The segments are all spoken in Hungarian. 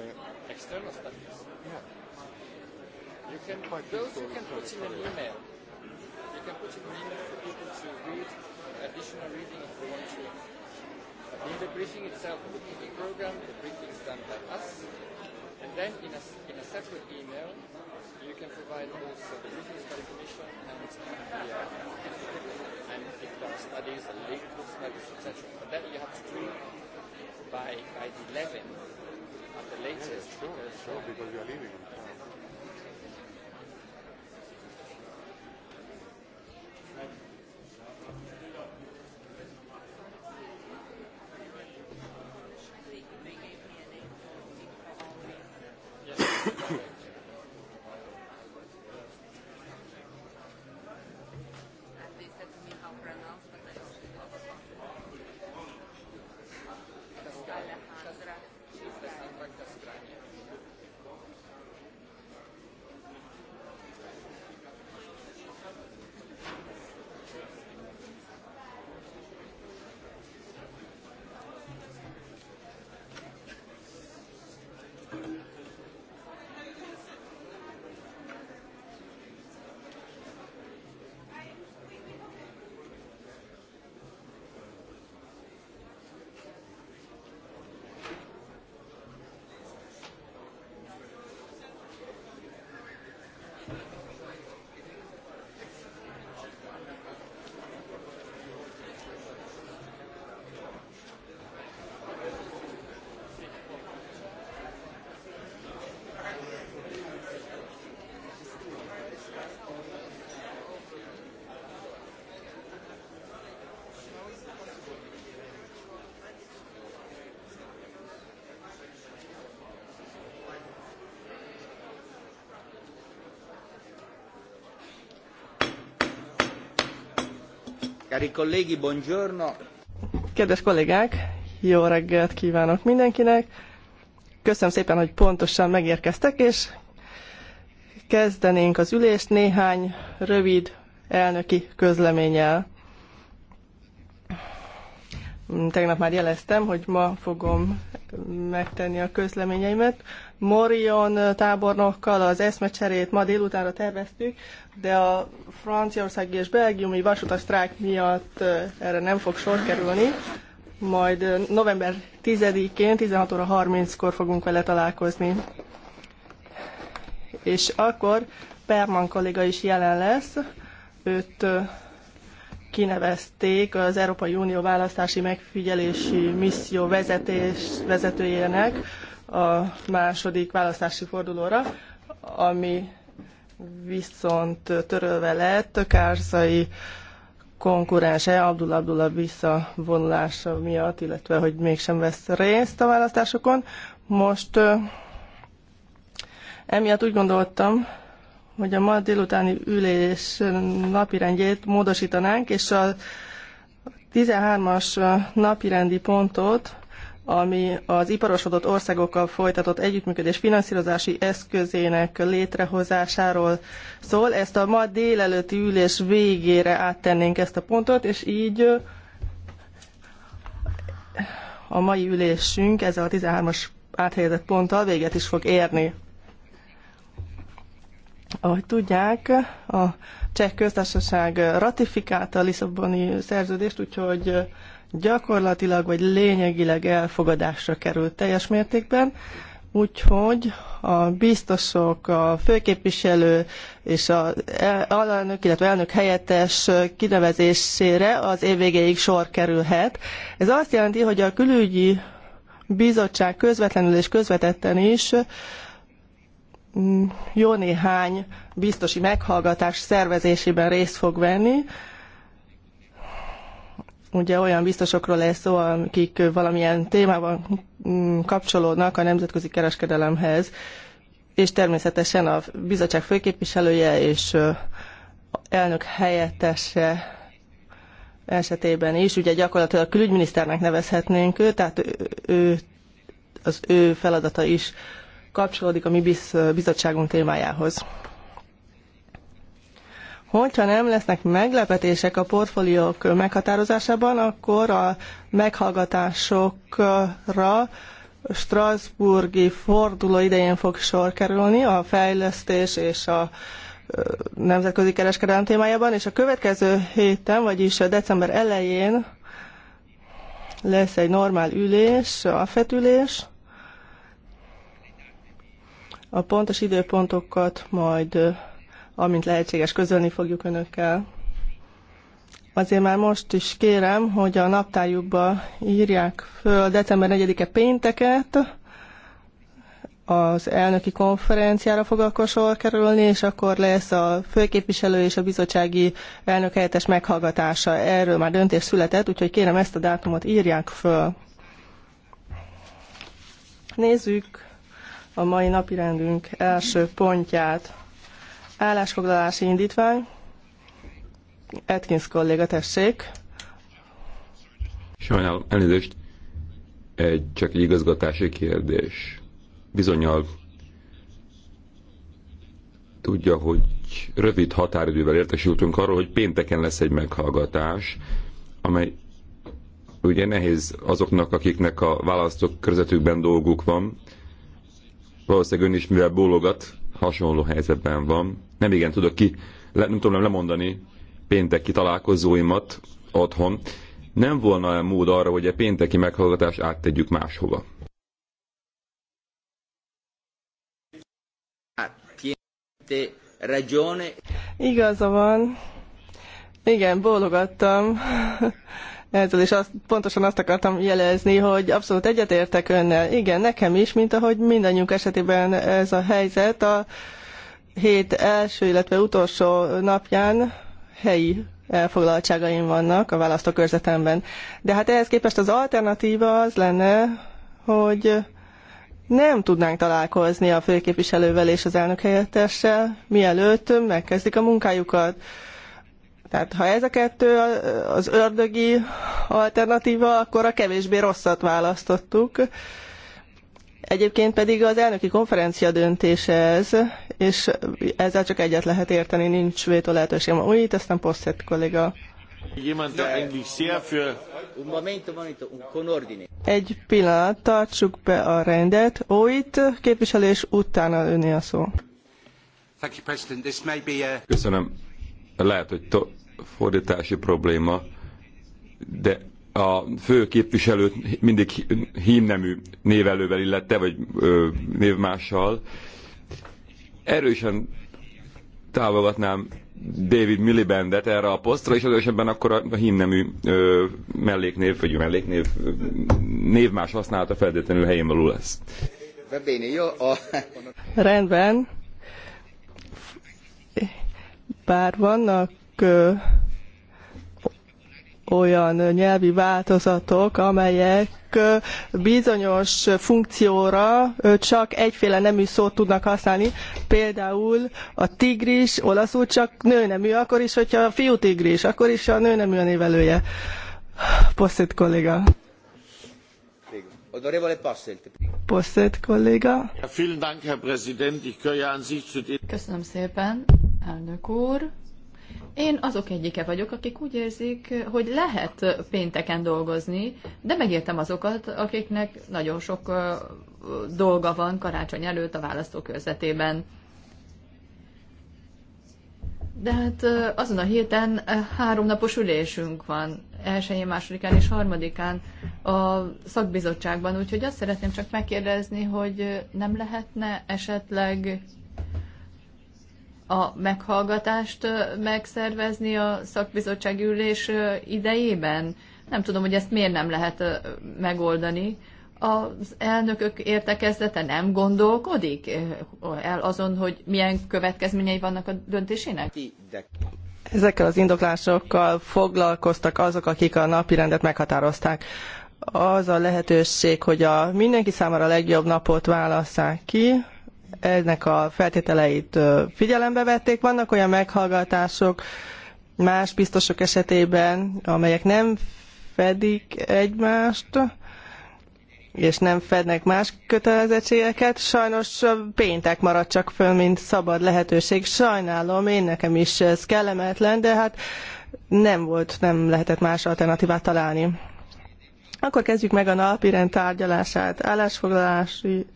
and the external studies. Yeah. You can Quite those you can put in an email. You can put in an email for people to read additional reading if they want to. In the briefing itself, in the briefing program, the briefing is done by us, and then in a, in a separate email, you can provide also the briefing study Commission uh, and the, uh, and if there are studies, the link to studies, etc. But that you have to do by by the 11th the latest. Yeah, sure, sure, because you are leaving. Kedves kollégák, jó reggelt kívánok mindenkinek. Köszönöm szépen, hogy pontosan megérkeztek, és kezdenénk az ülést néhány rövid elnöki közleménnyel. Tegnap már jeleztem, hogy ma fogom megtenni a közleményeimet. Morion tábornokkal az eszmecserét ma délutánra terveztük, de a franciaországi és belgiumi vasutas sztrájk miatt erre nem fog sor kerülni. Majd november 10-én 16 óra 30-kor fogunk vele találkozni. És akkor Perman kolléga is jelen lesz. Őt kinevezték az Európai Unió választási megfigyelési misszió vezetés, vezetőjének a második választási fordulóra, ami viszont törölve lett Kárzai konkurense Abdul Abdullah visszavonulása miatt, illetve hogy mégsem vesz részt a választásokon. Most emiatt úgy gondoltam, hogy a ma délutáni ülés napirendjét módosítanánk, és a 13-as napirendi pontot ami az iparosodott országokkal folytatott együttműködés finanszírozási eszközének létrehozásáról szól. Ezt a ma délelőtti ülés végére áttennénk ezt a pontot, és így a mai ülésünk ezzel a 13-as áthelyezett ponttal véget is fog érni. Ahogy tudják, a cseh köztársaság ratifikálta a Lisszaboni szerződést, úgyhogy gyakorlatilag vagy lényegileg elfogadásra került teljes mértékben, úgyhogy a biztosok, a főképviselő és az e, alelnök, illetve elnök helyettes kinevezésére az év végéig sor kerülhet. Ez azt jelenti, hogy a külügyi bizottság közvetlenül és közvetetten is mm, jó néhány biztosi meghallgatás szervezésében részt fog venni, Ugye olyan biztosokról lesz szó, akik valamilyen témában mm, kapcsolódnak a nemzetközi kereskedelemhez, és természetesen a bizottság főképviselője és elnök helyettese esetében is, ugye gyakorlatilag a külügyminiszternek nevezhetnénk őt, tehát ő, az ő feladata is kapcsolódik a mi bizottságunk témájához. Hogyha nem lesznek meglepetések a portfóliók meghatározásában, akkor a meghallgatásokra Strasburgi forduló idején fog sor kerülni a fejlesztés és a nemzetközi kereskedelem témájában, és a következő héten, vagyis a december elején lesz egy normál ülés, a fetülés. A pontos időpontokat majd amint lehetséges, közölni fogjuk önökkel. Azért már most is kérem, hogy a naptájukba írják föl december 4-e pénteket, az elnöki konferenciára fog akkor sor kerülni, és akkor lesz a főképviselő és a bizottsági elnök helyettes meghallgatása. Erről már döntés született, úgyhogy kérem ezt a dátumot írják föl. Nézzük a mai napirendünk első pontját. Állásfoglalási indítvány. Atkins kolléga, tessék. Sajnálom, elnézést. Egy, csak egy igazgatási kérdés. Bizonyal tudja, hogy rövid határidővel értesültünk arról, hogy pénteken lesz egy meghallgatás, amely ugye nehéz azoknak, akiknek a választók körzetükben dolguk van. Valószínűleg ön is, mivel bólogat, hasonló helyzetben van nem igen tudok ki, le, nem tudom lemondani pénteki találkozóimat otthon. Nem volna -e mód arra, hogy a pénteki meghallgatást áttegyük máshova? Igaza van. Igen, bólogattam. Ezzel is azt, pontosan azt akartam jelezni, hogy abszolút egyetértek önnel. Igen, nekem is, mint ahogy mindannyiunk esetében ez a helyzet. A, hét első, illetve utolsó napján helyi elfoglaltságaim vannak a választókörzetemben. De hát ehhez képest az alternatíva az lenne, hogy nem tudnánk találkozni a főképviselővel és az elnök helyettessel, mielőtt megkezdik a munkájukat. Tehát ha ez a kettő az ördögi alternatíva, akkor a kevésbé rosszat választottuk, Egyébként pedig az elnöki konferencia döntése ez, és ezzel csak egyet lehet érteni, nincs vétó lehetőségem. Új, itt aztán Poszett kolléga. Egy pillanat, tartsuk be a rendet. Oit képviselés utána öné a szó. Köszönöm. Lehet, hogy to- fordítási probléma, de a fő képviselőt mindig hímnemű névelővel illette, vagy ö, névmással. Erősen távolgatnám David Millibandet erre a posztra, és erősebben akkor a hímnemű ö, melléknév, vagy melléknév ö, névmás használata feltétlenül helyén való lesz. Rendben. Bár vannak ö, olyan nyelvi változatok, amelyek bizonyos funkcióra csak egyféle nemű szót tudnak használni. Például a tigris olaszul csak nőnemű, akkor is, hogyha a fiú tigris, akkor is a nőnemű a névelője. Poszett kolléga. Posset kolléga. Köszönöm szépen, elnök úr. Én azok egyike vagyok, akik úgy érzik, hogy lehet pénteken dolgozni, de megértem azokat, akiknek nagyon sok dolga van karácsony előtt a választókörzetében. De hát azon a héten háromnapos ülésünk van, elsőjén, másodikán és harmadikán a szakbizottságban, úgyhogy azt szeretném csak megkérdezni, hogy nem lehetne esetleg a meghallgatást megszervezni a szakbizottság ülés idejében? Nem tudom, hogy ezt miért nem lehet megoldani. Az elnökök értekezlete nem gondolkodik el azon, hogy milyen következményei vannak a döntésének? Ezekkel az indoklásokkal foglalkoztak azok, akik a rendet meghatározták az a lehetőség, hogy a mindenki számára legjobb napot válasszák ki, ennek a feltételeit figyelembe vették. Vannak olyan meghallgatások más biztosok esetében, amelyek nem fedik egymást, és nem fednek más kötelezettségeket. Sajnos péntek maradt csak föl, mint szabad lehetőség. Sajnálom, én nekem is ez kellemetlen, de hát nem volt, nem lehetett más alternatívát találni. Akkor kezdjük meg a napirend tárgyalását. Állásfoglalási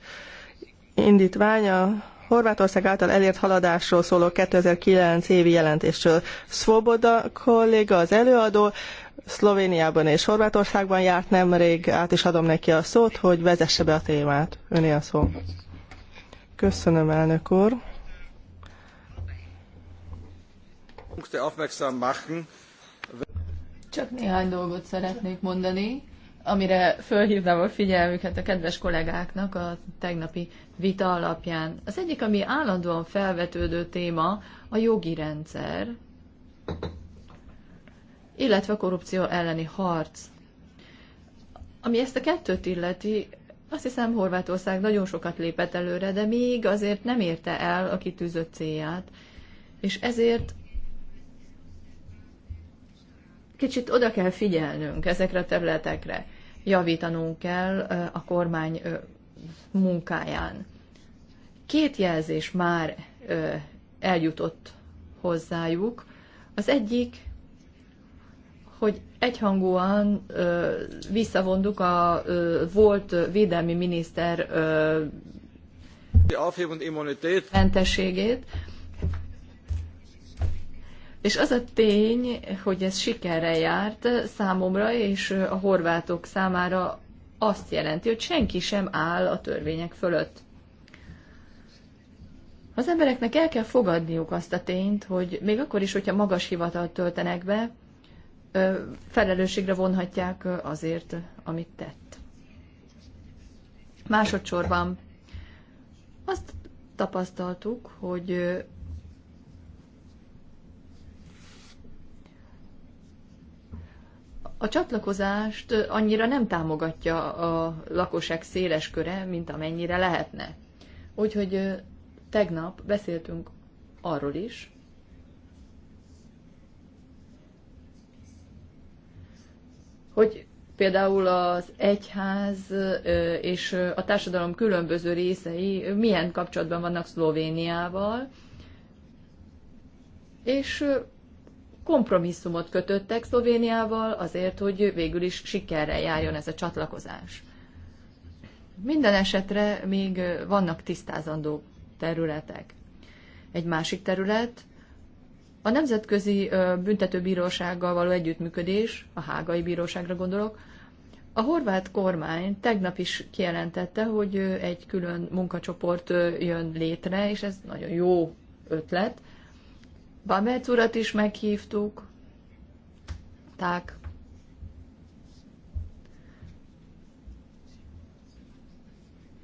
indítvány a Horvátország által elért haladásról szóló 2009 évi jelentésről. Svoboda kolléga az előadó, Szlovéniában és Horvátországban járt nemrég, át is adom neki a szót, hogy vezesse be a témát. Öné a szó. Köszönöm, elnök úr. Csak néhány dolgot szeretnék mondani amire fölhívnám a figyelmüket a kedves kollégáknak a tegnapi vita alapján. Az egyik, ami állandóan felvetődő téma, a jogi rendszer, illetve a korrupció elleni harc. Ami ezt a kettőt illeti, azt hiszem Horvátország nagyon sokat lépett előre, de még azért nem érte el a kitűzött célját, és ezért kicsit oda kell figyelnünk ezekre a területekre javítanunk kell a kormány munkáján. Két jelzés már eljutott hozzájuk. Az egyik, hogy egyhangúan visszavonduk a volt védelmi miniszter ö, mentességét, és az a tény, hogy ez sikerre járt számomra és a horvátok számára azt jelenti, hogy senki sem áll a törvények fölött. Az embereknek el kell fogadniuk azt a tényt, hogy még akkor is, hogyha magas hivatalt töltenek be, felelősségre vonhatják azért, amit tett. Másodszorban azt tapasztaltuk, hogy a csatlakozást annyira nem támogatja a lakosság széles köre, mint amennyire lehetne. Úgyhogy tegnap beszéltünk arról is, hogy például az egyház és a társadalom különböző részei milyen kapcsolatban vannak Szlovéniával, és kompromisszumot kötöttek Szlovéniával azért, hogy végül is sikerrel járjon ez a csatlakozás. Minden esetre még vannak tisztázandó területek. Egy másik terület a Nemzetközi Büntetőbírósággal való együttműködés, a Hágai Bíróságra gondolok. A horvát kormány tegnap is kijelentette, hogy egy külön munkacsoport jön létre, és ez nagyon jó ötlet, Bamet urat is meghívtuk. Tak.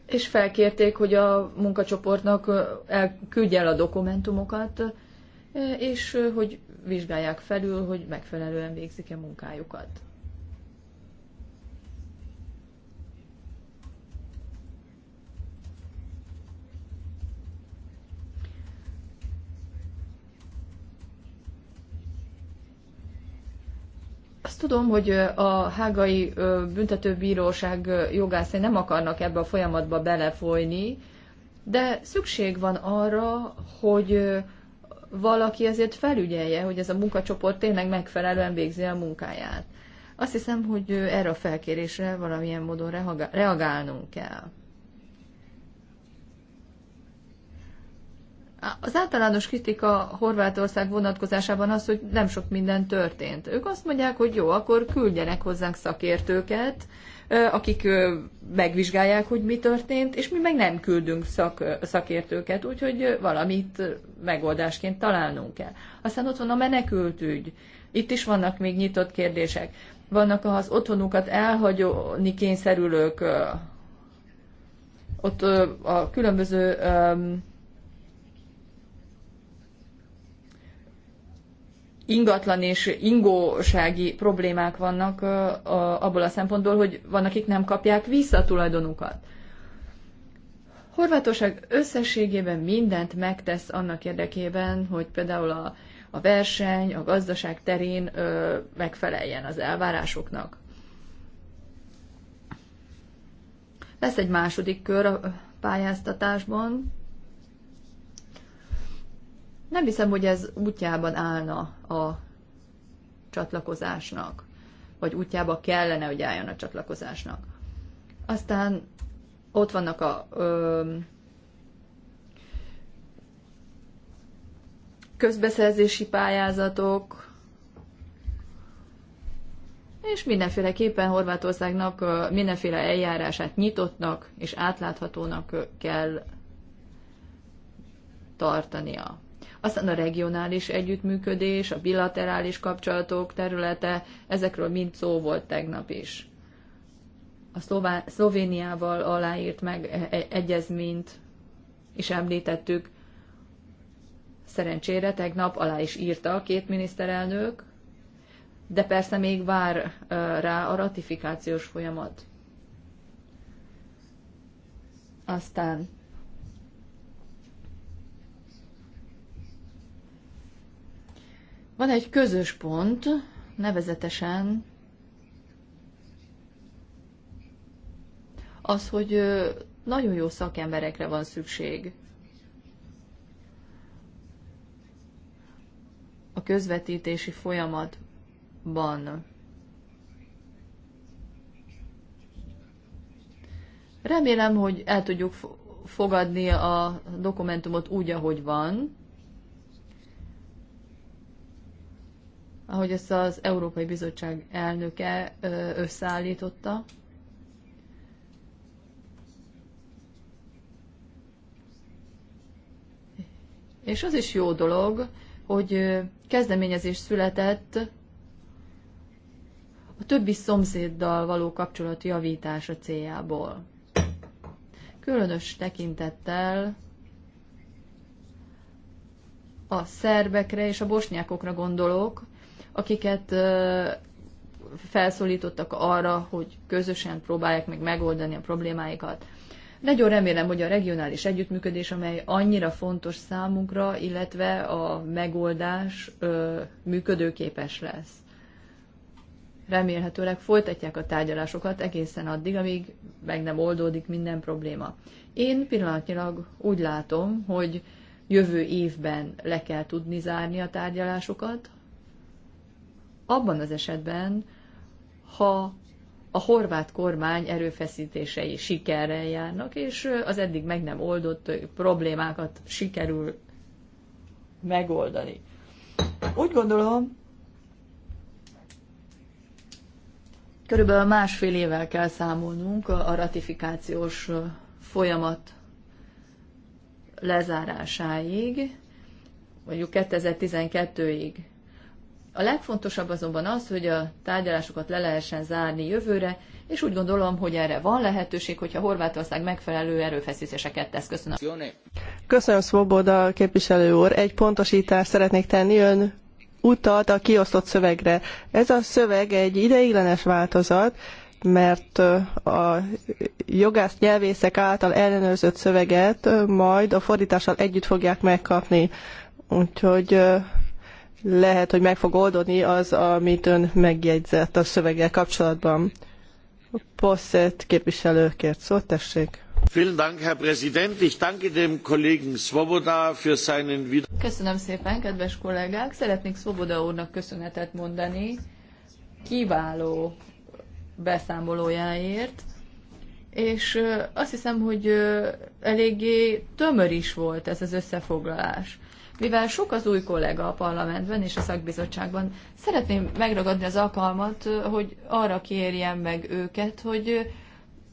És felkérték, hogy a munkacsoportnak küldje el a dokumentumokat, és hogy vizsgálják felül, hogy megfelelően végzik-e munkájukat. Tudom, hogy a hágai büntetőbíróság jogászai nem akarnak ebbe a folyamatba belefolyni, de szükség van arra, hogy valaki ezért felügyelje, hogy ez a munkacsoport tényleg megfelelően végzi a munkáját. Azt hiszem, hogy erre a felkérésre valamilyen módon reagálnunk kell. Az általános kritika Horvátország vonatkozásában az, hogy nem sok minden történt. Ők azt mondják, hogy jó, akkor küldjenek hozzánk szakértőket, akik megvizsgálják, hogy mi történt, és mi meg nem küldünk szak, szakértőket, úgyhogy valamit megoldásként találnunk kell. Aztán ott van a menekültügy. Itt is vannak még nyitott kérdések. Vannak az otthonukat elhagyóni kényszerülők, ott a különböző ingatlan és ingósági problémák vannak abból a szempontból, hogy vannak, akik nem kapják vissza a tulajdonukat. Horvátország összességében mindent megtesz annak érdekében, hogy például a, a verseny, a gazdaság terén ö, megfeleljen az elvárásoknak. Lesz egy második kör a pályáztatásban, nem hiszem, hogy ez útjában állna a csatlakozásnak, vagy útjába kellene, hogy álljon a csatlakozásnak. Aztán ott vannak a ö, közbeszerzési pályázatok, és mindenféleképpen Horvátországnak mindenféle eljárását nyitottnak és átláthatónak kell tartania. Aztán a regionális együttműködés, a bilaterális kapcsolatok területe, ezekről mind szó volt tegnap is. A Szlová- Szlovéniával aláírt meg e, e, egyezményt is említettük. Szerencsére tegnap alá is írta a két miniszterelnök, de persze még vár e, rá a ratifikációs folyamat. Aztán Van egy közös pont, nevezetesen az, hogy nagyon jó szakemberekre van szükség. A közvetítési folyamatban. Remélem, hogy el tudjuk fogadni a dokumentumot úgy, ahogy van. ahogy ezt az Európai Bizottság elnöke összeállította. És az is jó dolog, hogy kezdeményezés született a többi szomszéddal való kapcsolat javítása céljából. Különös tekintettel a szerbekre és a bosnyákokra gondolok, akiket felszólítottak arra, hogy közösen próbálják meg megoldani a problémáikat. Nagyon remélem, hogy a regionális együttműködés, amely annyira fontos számunkra, illetve a megoldás ö, működőképes lesz. Remélhetőleg folytatják a tárgyalásokat egészen addig, amíg meg nem oldódik minden probléma. Én pillanatnyilag úgy látom, hogy jövő évben le kell tudni zárni a tárgyalásokat, abban az esetben, ha a horvát kormány erőfeszítései sikerrel járnak, és az eddig meg nem oldott problémákat sikerül megoldani. Úgy gondolom, körülbelül másfél évvel kell számolnunk a ratifikációs folyamat lezárásáig, mondjuk 2012-ig a legfontosabb azonban az, hogy a tárgyalásokat le lehessen zárni jövőre, és úgy gondolom, hogy erre van lehetőség, hogyha Horvátország megfelelő erőfeszítéseket tesz. Köszönöm. Köszönöm, Svoboda képviselő úr. Egy pontosítást szeretnék tenni. Ön utalt a kiosztott szövegre. Ez a szöveg egy ideiglenes változat, mert a jogász nyelvészek által ellenőrzött szöveget majd a fordítással együtt fogják megkapni. Úgyhogy lehet, hogy meg fog oldódni az, amit ön megjegyzett a szöveggel kapcsolatban. Posset képviselő kért szót, tessék. Köszönöm szépen, kedves kollégák! Szeretnék Svoboda úrnak köszönetet mondani kiváló beszámolójáért, és azt hiszem, hogy eléggé tömör is volt ez az összefoglalás. Mivel sok az új kollega a parlamentben és a szakbizottságban, szeretném megragadni az alkalmat, hogy arra kérjem meg őket, hogy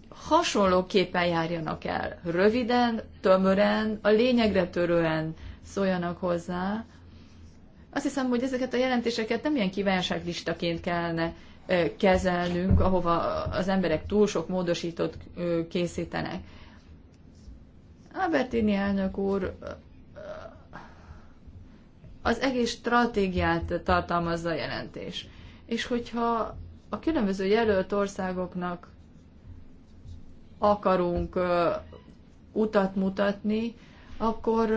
hasonlóképpen járjanak el. Röviden, tömören, a lényegre törően szóljanak hozzá. Azt hiszem, hogy ezeket a jelentéseket nem ilyen kívánságlistaként kellene kezelnünk, ahova az emberek túl sok módosítót készítenek. Albertini elnök úr az egész stratégiát tartalmazza a jelentés. És hogyha a különböző jelölt országoknak akarunk utat mutatni, akkor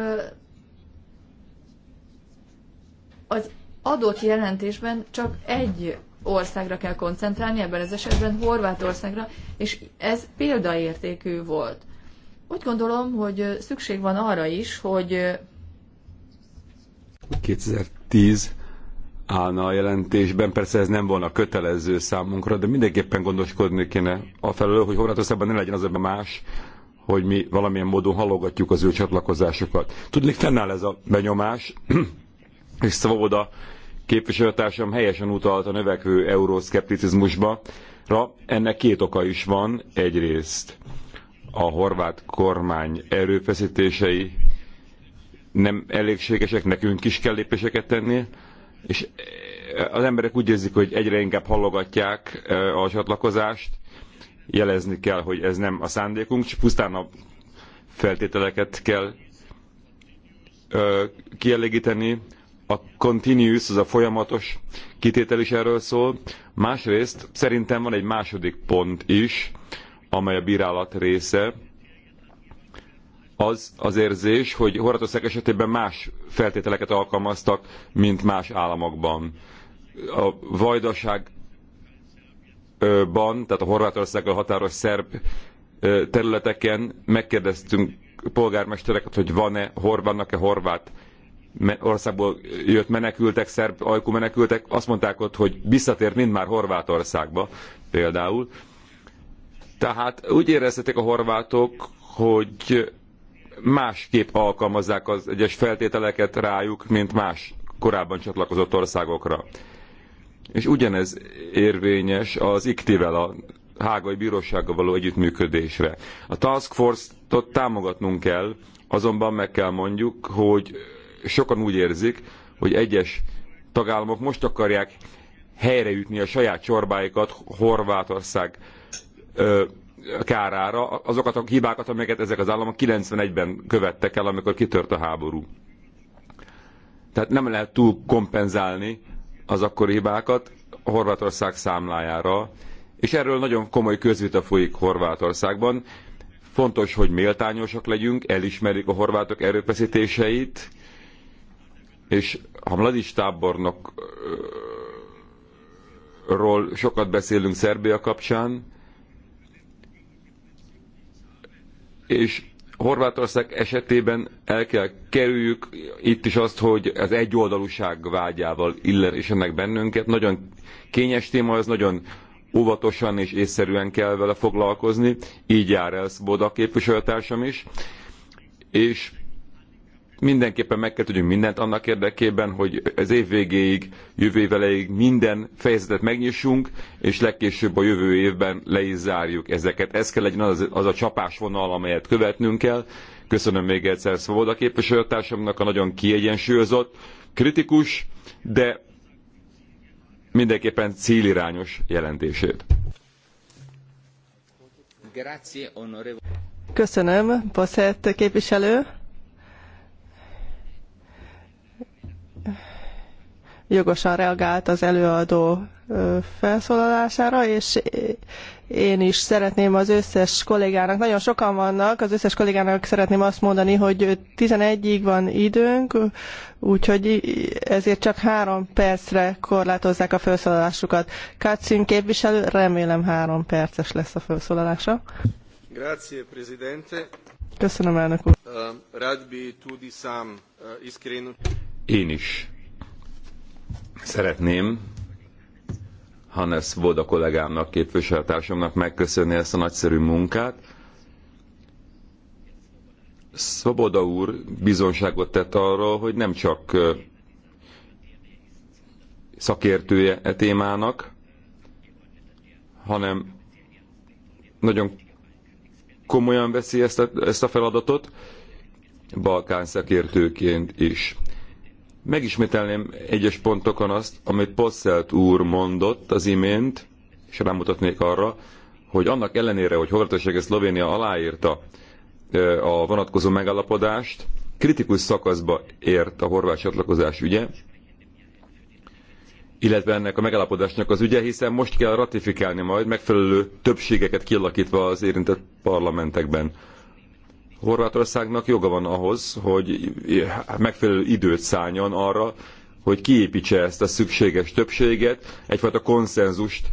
az adott jelentésben csak egy országra kell koncentrálni, ebben az esetben Horvátországra, és ez példaértékű volt. Úgy gondolom, hogy szükség van arra is, hogy 2010 állna a jelentésben, persze ez nem volna kötelező számunkra, de mindenképpen gondoskodni kéne a felől, hogy Horvátországban ne legyen az ebben más, hogy mi valamilyen módon halogatjuk az ő csatlakozásokat. Tudnék, fennáll ez a benyomás, és Szavoda képviselőtársam helyesen utalt a növekvő euroszkepticizmusba. Ra, ennek két oka is van. Egyrészt a horvát kormány erőfeszítései nem elégségesek, nekünk is kell lépéseket tenni, és e, az emberek úgy érzik, hogy egyre inkább hallogatják e, a csatlakozást, jelezni kell, hogy ez nem a szándékunk, csak pusztán a feltételeket kell e, kielégíteni. A continuous, az a folyamatos kitétel is erről szól. Másrészt szerintem van egy második pont is, amely a bírálat része, az az érzés, hogy Horvátország esetében más feltételeket alkalmaztak, mint más államokban. A vajdaságban, tehát a Horvátországgal határos szerb területeken megkérdeztünk polgármestereket, hogy van-e, vannak-e horvát országból jött menekültek, szerb ajkú menekültek, azt mondták ott, hogy visszatért mind már Horvátországba például. Tehát úgy érezhetik a horvátok, hogy másképp alkalmazzák az egyes feltételeket rájuk, mint más korábban csatlakozott országokra. És ugyanez érvényes az iktivel, a hágai bírósággal való együttműködésre. A Task Force-ot támogatnunk kell, azonban meg kell mondjuk, hogy sokan úgy érzik, hogy egyes tagállamok most akarják helyreütni a saját csorbáikat Horvátország ö, kárára azokat a hibákat, amelyeket ezek az államok 91-ben követtek el, amikor kitört a háború. Tehát nem lehet túl kompenzálni az akkori hibákat Horvátország számlájára, és erről nagyon komoly közvita folyik Horvátországban. Fontos, hogy méltányosak legyünk, elismerjük a horvátok erőfeszítéseit, és ha Mladis tábornokról sokat beszélünk Szerbia kapcsán, és Horvátország esetében el kell kerüljük itt is azt, hogy az egyoldalúság vágyával iller és ennek bennünket. Nagyon kényes téma, ez nagyon óvatosan és észszerűen kell vele foglalkozni, így jár el Szboda képviselőtársam is, és mindenképpen meg kell tudjunk mindent annak érdekében, hogy az év végéig, jövő év elejéig minden fejezetet megnyissunk, és legkésőbb a jövő évben le is zárjuk ezeket. Ez kell legyen az, az a csapásvonal, amelyet követnünk kell. Köszönöm még egyszer Szvoboda képviselőtársamnak a nagyon kiegyensúlyozott, kritikus, de mindenképpen célirányos jelentését. Köszönöm, Paszett képviselő. jogosan reagált az előadó felszólalására, és én is szeretném az összes kollégának, nagyon sokan vannak, az összes kollégának szeretném azt mondani, hogy 11-ig van időnk, úgyhogy ezért csak három percre korlátozzák a felszólalásukat. Kátszín képviselő, remélem három perces lesz a felszólalása. Grazie, Presidente. Köszönöm, elnök úr. Ehm, Rád bi tudi sam eh, iskrenu. Én is Szeretném Hannes Voda kollégámnak, képviselőtársamnak megköszönni ezt a nagyszerű munkát. Szoboda úr bizonságot tett arról, hogy nem csak szakértője e témának, hanem nagyon komolyan veszi ezt a, ezt a feladatot, balkán szakértőként is. Megismételném egyes pontokon azt, amit Posselt úr mondott az imént, és rámutatnék arra, hogy annak ellenére, hogy Horvátország és Szlovénia aláírta a vonatkozó megállapodást, kritikus szakaszba ért a horvát csatlakozás ügye, illetve ennek a megállapodásnak az ügye, hiszen most kell ratifikálni majd megfelelő többségeket kialakítva az érintett parlamentekben. Horvátországnak joga van ahhoz, hogy megfelelő időt szálljon arra, hogy kiépítse ezt a szükséges többséget, egyfajta konszenzust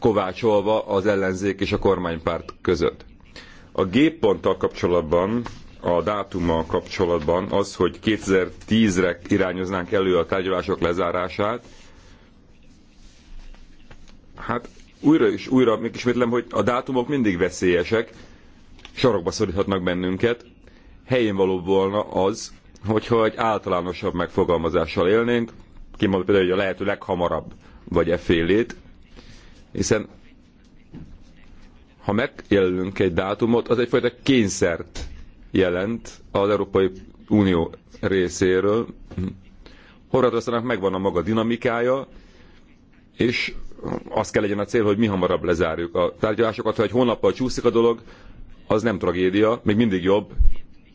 kovácsolva az ellenzék és a kormánypárt között. A gépponttal kapcsolatban, a dátummal kapcsolatban az, hogy 2010-re irányoznánk elő a tárgyalások lezárását, hát újra és újra megismétlem, hogy a dátumok mindig veszélyesek, sorokba szoríthatnak bennünket. Helyén való volna az, hogyha egy általánosabb megfogalmazással élnénk, kimondva például, hogy a lehető leghamarabb vagy e félét, hiszen ha megjelölünk egy dátumot, az egyfajta kényszert jelent az Európai Unió részéről. Horvátországnak megvan a maga dinamikája, és az kell legyen a cél, hogy mi hamarabb lezárjuk a tárgyalásokat. Ha egy hónappal csúszik a dolog, az nem tragédia, még mindig jobb,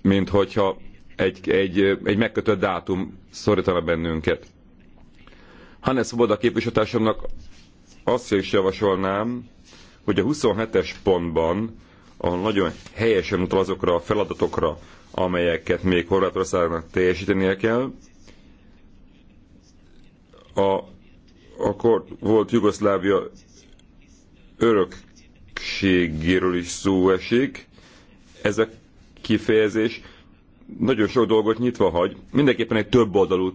mint hogyha egy, egy, egy megkötött dátum szorítana bennünket. Hannes Szoboda képviselőtársamnak azt is javasolnám, hogy a 27-es pontban, ahol nagyon helyesen utal azokra a feladatokra, amelyeket még Horvátországnak teljesítenie kell, a, akkor volt Jugoszlávia örök ügynökségéről is szó esik. Ez a kifejezés nagyon sok dolgot nyitva hagy. Mindenképpen egy több oldalú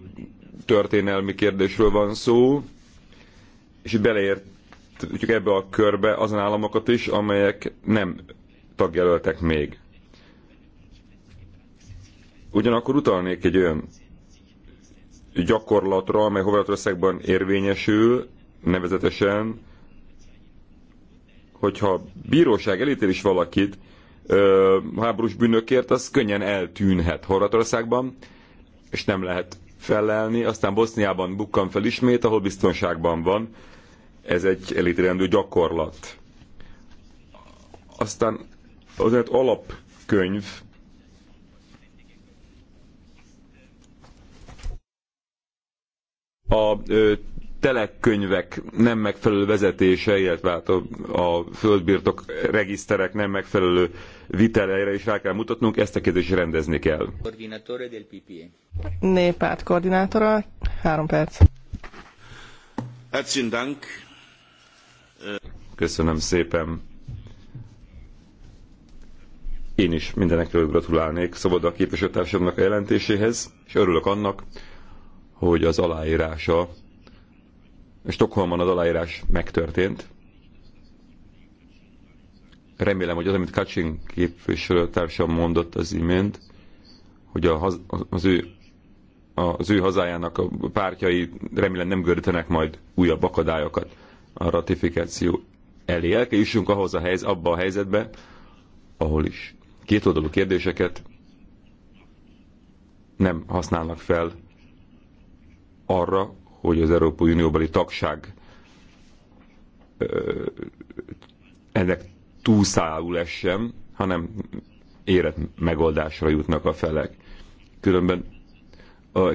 történelmi kérdésről van szó, és beleértjük ebbe a körbe azon államokat is, amelyek nem tagjelöltek még. Ugyanakkor utalnék egy olyan gyakorlatra, amely Horvátországban érvényesül, nevezetesen hogyha bíróság elítél is valakit ö, háborús bűnökért, az könnyen eltűnhet Horvátországban, és nem lehet felelni. Aztán Boszniában bukkan fel ismét, ahol biztonságban van. Ez egy elítélendő gyakorlat. Aztán az egy alapkönyv, a ö, telekkönyvek nem megfelelő vezetése, illetve hát a, a földbirtok regiszterek nem megfelelő viteleire is rá kell mutatnunk, ezt a kérdést rendezni kell. E. Néppárt koordinátora, három perc. Dank. Köszönöm szépen. Én is mindenekről gratulálnék a képviselőtársamnak a jelentéséhez, és örülök annak, hogy az aláírása Stockholmban az aláírás megtörtént. Remélem, hogy az, amit Kacsin képviselőtársam mondott az imént, hogy a, az, az ő az ő hazájának a pártjai remélem nem gördítenek majd újabb akadályokat a ratifikáció elé. El kell jussunk ahhoz a helyz, abba a helyzetbe, ahol is kétoldalú kérdéseket nem használnak fel arra, hogy az Európai Unióbeli tagság ennek túlszául essen, hanem érett megoldásra jutnak a felek. Különben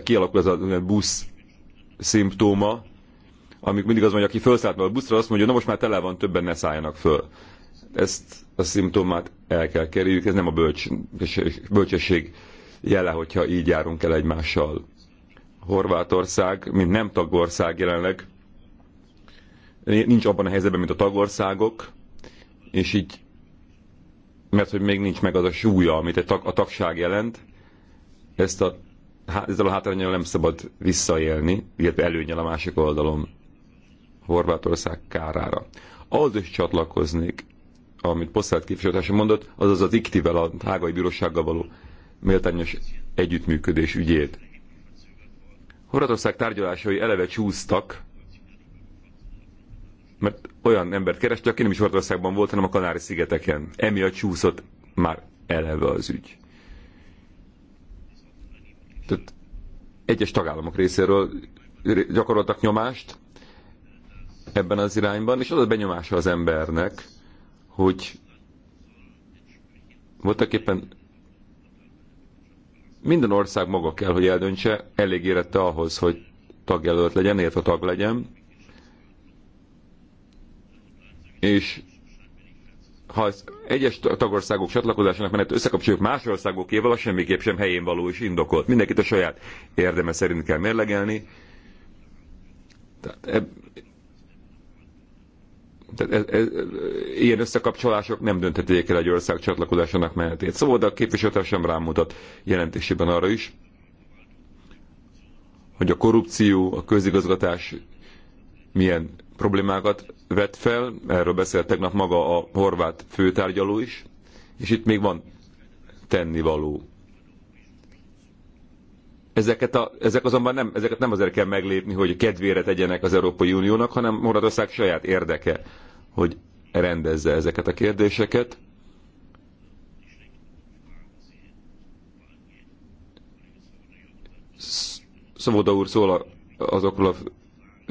kialakul ez a busz szimptóma, amik mindig az mondja, aki felszállt a buszra, azt mondja, na most már tele van, többen ne szálljanak föl. Ezt a szimptomát el kell kerüljük, ez nem a bölcs, bölcsesség jele, hogyha így járunk el egymással. Horvátország, mint nem tagország jelenleg, nincs abban a helyzetben, mint a tagországok, és így, mert hogy még nincs meg az a súlya, amit a, tagság jelent, ezt a, ezzel a hátrányjal nem szabad visszaélni, illetve előnyel a másik oldalon Horvátország kárára. Ahhoz is csatlakoznék, amit Posszát képviselőtársam mondott, azaz az iktivel, a hágai bírósággal való méltányos együttműködés ügyét Horvátország tárgyalásai eleve csúsztak, mert olyan embert kerestek, aki nem is Horvátországban volt, hanem a Kanári-szigeteken. Emiatt csúszott már eleve az ügy. Tehát egyes tagállamok részéről gyakoroltak nyomást ebben az irányban, és az a benyomása az embernek, hogy voltak éppen minden ország maga kell, hogy eldöntse, elég érette ahhoz, hogy tagjelölt legyen, illetve tag legyen. És ha az egyes tagországok csatlakozásának menet összekapcsoljuk más országokéval, az semmiképp sem helyén való és indokolt. Mindenkit a saját érdeme szerint kell mérlegelni. Tehát tehát ez, ez, ilyen összekapcsolások nem dönthetik el egy ország csatlakozásának menetét. Szóval de a képviselőtársam rámutat jelentésében arra is, hogy a korrupció, a közigazgatás milyen problémákat vet fel, erről beszélt tegnap maga a horvát főtárgyaló is, és itt még van tennivaló. Ezeket, a, ezek azonban nem, ezeket nem azért kell meglépni, hogy kedvére tegyenek az Európai Uniónak, hanem Horvátország saját érdeke, hogy rendezze ezeket a kérdéseket. Szoboda úr szól azokról a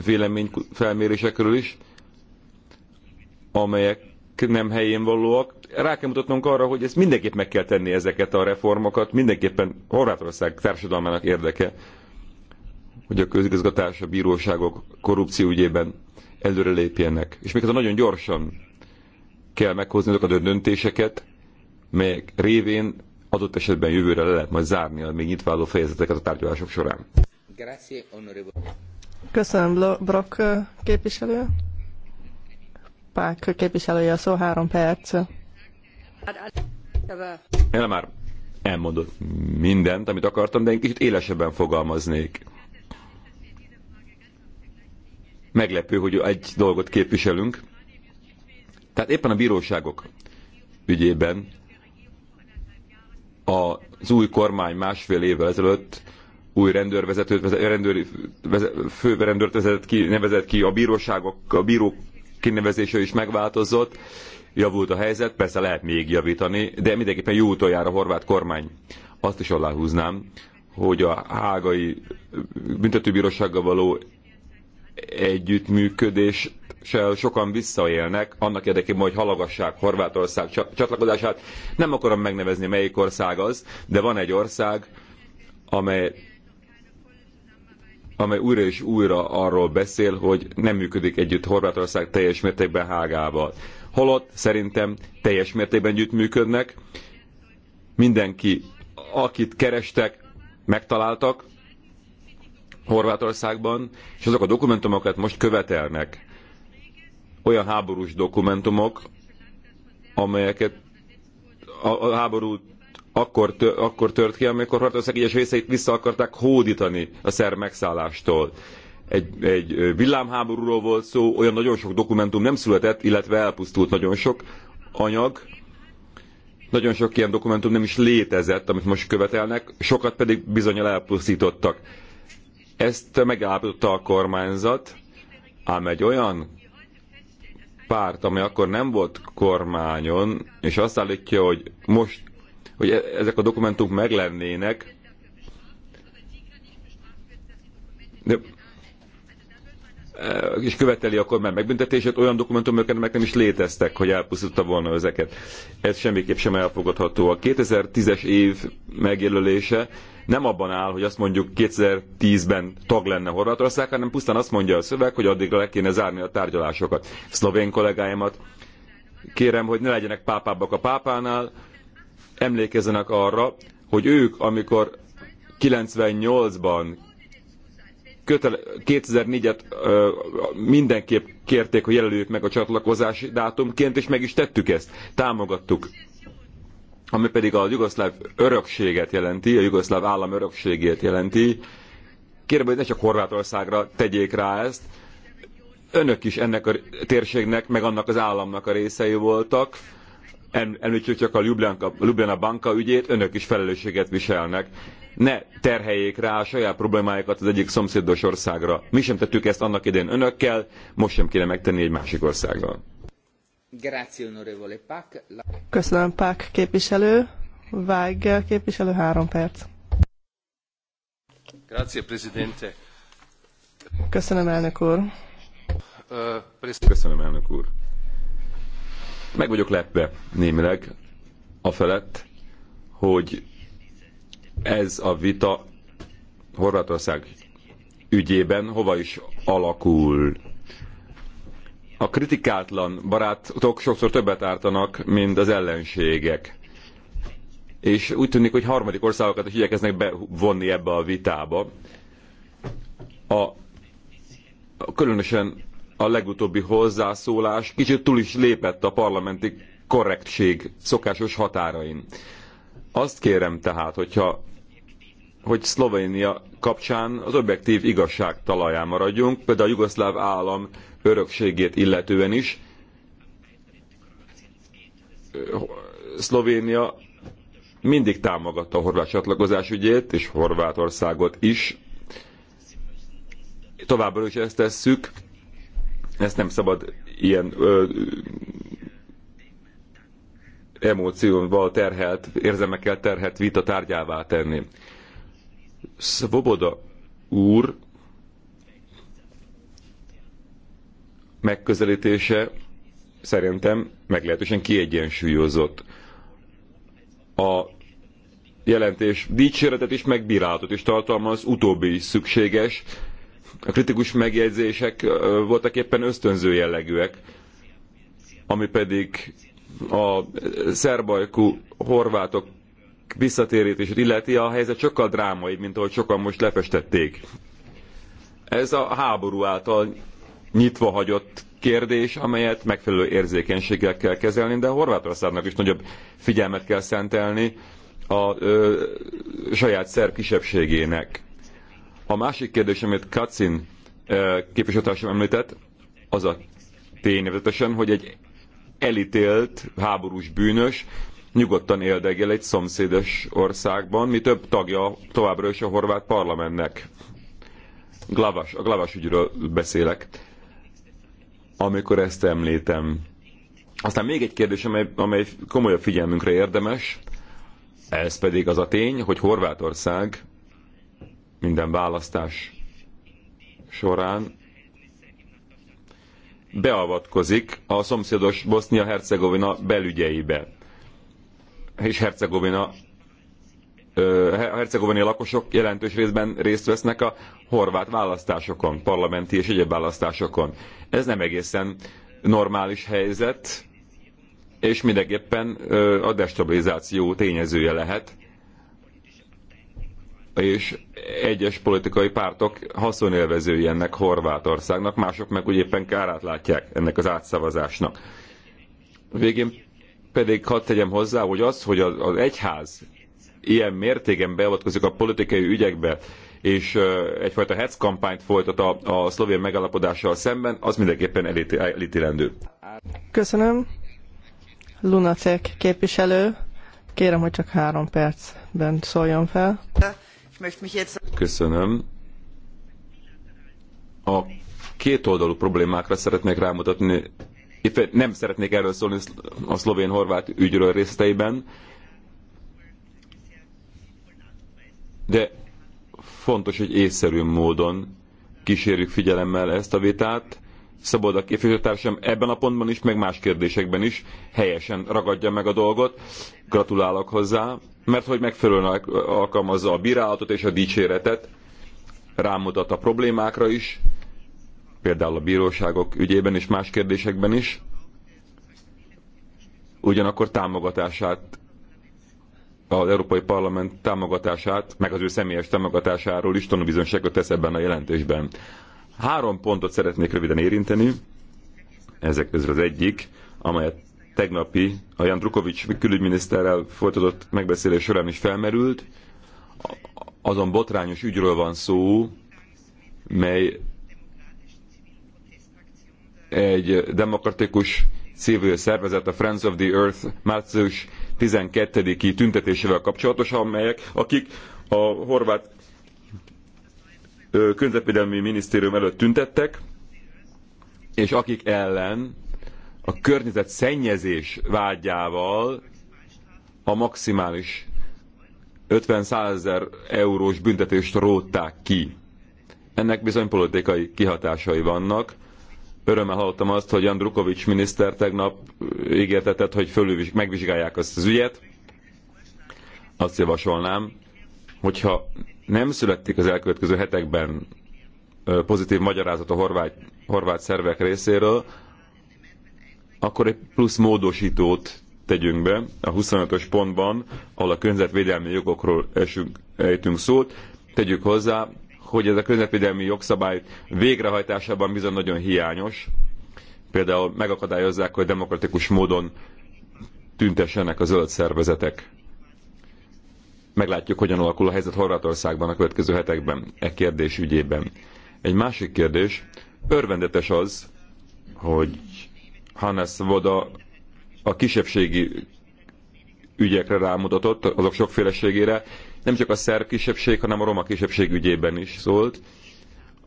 véleményfelmérésekről is, amelyek nem helyén valóak. Rá kell mutatnunk arra, hogy ezt mindenképp meg kell tenni ezeket a reformokat, mindenképpen Horvátország társadalmának érdeke, hogy a közigazgatás a bíróságok korrupció ügyében előre lépjenek. És még hát nagyon gyorsan kell meghozni azokat a döntéseket, melyek révén adott esetben jövőre le lehet majd zárni a még nyitváló fejezeteket a tárgyalások során. Köszönöm, Brock képviselő. Pák képviselője a szó, három perc. El már elmondott mindent, amit akartam, de én kicsit élesebben fogalmaznék meglepő, hogy egy dolgot képviselünk. Tehát éppen a bíróságok ügyében az új kormány másfél évvel ezelőtt új rendőrvezetőt, rendőr, főrendőrt vezetett ki, nevezett ki, a bíróságok, a bírók kinevezése is megváltozott, javult a helyzet, persze lehet még javítani, de mindenképpen jó utoljára a horvát kormány. Azt is aláhúznám, hogy a hágai büntetőbírósággal való együttműködés sokan visszaélnek, annak érdekében, hogy halagassák Horvátország csatlakozását. Nem akarom megnevezni, melyik ország az, de van egy ország, amely, amely újra és újra arról beszél, hogy nem működik együtt Horvátország teljes mértékben Hágával. Holott szerintem teljes mértékben együttműködnek. Mindenki, akit kerestek, megtaláltak, Horvátországban, és azok a dokumentumokat most követelnek. Olyan háborús dokumentumok, amelyeket a, a háború akkor, tör, akkor tört ki, amikor Horvátország egyes részeit vissza akarták hódítani a szer megszállástól. Egy, egy villámháborúról volt szó, olyan nagyon sok dokumentum nem született, illetve elpusztult nagyon sok anyag, nagyon sok ilyen dokumentum nem is létezett, amit most követelnek, sokat pedig bizonyal elpusztítottak. Ezt megállapította a kormányzat, ám egy olyan párt, amely akkor nem volt kormányon, és azt állítja, hogy most, hogy e- ezek a dokumentumok meglennének, de, e- és követeli akkor már megbüntetését, olyan dokumentumok, meg nem is léteztek, hogy elpusztította volna ezeket. Ez semmiképp sem elfogadható. A 2010-es év megjelölése nem abban áll, hogy azt mondjuk 2010-ben tag lenne Horvátország, hanem pusztán azt mondja a szöveg, hogy addigra le kéne zárni a tárgyalásokat. Szlovén kollégáimat kérem, hogy ne legyenek pápábbak a pápánál, emlékezzenek arra, hogy ők, amikor 98-ban 2004-et mindenképp kérték, hogy jelöljük meg a csatlakozási dátumként, és meg is tettük ezt. Támogattuk ami pedig a jugoszláv örökséget jelenti, a jugoszláv állam örökségét jelenti. Kérem, hogy ne csak Horvátországra tegyék rá ezt. Önök is ennek a térségnek, meg annak az államnak a részei voltak. Említsük csak a Ljubljana, Ljubljana Banka ügyét, önök is felelősséget viselnek. Ne terheljék rá a saját problémáikat az egyik szomszédos országra. Mi sem tettük ezt annak idén önökkel, most sem kéne megtenni egy másik országgal. Köszönöm, Pák képviselő. Vág képviselő, három perc. Grazie, Presidente. Köszönöm, elnök úr. Köszönöm, elnök úr. Meg vagyok lepve némileg a felett, hogy ez a vita Horvátország ügyében hova is alakul a kritikátlan barátok sokszor többet ártanak, mint az ellenségek. És úgy tűnik, hogy harmadik országokat is igyekeznek bevonni ebbe a vitába. A, különösen a legutóbbi hozzászólás kicsit túl is lépett a parlamenti korrektség szokásos határain. Azt kérem tehát, hogyha hogy Szlovénia kapcsán az objektív igazság talaján maradjunk, például a jugoszláv állam örökségét illetően is. Szlovénia mindig támogatta a horvát csatlakozás ügyét, és Horvátországot is. Továbbra is ezt tesszük. Ezt nem szabad ilyen ö, emócióval terhelt, érzemekkel terhelt vita tárgyává tenni. Svoboda úr megközelítése szerintem meglehetősen kiegyensúlyozott. A jelentés dicséretet is, meg bírálatot is tartalmaz, utóbbi is szükséges. A kritikus megjegyzések voltak éppen ösztönző jellegűek, ami pedig a szerbajkú horvátok visszatérítését illeti, a helyzet sokkal drámaibb, mint ahogy sokan most lefestették. Ez a háború által nyitva hagyott kérdés, amelyet megfelelő érzékenységgel kell kezelni, de Horvátországnak is nagyobb figyelmet kell szentelni a ö, saját szerb kisebbségének. A másik kérdés, amit Kacin képviselőtársam említett, az a tény, hogy egy elítélt háborús bűnös nyugodtan éldegél egy szomszédos országban, mi több tagja továbbra is a horvát parlamentnek. Glavas, a Glavas ügyről beszélek, amikor ezt említem. Aztán még egy kérdés, amely, amely komolyabb figyelmünkre érdemes, ez pedig az a tény, hogy Horvátország minden választás során beavatkozik a szomszédos Bosznia-Hercegovina belügyeibe és Hercegovina hercegovani lakosok jelentős részben részt vesznek a horvát választásokon, parlamenti és egyéb választásokon. Ez nem egészen normális helyzet, és mindenképpen a destabilizáció tényezője lehet, és egyes politikai pártok haszonélvezői ennek Horvátországnak, mások meg úgy éppen kárát látják ennek az átszavazásnak. Végén pedig hadd tegyem hozzá, hogy az, hogy az egyház ilyen mértéken beavatkozik a politikai ügyekbe, és egyfajta hetz kampányt folytat a, a szlovén megállapodással szemben, az mindenképpen elítélendő. Köszönöm. Lunacek képviselő, kérem, hogy csak három percben szóljon fel. Köszönöm. A két oldalú problémákra szeretnék rámutatni itt nem szeretnék erről szólni a szlovén-horvát ügyről részteiben, de fontos, hogy észszerű módon kísérjük figyelemmel ezt a vitát. Szabad a képviselőtársam ebben a pontban is, meg más kérdésekben is helyesen ragadja meg a dolgot. Gratulálok hozzá, mert hogy megfelelően alkalmazza a bírálatot és a dicséretet, rámutat a problémákra is, például a bíróságok ügyében és más kérdésekben is, ugyanakkor támogatását, az Európai Parlament támogatását, meg az ő személyes támogatásáról is tanúbizonságot tesz ebben a jelentésben. Három pontot szeretnék röviden érinteni, ezek közül az egyik, amelyet tegnapi a Jan Drukovics külügyminiszterrel folytatott megbeszélés során is felmerült. Azon botrányos ügyről van szó, mely egy demokratikus civil szervezet, a Friends of the Earth március 12-i tüntetésével kapcsolatos, amelyek, akik a horvát környezetvédelmi minisztérium előtt tüntettek, és akik ellen a környezet szennyezés vágyával a maximális 50 ezer eurós büntetést rótták ki. Ennek bizony politikai kihatásai vannak, örömmel hallottam azt, hogy Andrukovics miniszter tegnap ígértetett, hogy fölül megvizsgálják azt az ügyet. Azt javasolnám, hogyha nem születik az elkövetkező hetekben pozitív magyarázat a horvát, horvát szervek részéről, akkor egy plusz módosítót tegyünk be a 25-ös pontban, ahol a környezetvédelmi jogokról esünk, ejtünk szót, tegyük hozzá, hogy ez a környezetvédelmi jogszabály végrehajtásában bizony nagyon hiányos. Például megakadályozzák, hogy demokratikus módon tüntessenek a zöld szervezetek. Meglátjuk, hogyan alakul a helyzet Horvátországban a következő hetekben e kérdés ügyében. Egy másik kérdés, örvendetes az, hogy Hannes Voda a kisebbségi ügyekre rámutatott, azok sokféleségére, nem csak a szerb kisebbség, hanem a roma kisebbség ügyében is szólt.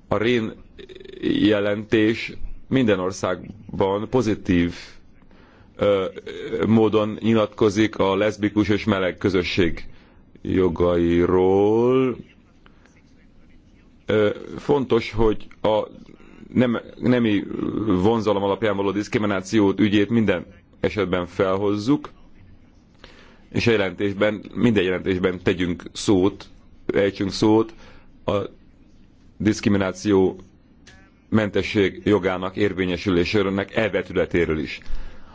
A Rén jelentés minden országban pozitív ö, módon nyilatkozik a leszbikus és meleg közösség jogairól. Ö, fontos, hogy a nem, nemi vonzalom alapján való diszkriminációt ügyét minden esetben felhozzuk, és a jelentésben, minden jelentésben tegyünk szót, ejtsünk szót a diszkrimináció mentesség jogának ennek elvetületéről is.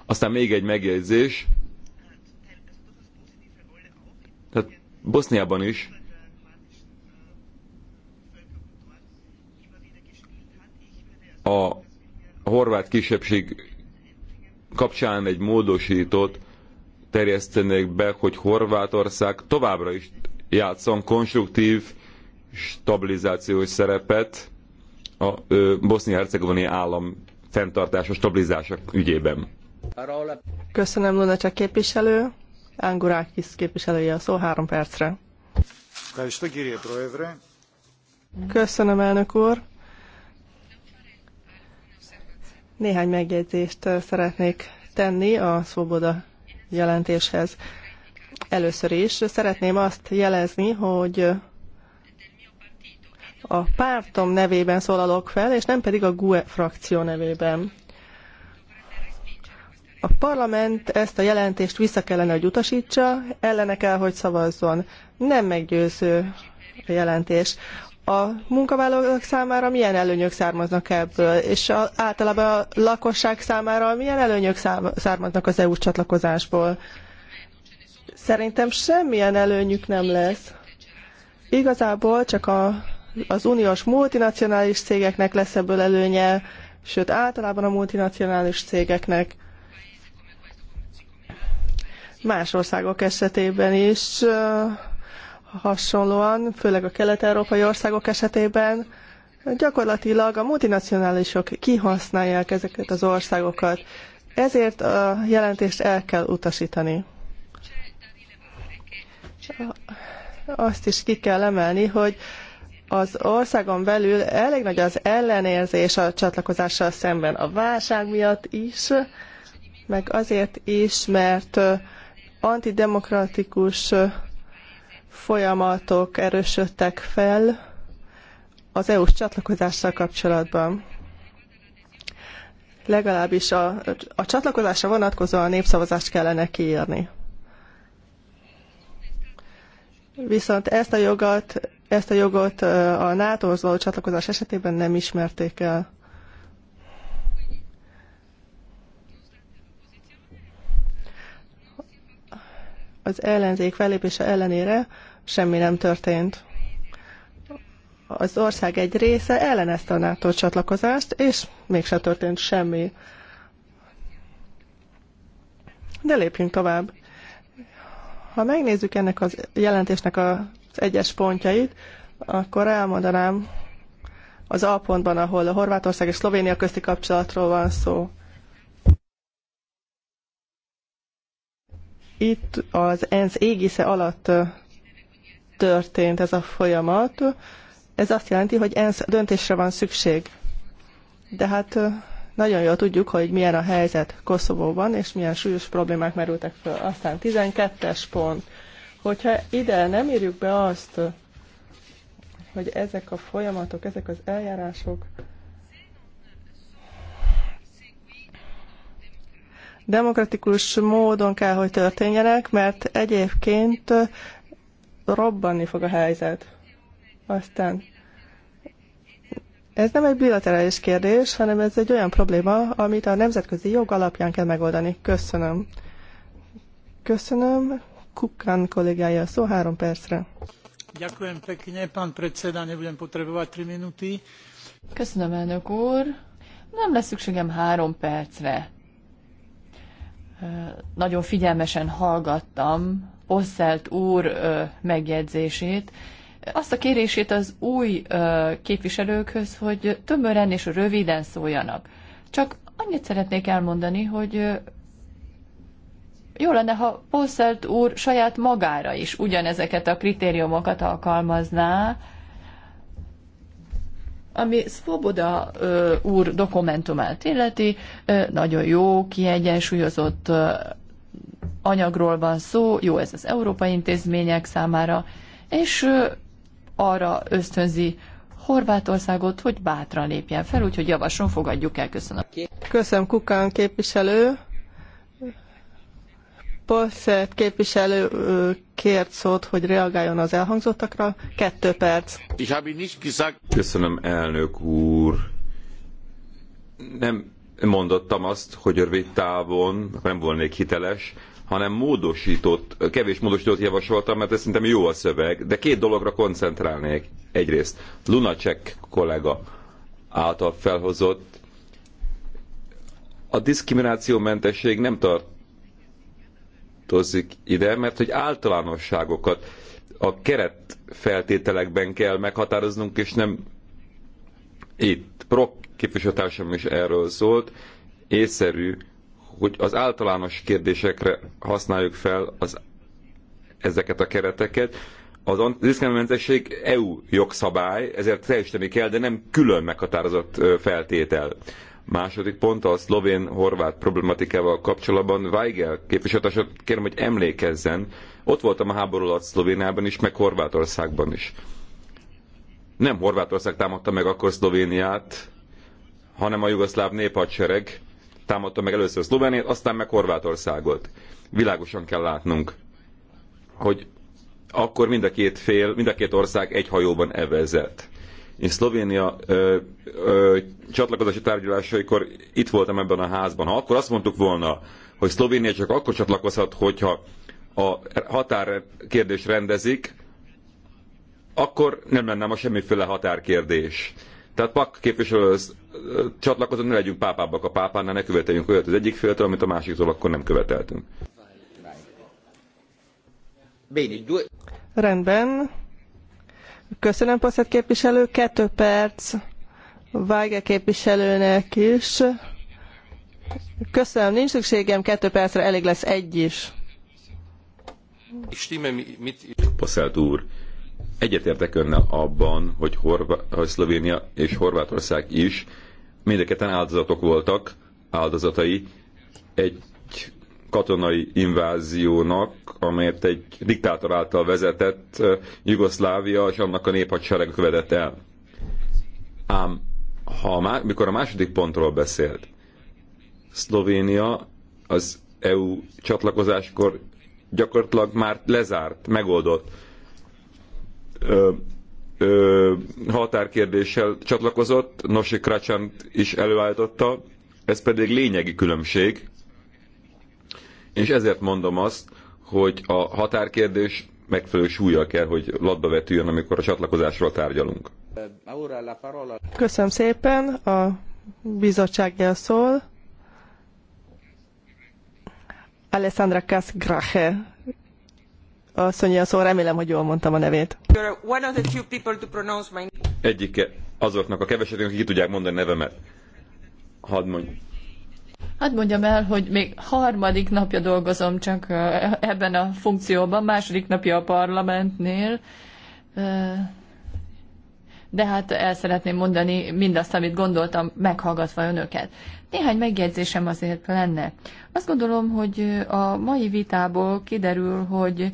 Aztán még egy megjegyzés. Tehát Boszniában is a horvát kisebbség kapcsán egy módosított terjesztenék be, hogy Horvátország továbbra is játszon konstruktív stabilizációs szerepet a bosznia-hercegovini állam fenntartása, stabilizása ügyében. Köszönöm, Lunacek képviselő. Angurákis képviselője a szó három percre. Köszönöm, elnök úr. Néhány megjegyzést szeretnék tenni a Szoboda jelentéshez. Először is szeretném azt jelezni, hogy a pártom nevében szólalok fel, és nem pedig a GUE frakció nevében. A parlament ezt a jelentést vissza kellene, hogy utasítsa, ellene kell, hogy szavazzon. Nem meggyőző a jelentés a munkavállalók számára milyen előnyök származnak ebből, és a, általában a lakosság számára milyen előnyök származnak az EU csatlakozásból. Szerintem semmilyen előnyük nem lesz. Igazából csak a, az uniós multinacionális cégeknek lesz ebből előnye, sőt általában a multinacionális cégeknek. Más országok esetében is hasonlóan, főleg a kelet-európai országok esetében gyakorlatilag a multinacionálisok kihasználják ezeket az országokat. Ezért a jelentést el kell utasítani. Azt is ki kell emelni, hogy az országon belül elég nagy az ellenérzés a csatlakozással szemben a válság miatt is, meg azért is, mert antidemokratikus folyamatok erősödtek fel az EU-s csatlakozással kapcsolatban. Legalábbis a, a csatlakozásra vonatkozóan népszavazást kellene kiírni. Viszont ezt a jogot, ezt a jogot a NATO-hoz való csatlakozás esetében nem ismerték el. az ellenzék fellépése ellenére semmi nem történt. Az ország egy része ellenezte a NATO csatlakozást, és mégsem történt semmi. De lépjünk tovább. Ha megnézzük ennek a jelentésnek az egyes pontjait, akkor elmondanám az A pontban, ahol a Horvátország és Szlovénia közti kapcsolatról van szó. itt az ENSZ égisze alatt történt ez a folyamat. Ez azt jelenti, hogy ENSZ döntésre van szükség. De hát nagyon jól tudjuk, hogy milyen a helyzet Koszovóban, és milyen súlyos problémák merültek fel. Aztán 12-es pont. Hogyha ide nem írjuk be azt, hogy ezek a folyamatok, ezek az eljárások Demokratikus módon kell, hogy történjenek, mert egyébként robbanni fog a helyzet. Aztán ez nem egy bilaterális kérdés, hanem ez egy olyan probléma, amit a nemzetközi jog alapján kell megoldani. Köszönöm. Köszönöm. Kukán kollégája, szó három percre. Ďakujem pekne, pán predseda, nebudem potrebovať 3 minúty. Köszönöm, elnök úr. Nem lesz szükségem három percre nagyon figyelmesen hallgattam Osszelt úr megjegyzését, azt a kérését az új képviselőkhöz, hogy tömören és röviden szóljanak. Csak annyit szeretnék elmondani, hogy jó lenne, ha Posselt úr saját magára is ugyanezeket a kritériumokat alkalmazná, ami Svoboda ö, úr dokumentumát illeti, ö, nagyon jó, kiegyensúlyozott ö, anyagról van szó, jó ez az európai intézmények számára, és ö, arra ösztönzi Horvátországot, hogy bátran lépjen fel, úgyhogy javaslom, fogadjuk el. Köszönöm. Köszönöm, Kukán képviselő. Posset képviselő kért szót, hogy reagáljon az elhangzottakra. Kettő perc. Köszönöm, elnök úr. Nem mondottam azt, hogy rövid távon nem volnék hiteles, hanem módosított, kevés módosított javasoltam, mert ez szerintem jó a szöveg, de két dologra koncentrálnék. Egyrészt Lunacek kollega által felhozott a diszkriminációmentesség nem tart tartozik ide, mert hogy általánosságokat a keret feltételekben kell meghatároznunk, és nem itt. pro képviselőtársam is erről szólt, észszerű, hogy az általános kérdésekre használjuk fel az, ezeket a kereteket. Az diszkriminálmentesség EU jogszabály, ezért teljesíteni kell, de nem külön meghatározott feltétel. Második pont a szlovén-horvát problematikával kapcsolatban Weigel képviselőtársat kérem, hogy emlékezzen. Ott voltam a háború alatt Szlovéniában is, meg Horvátországban is. Nem Horvátország támadta meg akkor Szlovéniát, hanem a jugoszláv néphadsereg támadta meg először Szlovéniát, aztán meg Horvátországot. Világosan kell látnunk, hogy akkor mind a két fél, mind a két ország egy hajóban evezett én Szlovénia ö, ö, csatlakozási tárgyalásaikor itt voltam ebben a házban. Ha akkor azt mondtuk volna, hogy Szlovénia csak akkor csatlakozhat, hogyha a határkérdés rendezik, akkor nem lenne ma semmiféle határkérdés. Tehát pak képviselőhöz csatlakozott, ne legyünk pápábbak a pápánál, ne követeljünk olyat az egyik féltől, amit a másiktól akkor nem követeltünk. Rendben. Köszönöm, Passzett képviselő. Kettő perc Váge képviselőnek is. Köszönöm, nincs szükségem, kettő percre elég lesz egy is. mit, Passzelt úr, egyetértek önnel abban, hogy, Horvá- hogy Szlovénia és Horvátország is mindeketen áldozatok voltak, áldozatai egy katonai inváziónak, amelyet egy diktátor által vezetett Jugoszlávia és annak a néphadsereg követett el. Ám ha má, mikor a második pontról beszélt, Szlovénia az EU csatlakozáskor gyakorlatilag már lezárt, megoldott ö, ö, határkérdéssel csatlakozott, Nosi Kracsant is előállította, ez pedig lényegi különbség és ezért mondom azt, hogy a határkérdés megfelelő súlya kell, hogy latba vetüljön, amikor a csatlakozásról tárgyalunk. Köszönöm szépen, a bizottság szól. Alessandra Casgrache A szó, remélem, hogy jól mondtam a nevét. Egyike azoknak a keveseknek, akik ki tudják mondani nevemet. Hadd mondjam. Hát mondjam el, hogy még harmadik napja dolgozom csak ebben a funkcióban, második napja a parlamentnél, de hát el szeretném mondani mindazt, amit gondoltam, meghallgatva önöket. Néhány megjegyzésem azért lenne. Azt gondolom, hogy a mai vitából kiderül, hogy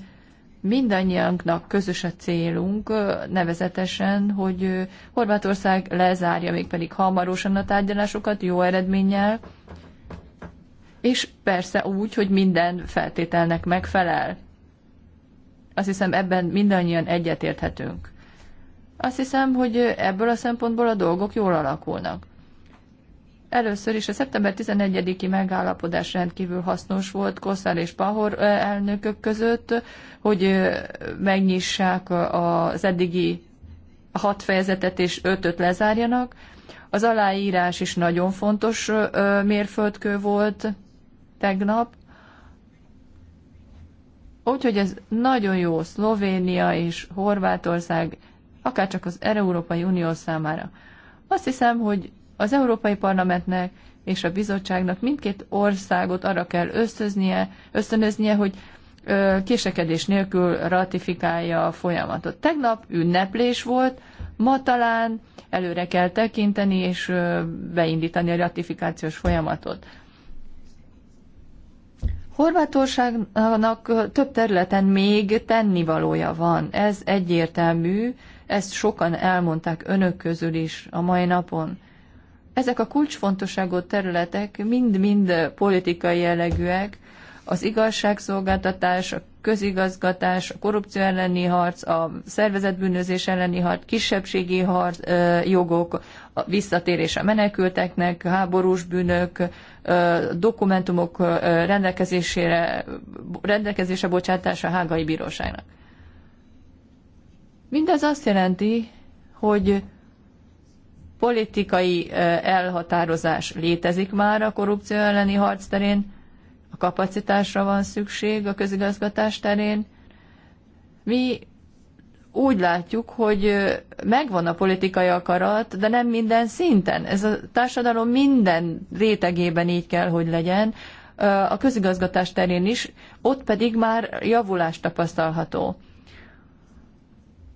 mindannyiunknak közös a célunk, nevezetesen, hogy Horvátország lezárja még pedig hamarosan a tárgyalásokat jó eredménnyel, és persze úgy, hogy minden feltételnek megfelel. Azt hiszem, ebben mindannyian egyetérthetünk. Azt hiszem, hogy ebből a szempontból a dolgok jól alakulnak. Először is a szeptember 11-i megállapodás rendkívül hasznos volt Kosszár és Pahor elnökök között, hogy megnyissák az eddigi hat fejezetet és ötöt lezárjanak. Az aláírás is nagyon fontos mérföldkő volt, tegnap. Úgyhogy ez nagyon jó Szlovénia és Horvátország, akárcsak az Európai Unió számára. Azt hiszem, hogy az Európai Parlamentnek és a bizottságnak mindkét országot arra kell ösztönöznie, ösztönöznie hogy késekedés nélkül ratifikálja a folyamatot. Tegnap ünneplés volt, ma talán előre kell tekinteni és beindítani a ratifikációs folyamatot. Horvátországnak több területen még tennivalója van. Ez egyértelmű, ezt sokan elmondták önök közül is a mai napon. Ezek a kulcsfontosságú területek mind-mind politikai jellegűek, az igazságszolgáltatás, a közigazgatás, a korrupció elleni harc, a szervezetbűnözés elleni harc, kisebbségi harc, jogok, a visszatérés a menekülteknek, háborús bűnök, dokumentumok rendelkezésére, rendelkezése bocsátása a hágai bíróságnak. Mindez azt jelenti, hogy politikai elhatározás létezik már a korrupció elleni harc terén, kapacitásra van szükség a közigazgatás terén. Mi úgy látjuk, hogy megvan a politikai akarat, de nem minden szinten. Ez a társadalom minden rétegében így kell, hogy legyen, a közigazgatás terén is, ott pedig már javulás tapasztalható.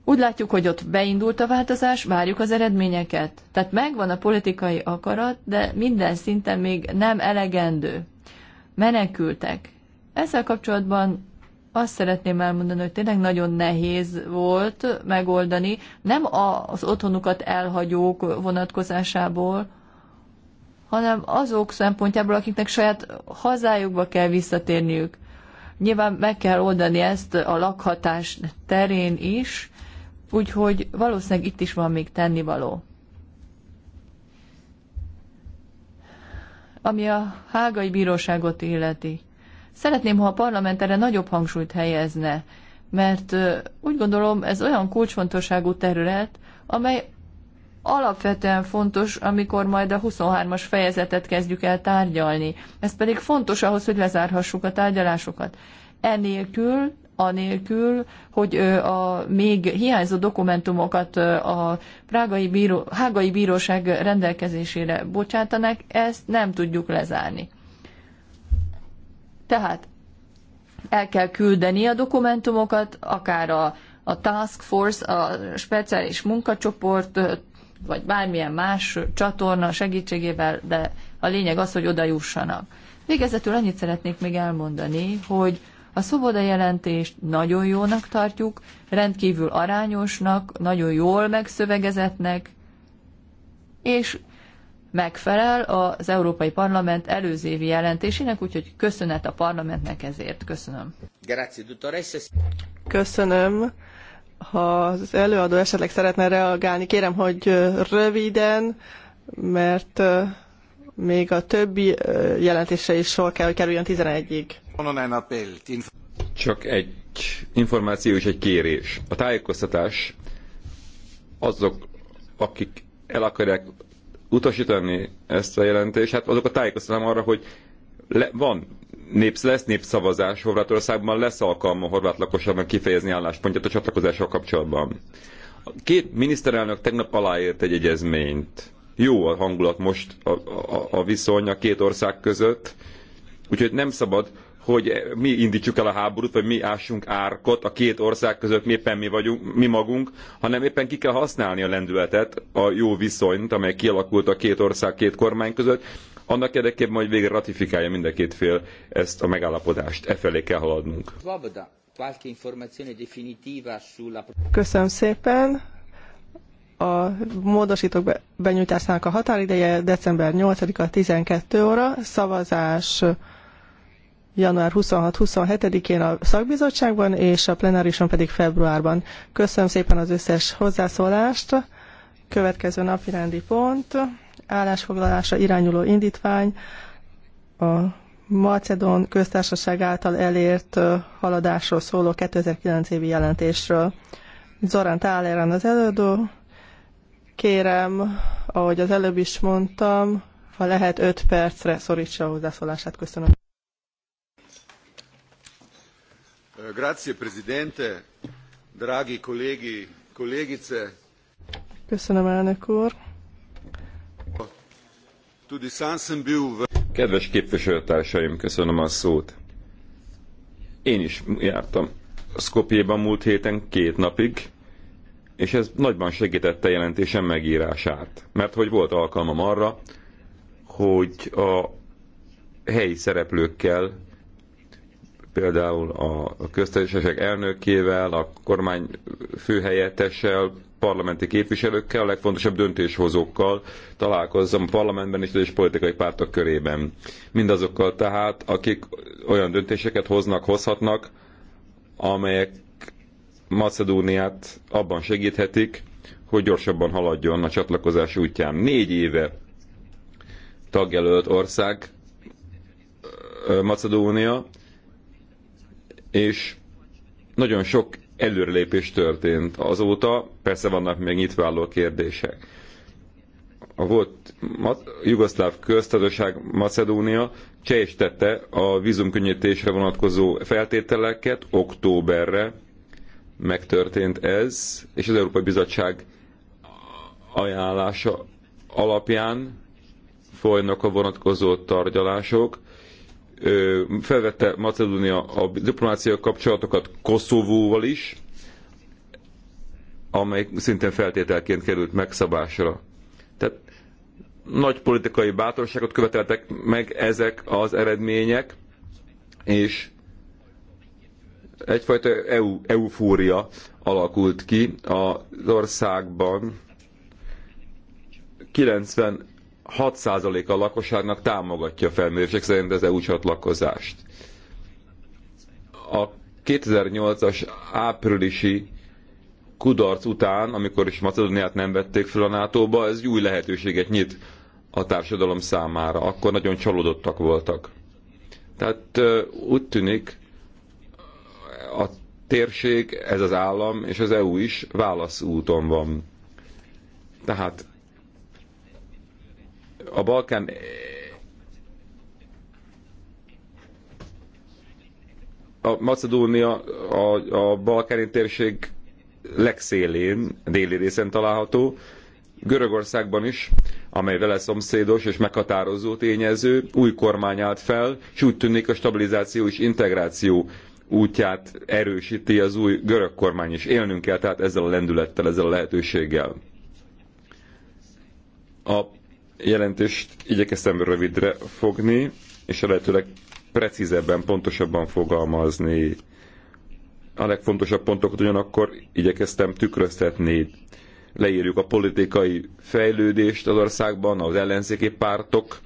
Úgy látjuk, hogy ott beindult a változás, várjuk az eredményeket. Tehát megvan a politikai akarat, de minden szinten még nem elegendő menekültek. Ezzel kapcsolatban azt szeretném elmondani, hogy tényleg nagyon nehéz volt megoldani, nem az otthonukat elhagyók vonatkozásából, hanem azok szempontjából, akiknek saját hazájukba kell visszatérniük. Nyilván meg kell oldani ezt a lakhatás terén is, úgyhogy valószínűleg itt is van még tennivaló. ami a hágai bíróságot illeti. Szeretném, ha a parlament erre nagyobb hangsúlyt helyezne, mert úgy gondolom ez olyan kulcsfontosságú terület, amely alapvetően fontos, amikor majd a 23-as fejezetet kezdjük el tárgyalni. Ez pedig fontos ahhoz, hogy lezárhassuk a tárgyalásokat. Enélkül anélkül, hogy a még hiányzó dokumentumokat a Prágai Bíró, Hágai Bíróság rendelkezésére bocsátanak, ezt nem tudjuk lezárni. Tehát el kell küldeni a dokumentumokat, akár a, a Task Force, a speciális munkacsoport, vagy bármilyen más csatorna segítségével, de a lényeg az, hogy oda jussanak. Végezetül annyit szeretnék még elmondani, hogy a szoboda jelentést nagyon jónak tartjuk, rendkívül arányosnak, nagyon jól megszövegezetnek, és megfelel az Európai Parlament előző évi jelentésének, úgyhogy köszönet a parlamentnek ezért. Köszönöm. Köszönöm. Ha az előadó esetleg szeretne reagálni, kérem, hogy röviden, mert még a többi jelentése is sor kell, hogy kerüljön 11-ig. Csak egy információ és egy kérés. A tájékoztatás azok, akik el akarják utasítani ezt a jelentést, hát azokat tájékoztatom arra, hogy le, van népsz, lesz népszavazás Horvátországban, lesz alkalma horvát lakosságnak kifejezni álláspontját a csatlakozással kapcsolatban. Két miniszterelnök tegnap aláírt egy egyezményt jó a hangulat most a, a, a viszony a két ország között, úgyhogy nem szabad, hogy mi indítsuk el a háborút, vagy mi ássunk árkot a két ország között, mi éppen mi vagyunk, mi magunk, hanem éppen ki kell használni a lendületet, a jó viszonyt, amely kialakult a két ország, két kormány között, annak érdekében majd végre ratifikálja mind a két fél ezt a megállapodást. E felé kell haladnunk. Köszönöm szépen a módosítók benyújtásának a határideje december 8-a 12 óra, szavazás január 26-27-én a szakbizottságban, és a plenárison pedig februárban. Köszönöm szépen az összes hozzászólást. Következő napirendi pont, állásfoglalásra irányuló indítvány, a Macedón köztársaság által elért haladásról szóló 2009 évi jelentésről. Zoran Tálerán az előadó, Kérem, ahogy az előbb is mondtam, ha lehet 5 percre szorítsa a hozzászólását. Köszönöm. Grazie, Presidente, drági kollégi, kollégice. Köszönöm, elnök úr. Kedves képviselőtársaim, köszönöm a szót. Én is jártam Skopjéban múlt héten két napig, és ez nagyban segítette jelentésem megírását, mert hogy volt alkalmam arra, hogy a helyi szereplőkkel, például a köztársaság elnökével, a kormány főhelyettessel, parlamenti képviselőkkel, a legfontosabb döntéshozókkal találkozzam a parlamentben és politikai pártok körében. Mindazokkal tehát, akik olyan döntéseket hoznak, hozhatnak, amelyek Macedóniát abban segíthetik, hogy gyorsabban haladjon a csatlakozás útján. Négy éve tagjelölt ország Macedónia, és nagyon sok előrelépés történt azóta, persze vannak még nyitváló kérdések. A volt jugoszláv köztársaság Macedónia cseh tette a vízumkönnyítésre vonatkozó feltételeket októberre, megtörtént ez, és az Európai Bizottság ajánlása alapján folynak a vonatkozó tárgyalások. Felvette Macedónia a diplomáciai kapcsolatokat Koszovóval is, amely szintén feltételként került megszabásra. Tehát nagy politikai bátorságot követeltek meg ezek az eredmények, és egyfajta EU, eufória alakult ki az országban. 96%-a lakosságnak támogatja a felmérések szerint az EU csatlakozást. A 2008-as áprilisi kudarc után, amikor is Macedóniát nem vették fel a nato ez új lehetőséget nyit a társadalom számára. Akkor nagyon csalódottak voltak. Tehát úgy tűnik, a térség, ez az állam és az EU is válaszúton van. Tehát a Balkán a Macedónia a, a balkáni térség legszélén, déli részen található, Görögországban is, amely vele szomszédos és meghatározó tényező, új kormány állt fel, és úgy tűnik a stabilizáció és integráció útját erősíti az új görög kormány is. Élnünk kell tehát ezzel a lendülettel, ezzel a lehetőséggel. A jelentést igyekeztem rövidre fogni, és a lehetőleg precízebben, pontosabban fogalmazni. A legfontosabb pontokat ugyanakkor igyekeztem tükröztetni. Leírjuk a politikai fejlődést az országban, az ellenzéki pártok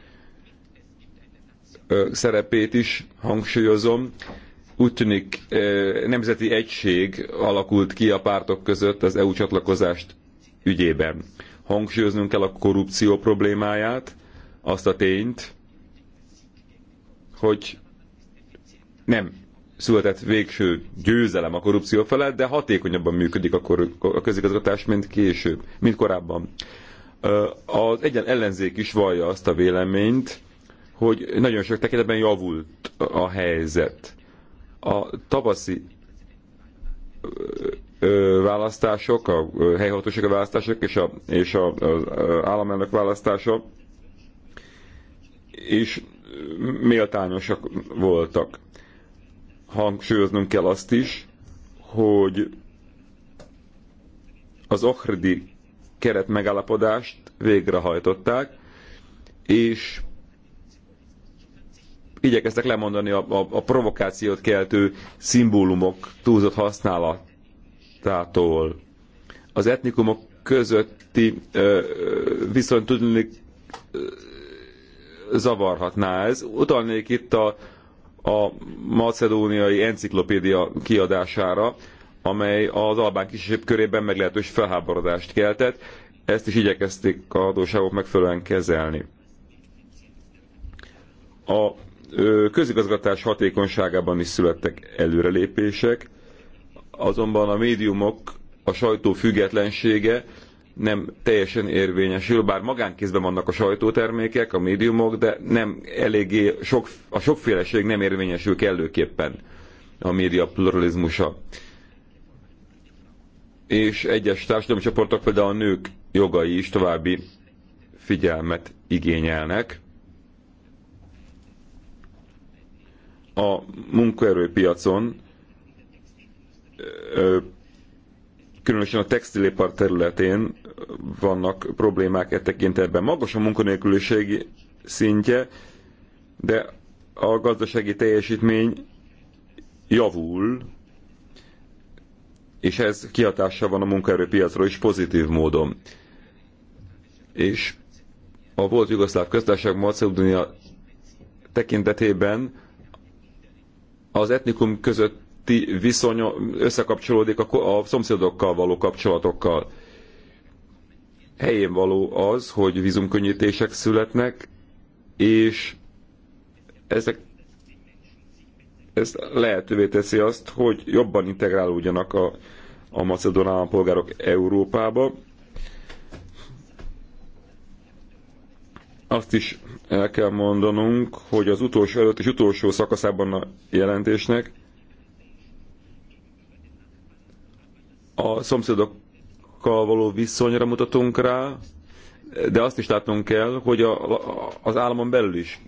szerepét is hangsúlyozom, úgy tűnik nemzeti egység alakult ki a pártok között az EU csatlakozást ügyében. Hangsúlyoznunk kell a korrupció problémáját, azt a tényt, hogy nem született végső győzelem a korrupció felett, de hatékonyabban működik a, kor- a közigazgatás, mint később, mint korábban. Az egyen ellenzék is vallja azt a véleményt, hogy nagyon sok tekintetben javult a helyzet a tavaszi választások, a helyhatósági választások és, a, és a, az államelnök választása is méltányosak voltak. Hangsúlyoznunk kell azt is, hogy az Ohridi keret megállapodást végrehajtották, és igyekeztek lemondani a, a, a provokációt keltő szimbólumok túlzott használatától. Az etnikumok közötti ö, viszont tudni zavarhatná ez. Utalnék itt a, a macedóniai enciklopédia kiadására, amely az albán kisebb körében meglehetős felháborodást keltett, ezt is igyekezték a hatóságok megfelelően kezelni. A közigazgatás hatékonyságában is születtek előrelépések, azonban a médiumok, a sajtó függetlensége nem teljesen érvényesül, bár magánkézben vannak a sajtótermékek, a médiumok, de nem eléggé, sok, a sokféleség nem érvényesül kellőképpen a média pluralizmusa. És egyes társadalmi csoportok például a nők jogai is további figyelmet igényelnek a munkaerőpiacon, különösen a textilipar területén vannak problémák e tekintetben. Magas a munkanélküliség szintje, de a gazdasági teljesítmény javul, és ez kihatással van a munkaerőpiacra is pozitív módon. És a volt jugoszláv köztársaság Macedónia tekintetében az etnikum közötti viszony összekapcsolódik a, a szomszédokkal való kapcsolatokkal. Helyén való az, hogy vízumkönnyítések születnek, és ezek ez lehetővé teszi azt, hogy jobban integrálódjanak a, a macedón állampolgárok Európába, Azt is el kell mondanunk, hogy az utolsó előtt és utolsó szakaszában a jelentésnek a szomszédokkal való viszonyra mutatunk rá, de azt is látnunk kell, hogy a, az államon belül is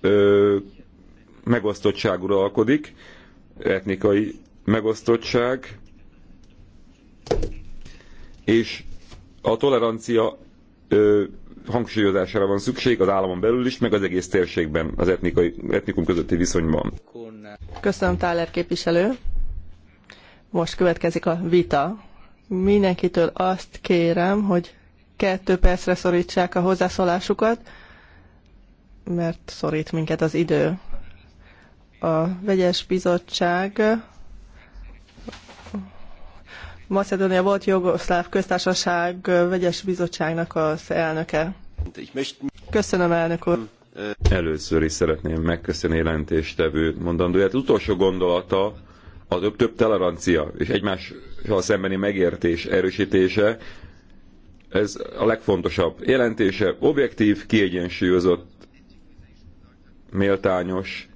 ö, megosztottság uralkodik, etnikai megosztottság, és a tolerancia ö, hangsúlyozására van szükség az államon belül is, meg az egész térségben, az etnikai, etnikum közötti viszonyban. Köszönöm, Táler képviselő. Most következik a vita. Mindenkitől azt kérem, hogy kettő percre szorítsák a hozzászólásukat, mert szorít minket az idő. A vegyes bizottság Macedónia volt Jugoszláv köztársaság vegyes bizottságnak az elnöke. Köszönöm, elnök úr. Először is szeretném megköszönni jelentéstevő mondandóját. Utolsó gondolata az több tolerancia és egymással szembeni megértés erősítése. Ez a legfontosabb jelentése. Objektív, kiegyensúlyozott, méltányos,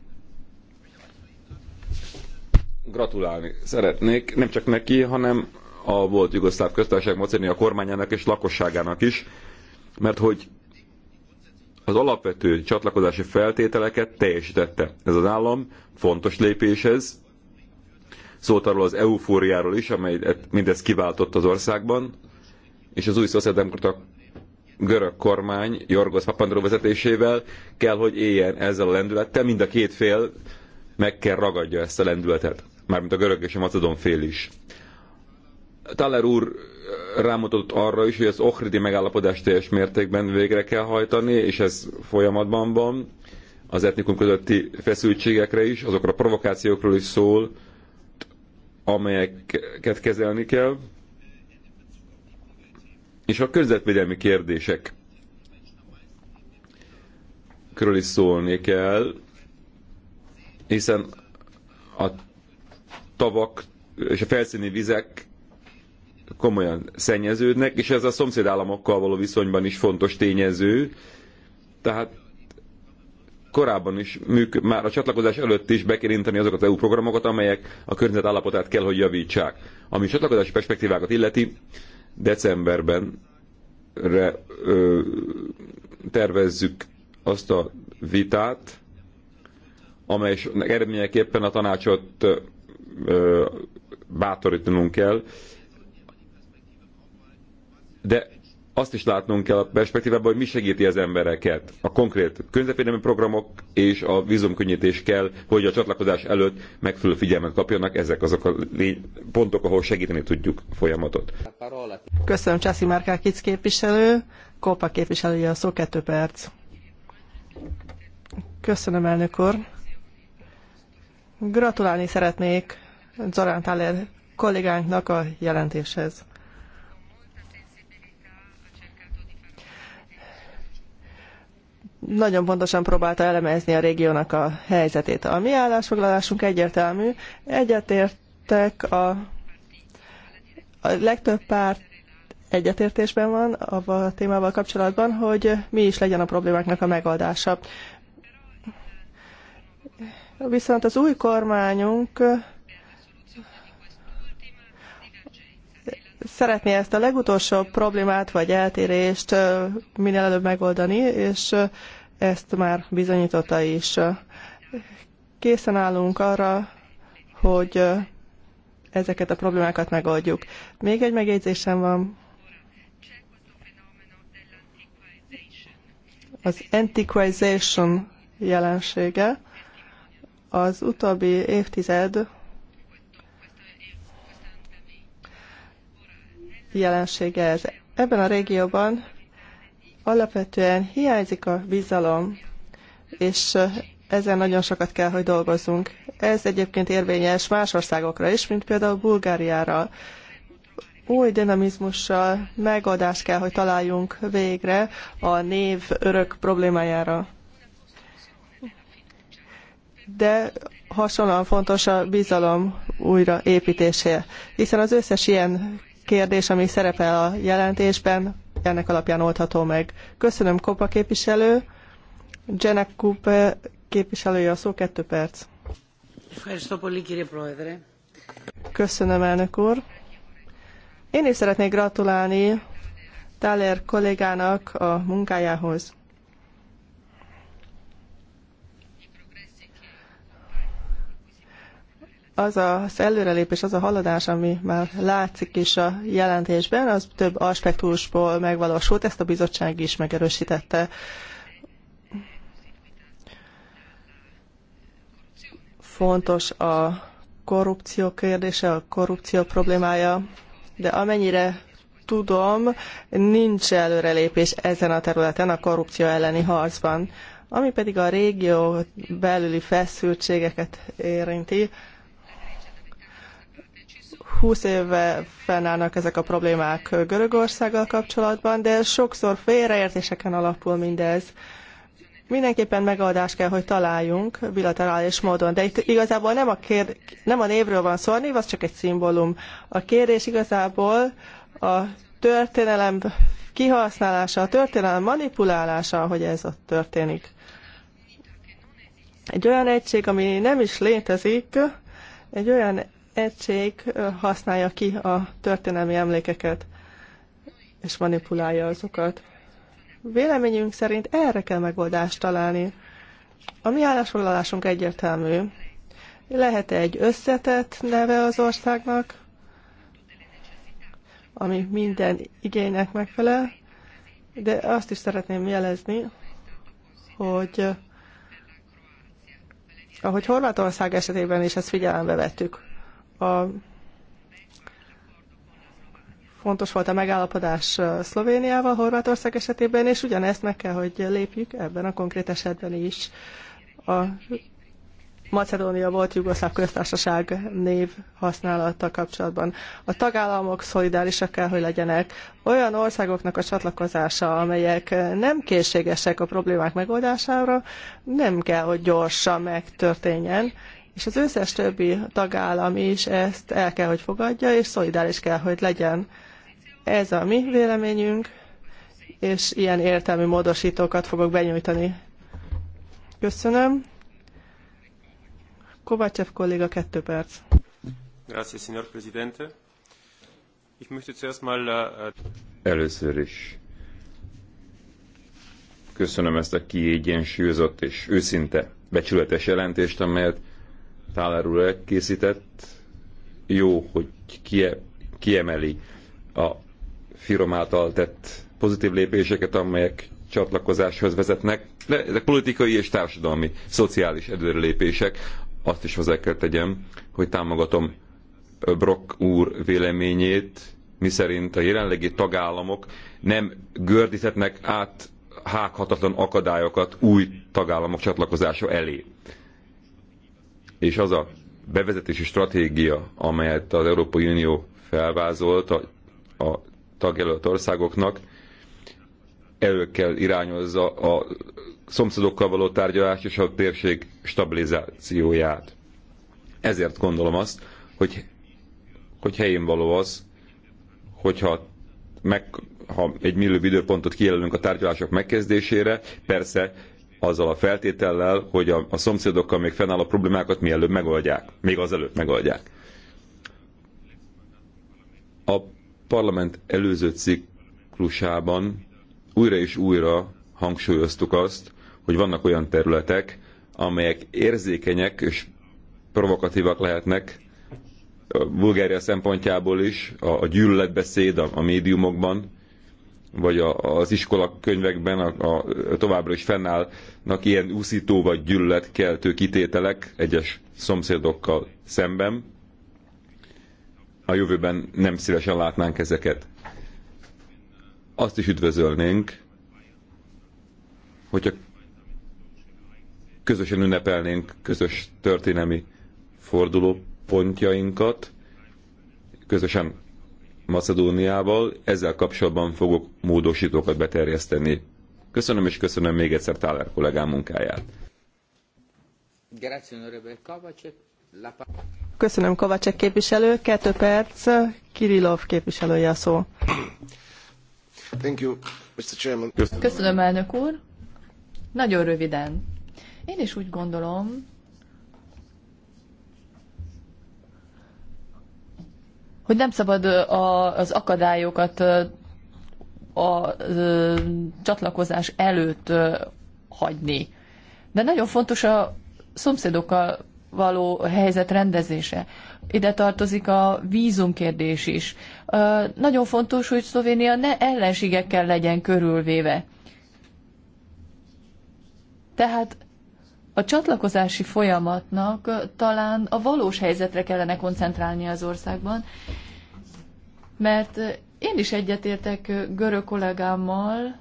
gratulálni szeretnék, nem csak neki, hanem a volt Jugoszláv köztársaság Macedónia kormányának és lakosságának is, mert hogy az alapvető csatlakozási feltételeket teljesítette. Ez az állam fontos lépés ez, szólt arról az eufóriáról is, amely mindez kiváltott az országban, és az új szociáldemokrata görög kormány Jorgos Papandreou vezetésével kell, hogy éljen ezzel a lendülettel, mind a két fél meg kell ragadja ezt a lendületet, mármint a görög és a macedon fél is. Taller úr rámutatott arra is, hogy az Ohridi megállapodást teljes mértékben végre kell hajtani, és ez folyamatban van. Az etnikum közötti feszültségekre is, azokra a provokációkról is szól, amelyeket kezelni kell. És a közvetvédelmi kérdések körül is szólni kell, hiszen a tavak és a felszíni vizek komolyan szennyeződnek, és ez a szomszédállamokkal való viszonyban is fontos tényező. Tehát korábban is, műk, már a csatlakozás előtt is bekérinteni azokat az EU programokat, amelyek a környezet állapotát kell, hogy javítsák. Ami csatlakozási perspektívákat illeti, decemberben re, ö, tervezzük azt a vitát, amely eredményeképpen a tanácsot ö, bátorítanunk kell, de azt is látnunk kell a perspektívában, hogy mi segíti az embereket. A konkrét környezetvédelmi programok és a vízumkönnyítés kell, hogy a csatlakozás előtt megfelelő figyelmet kapjanak. Ezek azok a pontok, ahol segíteni tudjuk a folyamatot. Köszönöm Császi Márkákic képviselő. Kópa képviselője a szó, kettő perc. Köszönöm, elnök úr. Gratulálni szeretnék Zorán Táler kollégánknak a jelentéshez. nagyon pontosan próbálta elemezni a régiónak a helyzetét. A mi állásfoglalásunk egyértelmű, egyetértek a, a legtöbb párt egyetértésben van a témával kapcsolatban, hogy mi is legyen a problémáknak a megoldása. Viszont az új kormányunk szeretné ezt a legutolsó problémát vagy eltérést minél előbb megoldani, és ezt már bizonyította is. Készen állunk arra, hogy ezeket a problémákat megoldjuk. Még egy megjegyzésem van. Az antiquization jelensége az utóbbi évtized jelensége ez. Ebben a régióban Alapvetően hiányzik a bizalom, és ezen nagyon sokat kell, hogy dolgozzunk. Ez egyébként érvényes más országokra is, mint például Bulgáriára. Új dinamizmussal megoldást kell, hogy találjunk végre a név örök problémájára. De hasonlóan fontos a bizalom újraépítése, hiszen az összes ilyen kérdés, ami szerepel a jelentésben, ennek alapján oldható meg. Köszönöm, Kopa képviselő. Janek Cooper képviselője a szó, kettő perc. Köszönöm, elnök úr. Én is szeretnék gratulálni Thaler kollégának a munkájához. az az előrelépés, az a haladás, ami már látszik is a jelentésben, az több aspektusból megvalósult, ezt a bizottság is megerősítette. Fontos a korrupció kérdése, a korrupció problémája, de amennyire tudom, nincs előrelépés ezen a területen a korrupció elleni harcban. Ami pedig a régió belüli feszültségeket érinti, 20 éve fennállnak ezek a problémák Görögországgal kapcsolatban, de sokszor félreértéseken alapul mindez. Mindenképpen megoldást kell, hogy találjunk bilaterális módon, de itt igazából nem a, kér, nem a névről van szó, a név az csak egy szimbólum. A kérdés igazából a történelem kihasználása, a történelem manipulálása, hogy ez ott történik. Egy olyan egység, ami nem is létezik, egy olyan egység használja ki a történelmi emlékeket, és manipulálja azokat. Véleményünk szerint erre kell megoldást találni. A mi állásfoglalásunk egyértelmű. lehet -e egy összetett neve az országnak, ami minden igénynek megfelel, de azt is szeretném jelezni, hogy ahogy Horvátország esetében is ezt figyelembe vettük, a fontos volt a megállapodás Szlovéniával, Horvátország esetében, és ugyanezt meg kell, hogy lépjük ebben a konkrét esetben is. A Macedónia volt Jugoszláv köztársaság név használata kapcsolatban. A tagállamok szolidárisak kell, hogy legyenek. Olyan országoknak a csatlakozása, amelyek nem készségesek a problémák megoldására, nem kell, hogy gyorsan megtörténjen, és az összes többi tagállam is ezt el kell, hogy fogadja, és szolidáris kell, hogy legyen. Ez a mi véleményünk, és ilyen értelmű módosítókat fogok benyújtani. Köszönöm. Kovácsev kolléga, kettő perc. Grazie, signor Presidente. Ich möchte zuerst mal... Äh, Először is köszönöm ezt a kiegyensúlyozott és őszinte becsületes jelentést, amelyet Tyler úr elkészített, jó, hogy kie, kiemeli a firom által tett pozitív lépéseket, amelyek csatlakozáshoz vezetnek, de ezek politikai és társadalmi, szociális előrelépések. Azt is hozzá kell tegyem, hogy támogatom Brock úr véleményét, miszerint a jelenlegi tagállamok nem gördíthetnek át hághatatlan akadályokat új tagállamok csatlakozása elé és az a bevezetési stratégia, amelyet az Európai Unió felvázolt a, a tagjelölt országoknak, elő kell irányozza a szomszédokkal való tárgyalást és a térség stabilizációját. Ezért gondolom azt, hogy, hogy helyén való az, hogyha meg, ha egy millió időpontot kijelölünk a tárgyalások megkezdésére, persze azzal a feltétellel, hogy a, a szomszédokkal még a problémákat mielőbb megoldják, még azelőtt megoldják. A parlament előző ciklusában újra és újra hangsúlyoztuk azt, hogy vannak olyan területek, amelyek érzékenyek és provokatívak lehetnek, Bulgária szempontjából is, a, a gyűlöletbeszéd a, a médiumokban, vagy a, az iskola könyvekben a, a, továbbra is fennállnak ilyen úszító vagy gyűlöletkeltő kitételek egyes szomszédokkal szemben. A jövőben nem szívesen látnánk ezeket. Azt is üdvözölnénk, hogyha közösen ünnepelnénk közös történelmi fordulópontjainkat, közösen Macedóniával, ezzel kapcsolatban fogok módosítókat beterjeszteni. Köszönöm, és köszönöm még egyszer Táler kollégám munkáját. Köszönöm, Kovacsek képviselő. Kettő perc, Kirilov képviselője a szó. Thank you, Mr. Chairman. Köszönöm. Köszönöm, elnök úr. Nagyon röviden. Én is úgy gondolom, hogy nem szabad a, az akadályokat a csatlakozás előtt hagyni. De nagyon fontos a szomszédokkal való helyzet rendezése. Ide tartozik a vízumkérdés is. Nagyon fontos, hogy Szlovénia ne ellenségekkel legyen körülvéve. Tehát a csatlakozási folyamatnak talán a valós helyzetre kellene koncentrálni az országban, mert én is egyetértek görög kollégámmal,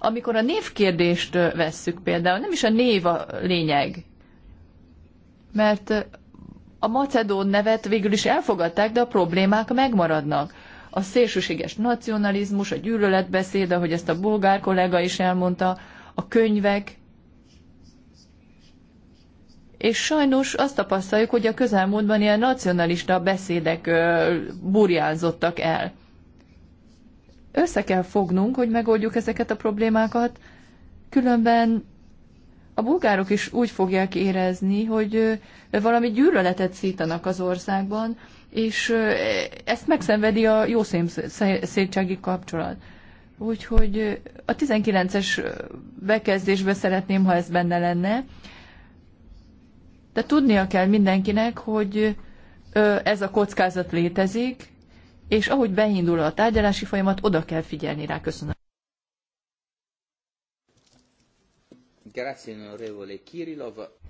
amikor a névkérdést vesszük például, nem is a név a lényeg, mert a macedón nevet végül is elfogadták, de a problémák megmaradnak a szélsőséges nacionalizmus, a gyűlöletbeszéd, ahogy ezt a bolgár kollega is elmondta, a könyvek, és sajnos azt tapasztaljuk, hogy a közelmúltban ilyen nacionalista beszédek burjánzottak el. Össze kell fognunk, hogy megoldjuk ezeket a problémákat, különben a bulgárok is úgy fogják érezni, hogy valami gyűlöletet szítanak az országban, és ezt megszenvedi a jó szétsági kapcsolat. Úgyhogy a 19-es bekezdésbe szeretném, ha ez benne lenne, de tudnia kell mindenkinek, hogy ez a kockázat létezik, és ahogy beindul a tárgyalási folyamat, oda kell figyelni rá. Köszönöm.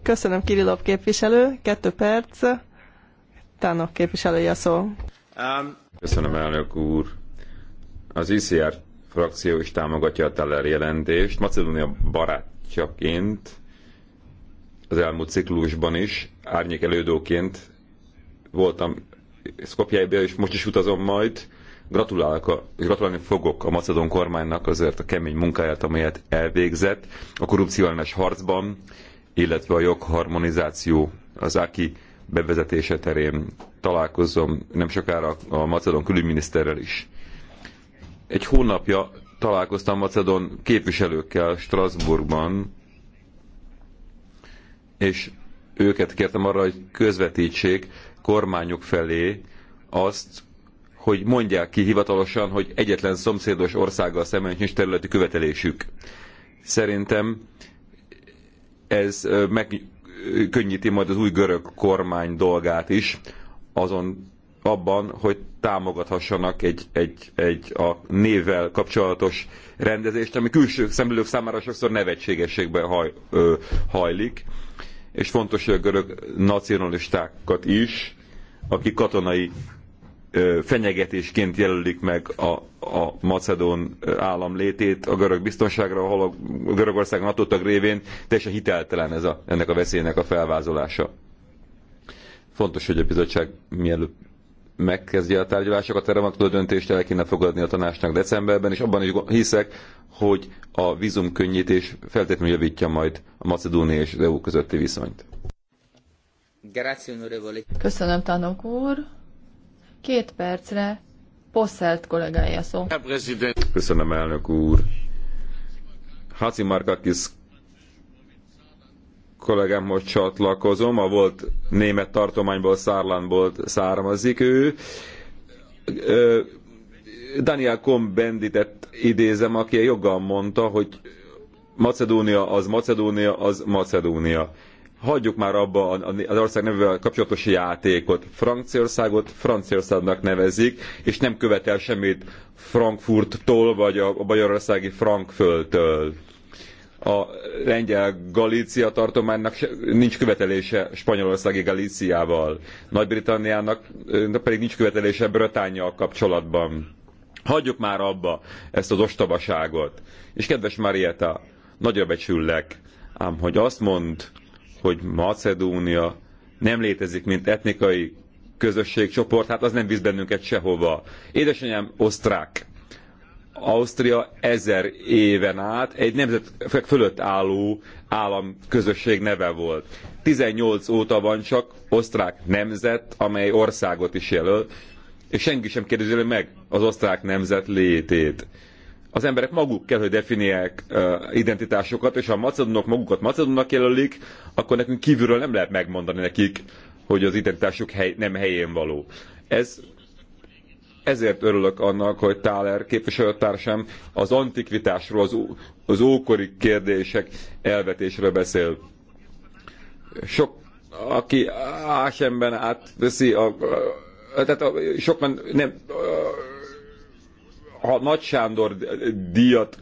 Köszönöm Kirilov képviselő, kettő perc. Tánok képviselője szó. Um. Köszönöm, elnök úr. Az ICR frakció is támogatja a Teller jelentést. Macedónia barátjaként az elmúlt ciklusban is árnyék elődóként voltam Skopjaiba, és most is utazom majd. Gratulálok, a, gratulálni fogok a macedón kormánynak azért a kemény munkáját, amelyet elvégzett a korrupcióellenes harcban, illetve a jogharmonizáció, az AKI bevezetése terén találkozom nem sokára a macedon külügyminiszterrel is. Egy hónapja találkoztam macedon képviselőkkel Strasbourgban, és őket kértem arra, hogy közvetítsék kormányok felé azt, hogy mondják ki hivatalosan, hogy egyetlen szomszédos országgal szemben nincs területi követelésük. Szerintem ez meg könnyíti majd az új görög kormány dolgát is, azon abban, hogy támogathassanak egy, egy, egy a névvel kapcsolatos rendezést, ami külső szemlélők számára sokszor nevetségességbe haj, ö, hajlik, és fontos, hogy a görög nacionalistákat is, akik katonai fenyegetésként jelölik meg a, a macedón állam létét a görög biztonságra, ahol a Görögország nato révén teljesen hiteltelen ez a, ennek a veszélynek a felvázolása. Fontos, hogy a bizottság mielőbb megkezdje a tárgyalásokat, erre a döntést el kéne fogadni a tanácsnak decemberben, és abban is hiszek, hogy a vízumkönnyítés feltétlenül javítja majd a Macedóni és az EU közötti viszonyt. Köszönöm, tanok úr! Két percre Posselt kollégája szó. Köszönöm, elnök úr. Haci Markakis kollégámhoz csatlakozom, a volt német tartományból, Szárlandból származik ő. Daniel Cohn-Benditet idézem, aki joggal mondta, hogy Macedónia az Macedónia az Macedónia hagyjuk már abba az ország nevével kapcsolatos játékot. Franciaországot Franciaországnak nevezik, és nem követel semmit Frankfurttól, vagy a Magyarországi Frankföldtől. A lengyel Galícia tartománynak nincs követelése spanyolországi Galíciával. Nagy-Britanniának pedig nincs követelése Bretányjal kapcsolatban. Hagyjuk már abba ezt az ostobaságot. És kedves Marietta, nagyra becsüllek, ám hogy azt mond, hogy Macedónia nem létezik, mint etnikai közösségcsoport, hát az nem visz bennünket sehova. Édesanyám osztrák. Ausztria ezer éven át egy nemzet fölött álló államközösség neve volt. 18 óta van csak osztrák nemzet, amely országot is jelöl, és senki sem kérdezi meg az osztrák nemzet létét az emberek maguk kell, hogy definiálják identitásokat, és ha a macedonok magukat macedonnak jelölik, akkor nekünk kívülről nem lehet megmondani nekik, hogy az identitásuk hely, nem helyén való. Ez ezért örülök annak, hogy Táler képviselőtársam az antikvitásról, az, az ókori kérdések elvetésről beszél. Sok, aki Ásemben átveszi, a, a, tehát a, sokan nem, a, ha Nagy Sándor díjat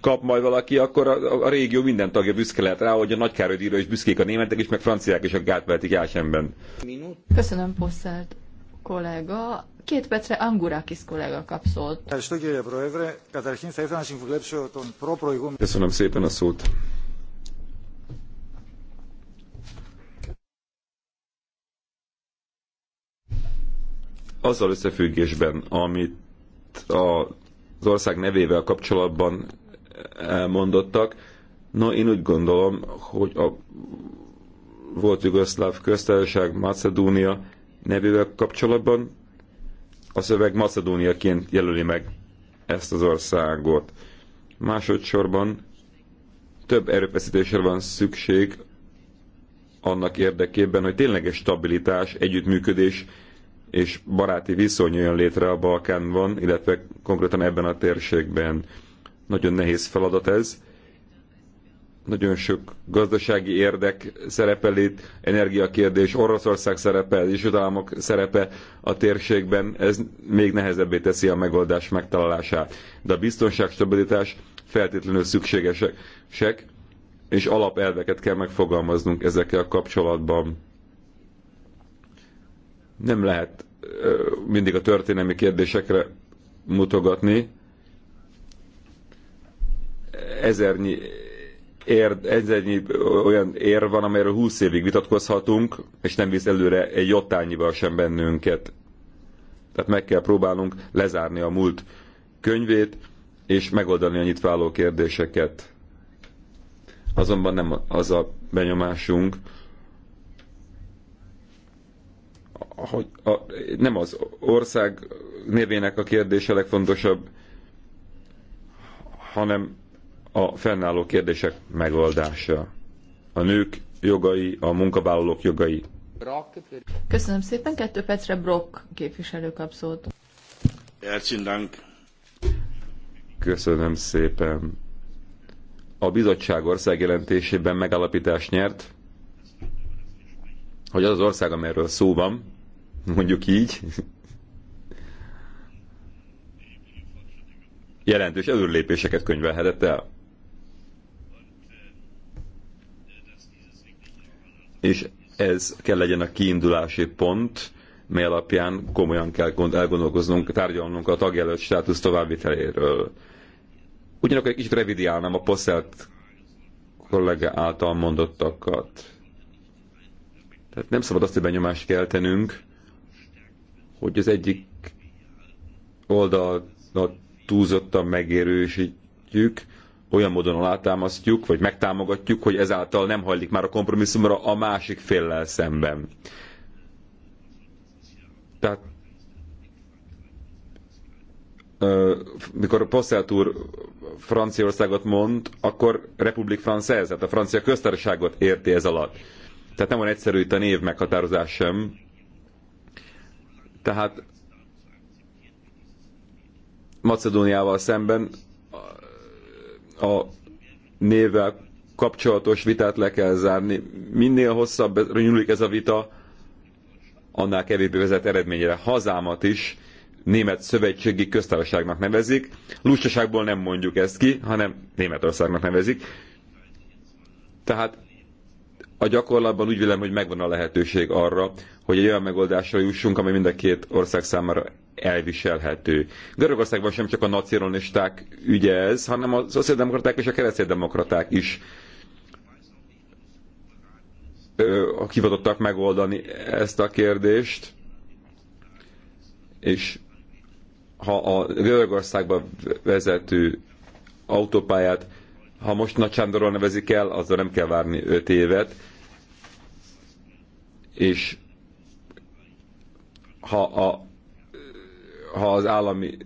kap majd valaki, akkor a, a régió minden tagja büszke lehet rá, hogy a nagy díjra is büszkék a németek is, meg franciák is, a gátvehetik Ásemben. Köszönöm, Posselt kollega. Két percre Angurakis kollega kap szót. Köszönöm szépen a szót. Azzal összefüggésben, amit az ország nevével kapcsolatban elmondottak. No, én úgy gondolom, hogy a volt Jugoszláv köztársaság Macedónia nevével kapcsolatban a szöveg Macedóniaként jelöli meg ezt az országot. Másodszorban több erőfeszítésre van szükség annak érdekében, hogy tényleges stabilitás, együttműködés és baráti viszony jön létre a Balkánban, illetve konkrétan ebben a térségben. Nagyon nehéz feladat ez. Nagyon sok gazdasági érdek szerepel itt, energiakérdés, Oroszország szerepe, az Isodalmak szerepe a térségben, ez még nehezebbé teszi a megoldás megtalálását. De a biztonság, stabilitás feltétlenül szükségesek, és alapelveket kell megfogalmaznunk ezekkel kapcsolatban nem lehet mindig a történelmi kérdésekre mutogatni. Ezernyi, ér, ezernyi olyan ér van, amelyről húsz évig vitatkozhatunk, és nem visz előre egy jottányival sem bennünket. Tehát meg kell próbálnunk lezárni a múlt könyvét, és megoldani a nyitváló kérdéseket. Azonban nem az a benyomásunk, hogy a, nem az ország névének a kérdése legfontosabb, hanem a fennálló kérdések megoldása. A nők jogai, a munkavállalók jogai. Köszönöm szépen, kettő percre Brock képviselő kap szót. Köszönöm szépen. A bizottság ország jelentésében megállapítás nyert, hogy az az ország, amelyről szó van, mondjuk így, jelentős előrelépéseket könyvelhetett el. És ez kell legyen a kiindulási pont, mely alapján komolyan kell elgondolkoznunk, tárgyalnunk a tagjelölt státusz továbbviteléről. Ugyanakkor egy kicsit revidiálnám a poszelt kollega által mondottakat. Tehát nem szabad azt, hogy benyomást keltenünk, hogy az egyik oldalnak túlzottan megérősítjük, olyan módon alátámasztjuk, vagy megtámogatjuk, hogy ezáltal nem hajlik már a kompromisszumra a másik féllel szemben. Tehát mikor a Posselt úr Franciaországot mond, akkor Republik Française, tehát a francia köztársaságot érti ez alatt. Tehát nem van egyszerű itt a név meghatározás sem, tehát Macedóniával szemben a névvel kapcsolatos vitát le kell zárni. Minél hosszabb nyúlik ez a vita, annál kevésbé vezet eredményre. Hazámat is német szövetségi köztársaságnak nevezik. Lustaságból nem mondjuk ezt ki, hanem Németországnak nevezik. Tehát a gyakorlatban úgy vélem, hogy megvan a lehetőség arra, hogy egy olyan megoldásra jussunk, amely mind a két ország számára elviselhető. Görögországban sem csak a nacionalisták ügye ez, hanem a szociáldemokraták és a kereszténydemokraták is hivatottak megoldani ezt a kérdést, és ha a Görögországba vezető autópályát ha most Nagy Sándorról nevezik el, azzal nem kell várni 5 évet, és ha, a, ha az állami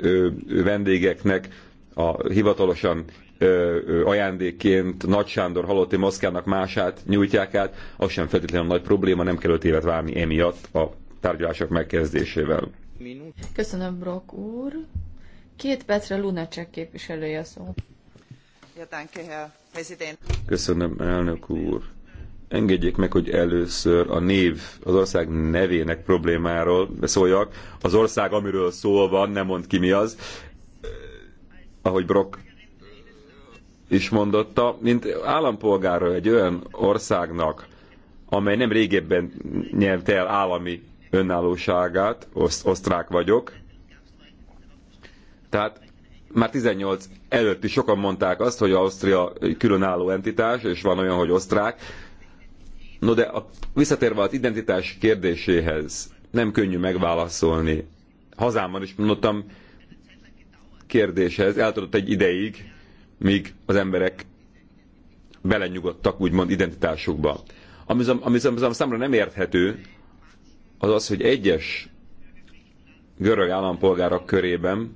ö, vendégeknek a hivatalosan ö, ö, ajándékként Nagy Sándor halotti maszkának mását nyújtják át, az sem feltétlenül nagy probléma, nem kell öt évet várni emiatt a tárgyalások megkezdésével. Köszönöm, Brock úr. Két percre Lunacek képviselője szó. Köszönöm, elnök úr. Engedjék meg, hogy először a név, az ország nevének problémáról szóljak. Az ország, amiről szó van, nem mond ki mi az. Ahogy Brock is mondotta, mint állampolgára egy olyan országnak, amely nem régebben nyerte el állami önállóságát, oszt, osztrák vagyok. Tehát már 18 előtt is sokan mondták azt, hogy Ausztria különálló entitás, és van olyan, hogy osztrák. No de a, visszatérve az identitás kérdéséhez, nem könnyű megválaszolni. Hazámban is mondottam kérdéshez, eltartott egy ideig, míg az emberek belenyugodtak úgymond identitásukba. Ami, ami, ami számra nem érthető, az az, hogy egyes görög állampolgárok körében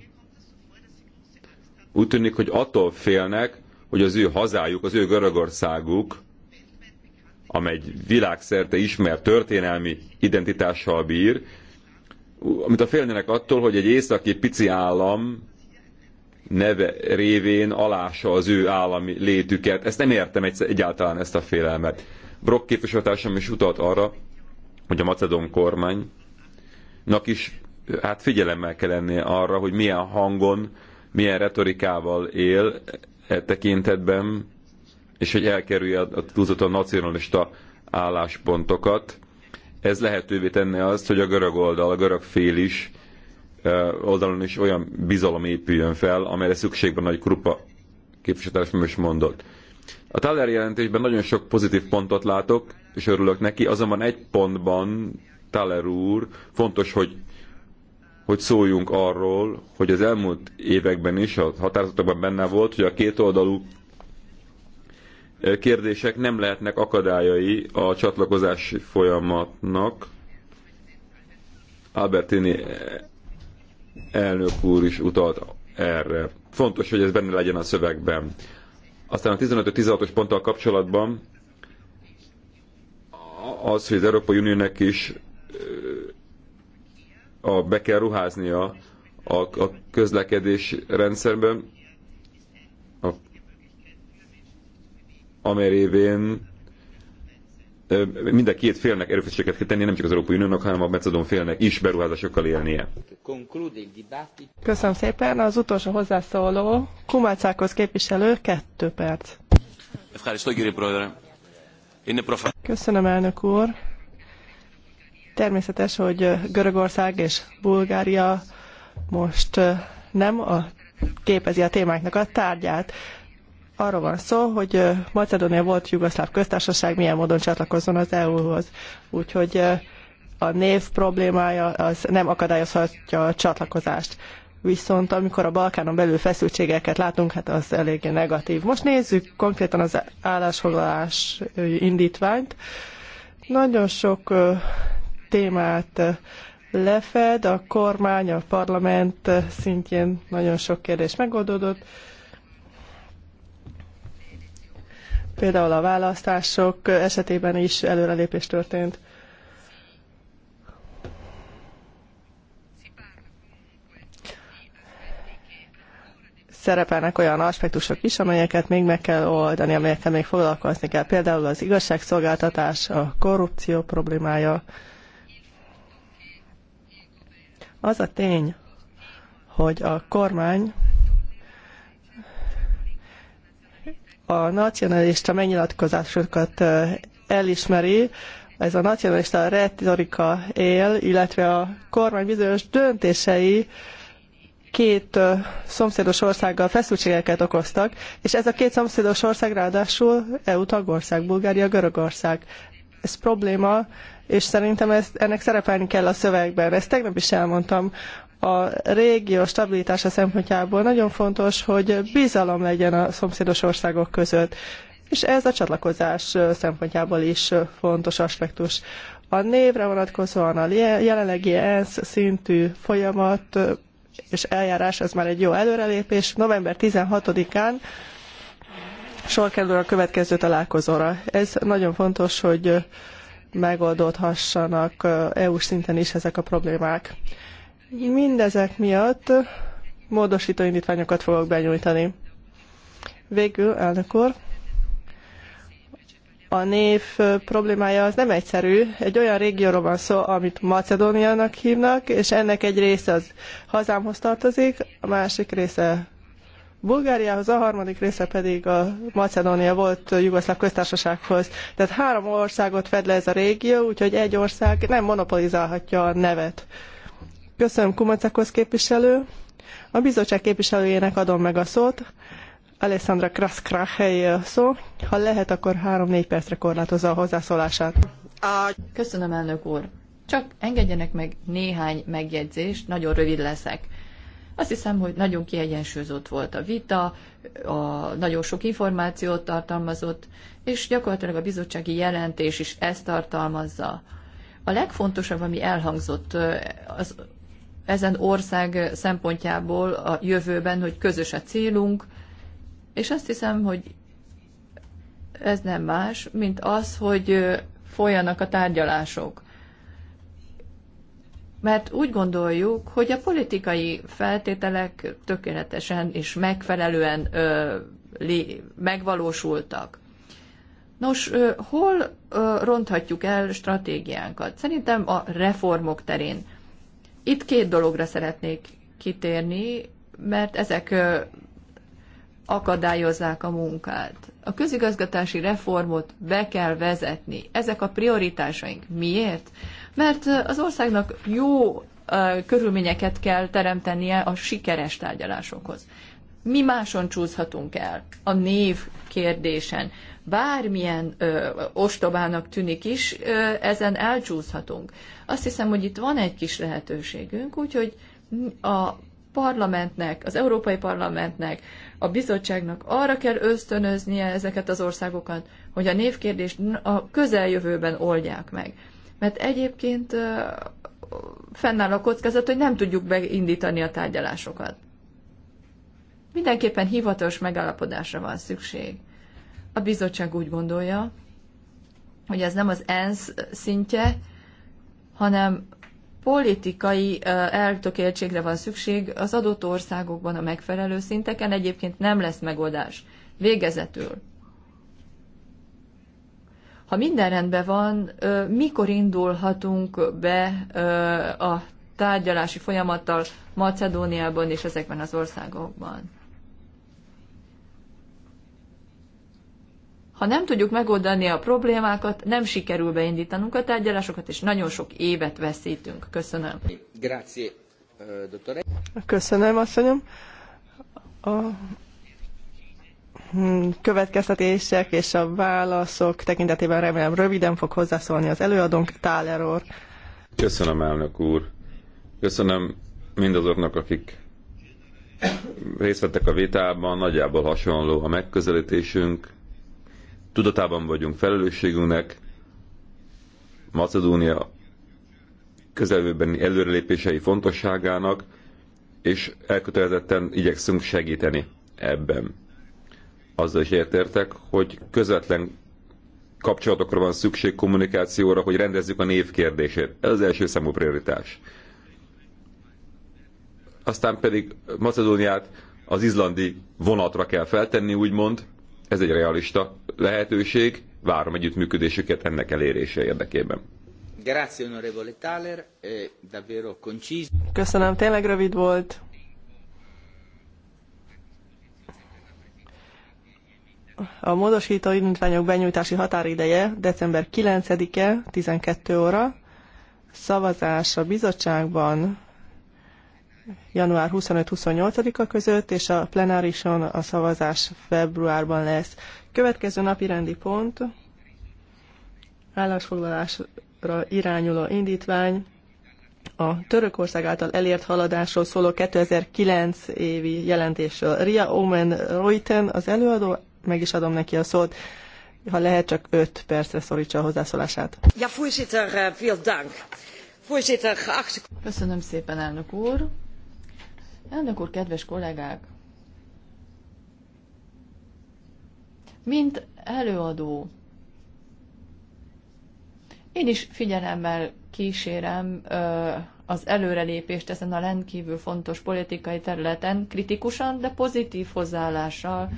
úgy tűnik, hogy attól félnek, hogy az ő hazájuk, az ő Görögországuk, amely világszerte ismert történelmi identitással bír, amit a félnének attól, hogy egy északi pici állam neve révén alása az ő állami létüket. Ezt nem értem egyáltalán ezt a félelmet. Brock képviselőtársam is utalt arra, hogy a macedon kormánynak is hát figyelemmel kell lennie arra, hogy milyen hangon milyen retorikával él e tekintetben, és hogy elkerülje a túlzottan nacionalista álláspontokat. Ez lehetővé tenne azt, hogy a görög oldal, a görög fél is e, oldalon is olyan bizalom épüljön fel, amelyre szükség van, ahogy Krupa képviselőtársam is mondott. A Thaler jelentésben nagyon sok pozitív pontot látok, és örülök neki, azonban egy pontban Thaler úr fontos, hogy hogy szóljunk arról, hogy az elmúlt években is a határozatokban benne volt, hogy a kétoldalú kérdések nem lehetnek akadályai a csatlakozási folyamatnak. Albertini elnök úr is utalt erre. Fontos, hogy ez benne legyen a szövegben. Aztán a 15-16-os ponttal kapcsolatban az, hogy az Európai Uniónek is a, be kell ruháznia a, a közlekedés rendszerben, a, amely révén mind a két félnek erőfeszítéseket kell tenni, nem csak az Európai Uniónak, hanem a Macedón félnek is beruházásokkal élnie. Köszönöm szépen. Az utolsó hozzászóló, Kumácákhoz képviselő, kettő perc. Köszönöm, elnök úr. Természetes, hogy Görögország és Bulgária most nem a, képezi a témáknak a tárgyát. Arról van szó, hogy Macedónia volt jugoszláv köztársaság, milyen módon csatlakozzon az EU-hoz. Úgyhogy a név problémája az nem akadályozhatja a csatlakozást. Viszont amikor a Balkánon belül feszültségeket látunk, hát az eléggé negatív. Most nézzük konkrétan az állásfoglalás indítványt. Nagyon sok témát lefed, a kormány, a parlament szintjén nagyon sok kérdés megoldódott. Például a választások esetében is előrelépés történt. szerepelnek olyan aspektusok is, amelyeket még meg kell oldani, amelyekkel még foglalkozni kell. Például az igazságszolgáltatás, a korrupció problémája, az a tény, hogy a kormány a nacionalista megnyilatkozásokat elismeri, ez a nacionalista retorika él, illetve a kormány bizonyos döntései két szomszédos országgal feszültségeket okoztak, és ez a két szomszédos ország ráadásul EU tagország, Bulgária, Görögország. Ez probléma, és szerintem ez, ennek szerepelni kell a szövegben. Ezt tegnap is elmondtam. A régió stabilitása szempontjából nagyon fontos, hogy bizalom legyen a szomszédos országok között. És ez a csatlakozás szempontjából is fontos aspektus. A névre vonatkozóan a jelenlegi ENSZ szintű folyamat és eljárás, ez már egy jó előrelépés. November 16-án sor kerül a következő találkozóra. Ez nagyon fontos, hogy megoldódhassanak EU-s szinten is ezek a problémák. Mindezek miatt módosító indítványokat fogok benyújtani. Végül, elnök úr, a név problémája az nem egyszerű. Egy olyan régióról van szó, amit Macedóniának hívnak, és ennek egy része az hazámhoz tartozik, a másik része Bulgáriához, a harmadik része pedig a Macedónia volt Jugoszláv köztársasághoz. Tehát három országot fed le ez a régió, úgyhogy egy ország nem monopolizálhatja a nevet. Köszönöm Kumacakos képviselő. A bizottság képviselőjének adom meg a szót. Alessandra Kraszkra helyé a szó. Ha lehet, akkor három-négy percre korlátozza a hozzászólását. Köszönöm, elnök úr. Csak engedjenek meg néhány megjegyzést, nagyon rövid leszek. Azt hiszem, hogy nagyon kiegyensúlyozott volt a vita, a nagyon sok információt tartalmazott, és gyakorlatilag a bizottsági jelentés is ezt tartalmazza. A legfontosabb, ami elhangzott az, ezen ország szempontjából a jövőben, hogy közös a célunk, és azt hiszem, hogy ez nem más, mint az, hogy folyanak a tárgyalások mert úgy gondoljuk, hogy a politikai feltételek tökéletesen és megfelelően ö, lé, megvalósultak. Nos, ö, hol ö, ronthatjuk el stratégiánkat? Szerintem a reformok terén. Itt két dologra szeretnék kitérni, mert ezek ö, akadályozzák a munkát. A közigazgatási reformot be kell vezetni. Ezek a prioritásaink. Miért? mert az országnak jó körülményeket kell teremtenie a sikeres tárgyalásokhoz. Mi máson csúszhatunk el? A név kérdésen. Bármilyen ö, ostobának tűnik is, ö, ezen elcsúszhatunk. Azt hiszem, hogy itt van egy kis lehetőségünk, úgyhogy a parlamentnek, az Európai Parlamentnek, a bizottságnak arra kell ösztönöznie ezeket az országokat, hogy a névkérdést a közeljövőben oldják meg mert egyébként fennáll a kockázat, hogy nem tudjuk beindítani a tárgyalásokat. Mindenképpen hivatalos megállapodásra van szükség. A bizottság úgy gondolja, hogy ez nem az ENSZ szintje, hanem politikai eltökéltségre van szükség az adott országokban a megfelelő szinteken, egyébként nem lesz megoldás. Végezetül ha minden rendben van, mikor indulhatunk be a tárgyalási folyamattal Macedóniában és ezekben az országokban? Ha nem tudjuk megoldani a problémákat, nem sikerül beindítanunk a tárgyalásokat, és nagyon sok évet veszítünk. Köszönöm. Grazie, dottore. Köszönöm, asszonyom. A Hmm, következtetések és a válaszok tekintetében remélem röviden fog hozzászólni az előadónk, Táler úr. Köszönöm, elnök úr. Köszönöm mindazoknak, akik részt vettek a vitában, nagyjából hasonló a megközelítésünk. Tudatában vagyunk felelősségünknek. Macedónia közelőbeni előrelépései fontosságának, és elkötelezetten igyekszünk segíteni ebben azzal is értértek, hogy közvetlen kapcsolatokra van szükség, kommunikációra, hogy rendezzük a név kérdését. Ez az első számú prioritás. Aztán pedig Macedóniát az izlandi vonatra kell feltenni, úgymond. Ez egy realista lehetőség. Várom együttműködésüket ennek elérése érdekében. Grazie, onorevole Thaler. Davvero conciso. Köszönöm, tényleg rövid volt. A módosító indítványok benyújtási határideje december 9-e 12 óra, szavazás a bizottságban január 25-28-a között, és a plenárison a szavazás februárban lesz. Következő napi rendi pont, állásfoglalásra irányuló indítvány, a Törökország által elért haladásról szóló 2009 évi jelentésről. Ria Omen Reuten az előadó, meg is adom neki a szót. Ha lehet, csak 5 percre szorítsa a hozzászólását. Ja, voorzitter, eh, veel dank. Voorzitter, geachte... Köszönöm szépen, elnök úr. Elnök úr, kedves kollégák! Mint előadó, én is figyelemmel kísérem az előrelépést ezen a rendkívül fontos politikai területen, kritikusan, de pozitív hozzáállással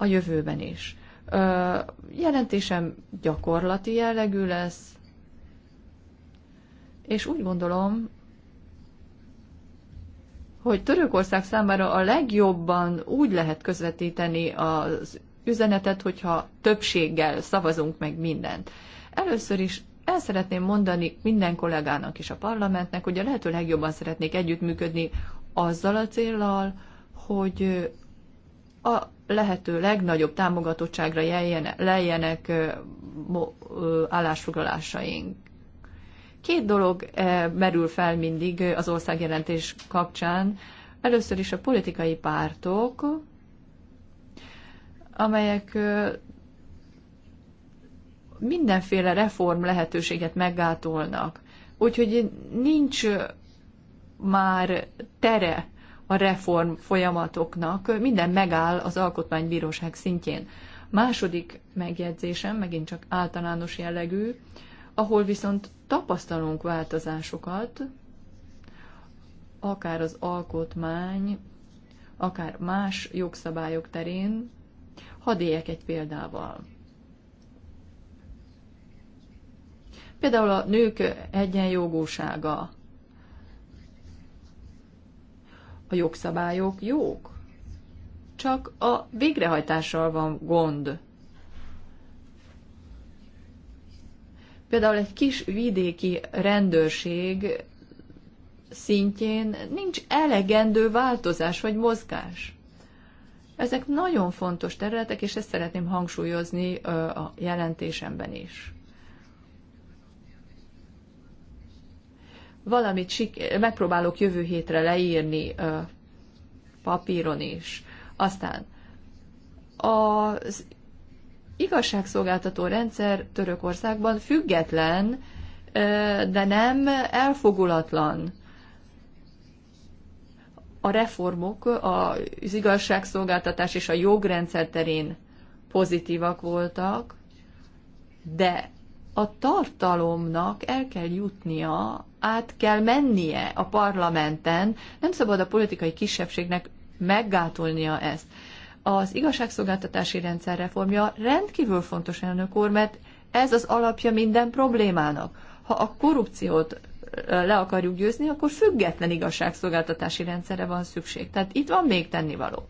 a jövőben is. Jelentésem gyakorlati jellegű lesz, és úgy gondolom, hogy Törökország számára a legjobban úgy lehet közvetíteni az üzenetet, hogyha többséggel szavazunk meg mindent. Először is el szeretném mondani minden kollégának és a parlamentnek, hogy a lehető legjobban szeretnék együttműködni azzal a céllal, hogy a lehető legnagyobb támogatottságra lejjenek állásfoglalásaink. Két dolog merül fel mindig az országjelentés kapcsán. Először is a politikai pártok, amelyek mindenféle reform lehetőséget meggátolnak. Úgyhogy nincs már tere a reform folyamatoknak, minden megáll az alkotmánybíróság szintjén. Második megjegyzésem, megint csak általános jellegű, ahol viszont tapasztalunk változásokat, akár az alkotmány, akár más jogszabályok terén, hadd éljek egy példával. Például a nők egyenjogósága, a jogszabályok jók. Csak a végrehajtással van gond. Például egy kis vidéki rendőrség szintjén nincs elegendő változás vagy mozgás. Ezek nagyon fontos területek, és ezt szeretném hangsúlyozni a jelentésemben is. valamit megpróbálok jövő hétre leírni papíron is. Aztán az igazságszolgáltató rendszer Törökországban független, de nem elfogulatlan. A reformok az igazságszolgáltatás és a jogrendszer terén pozitívak voltak, de a tartalomnak el kell jutnia, át kell mennie a parlamenten, nem szabad a politikai kisebbségnek meggátolnia ezt. Az igazságszolgáltatási rendszer reformja rendkívül fontos, elnök úr, mert ez az alapja minden problémának. Ha a korrupciót le akarjuk győzni, akkor független igazságszolgáltatási rendszerre van szükség. Tehát itt van még tennivaló.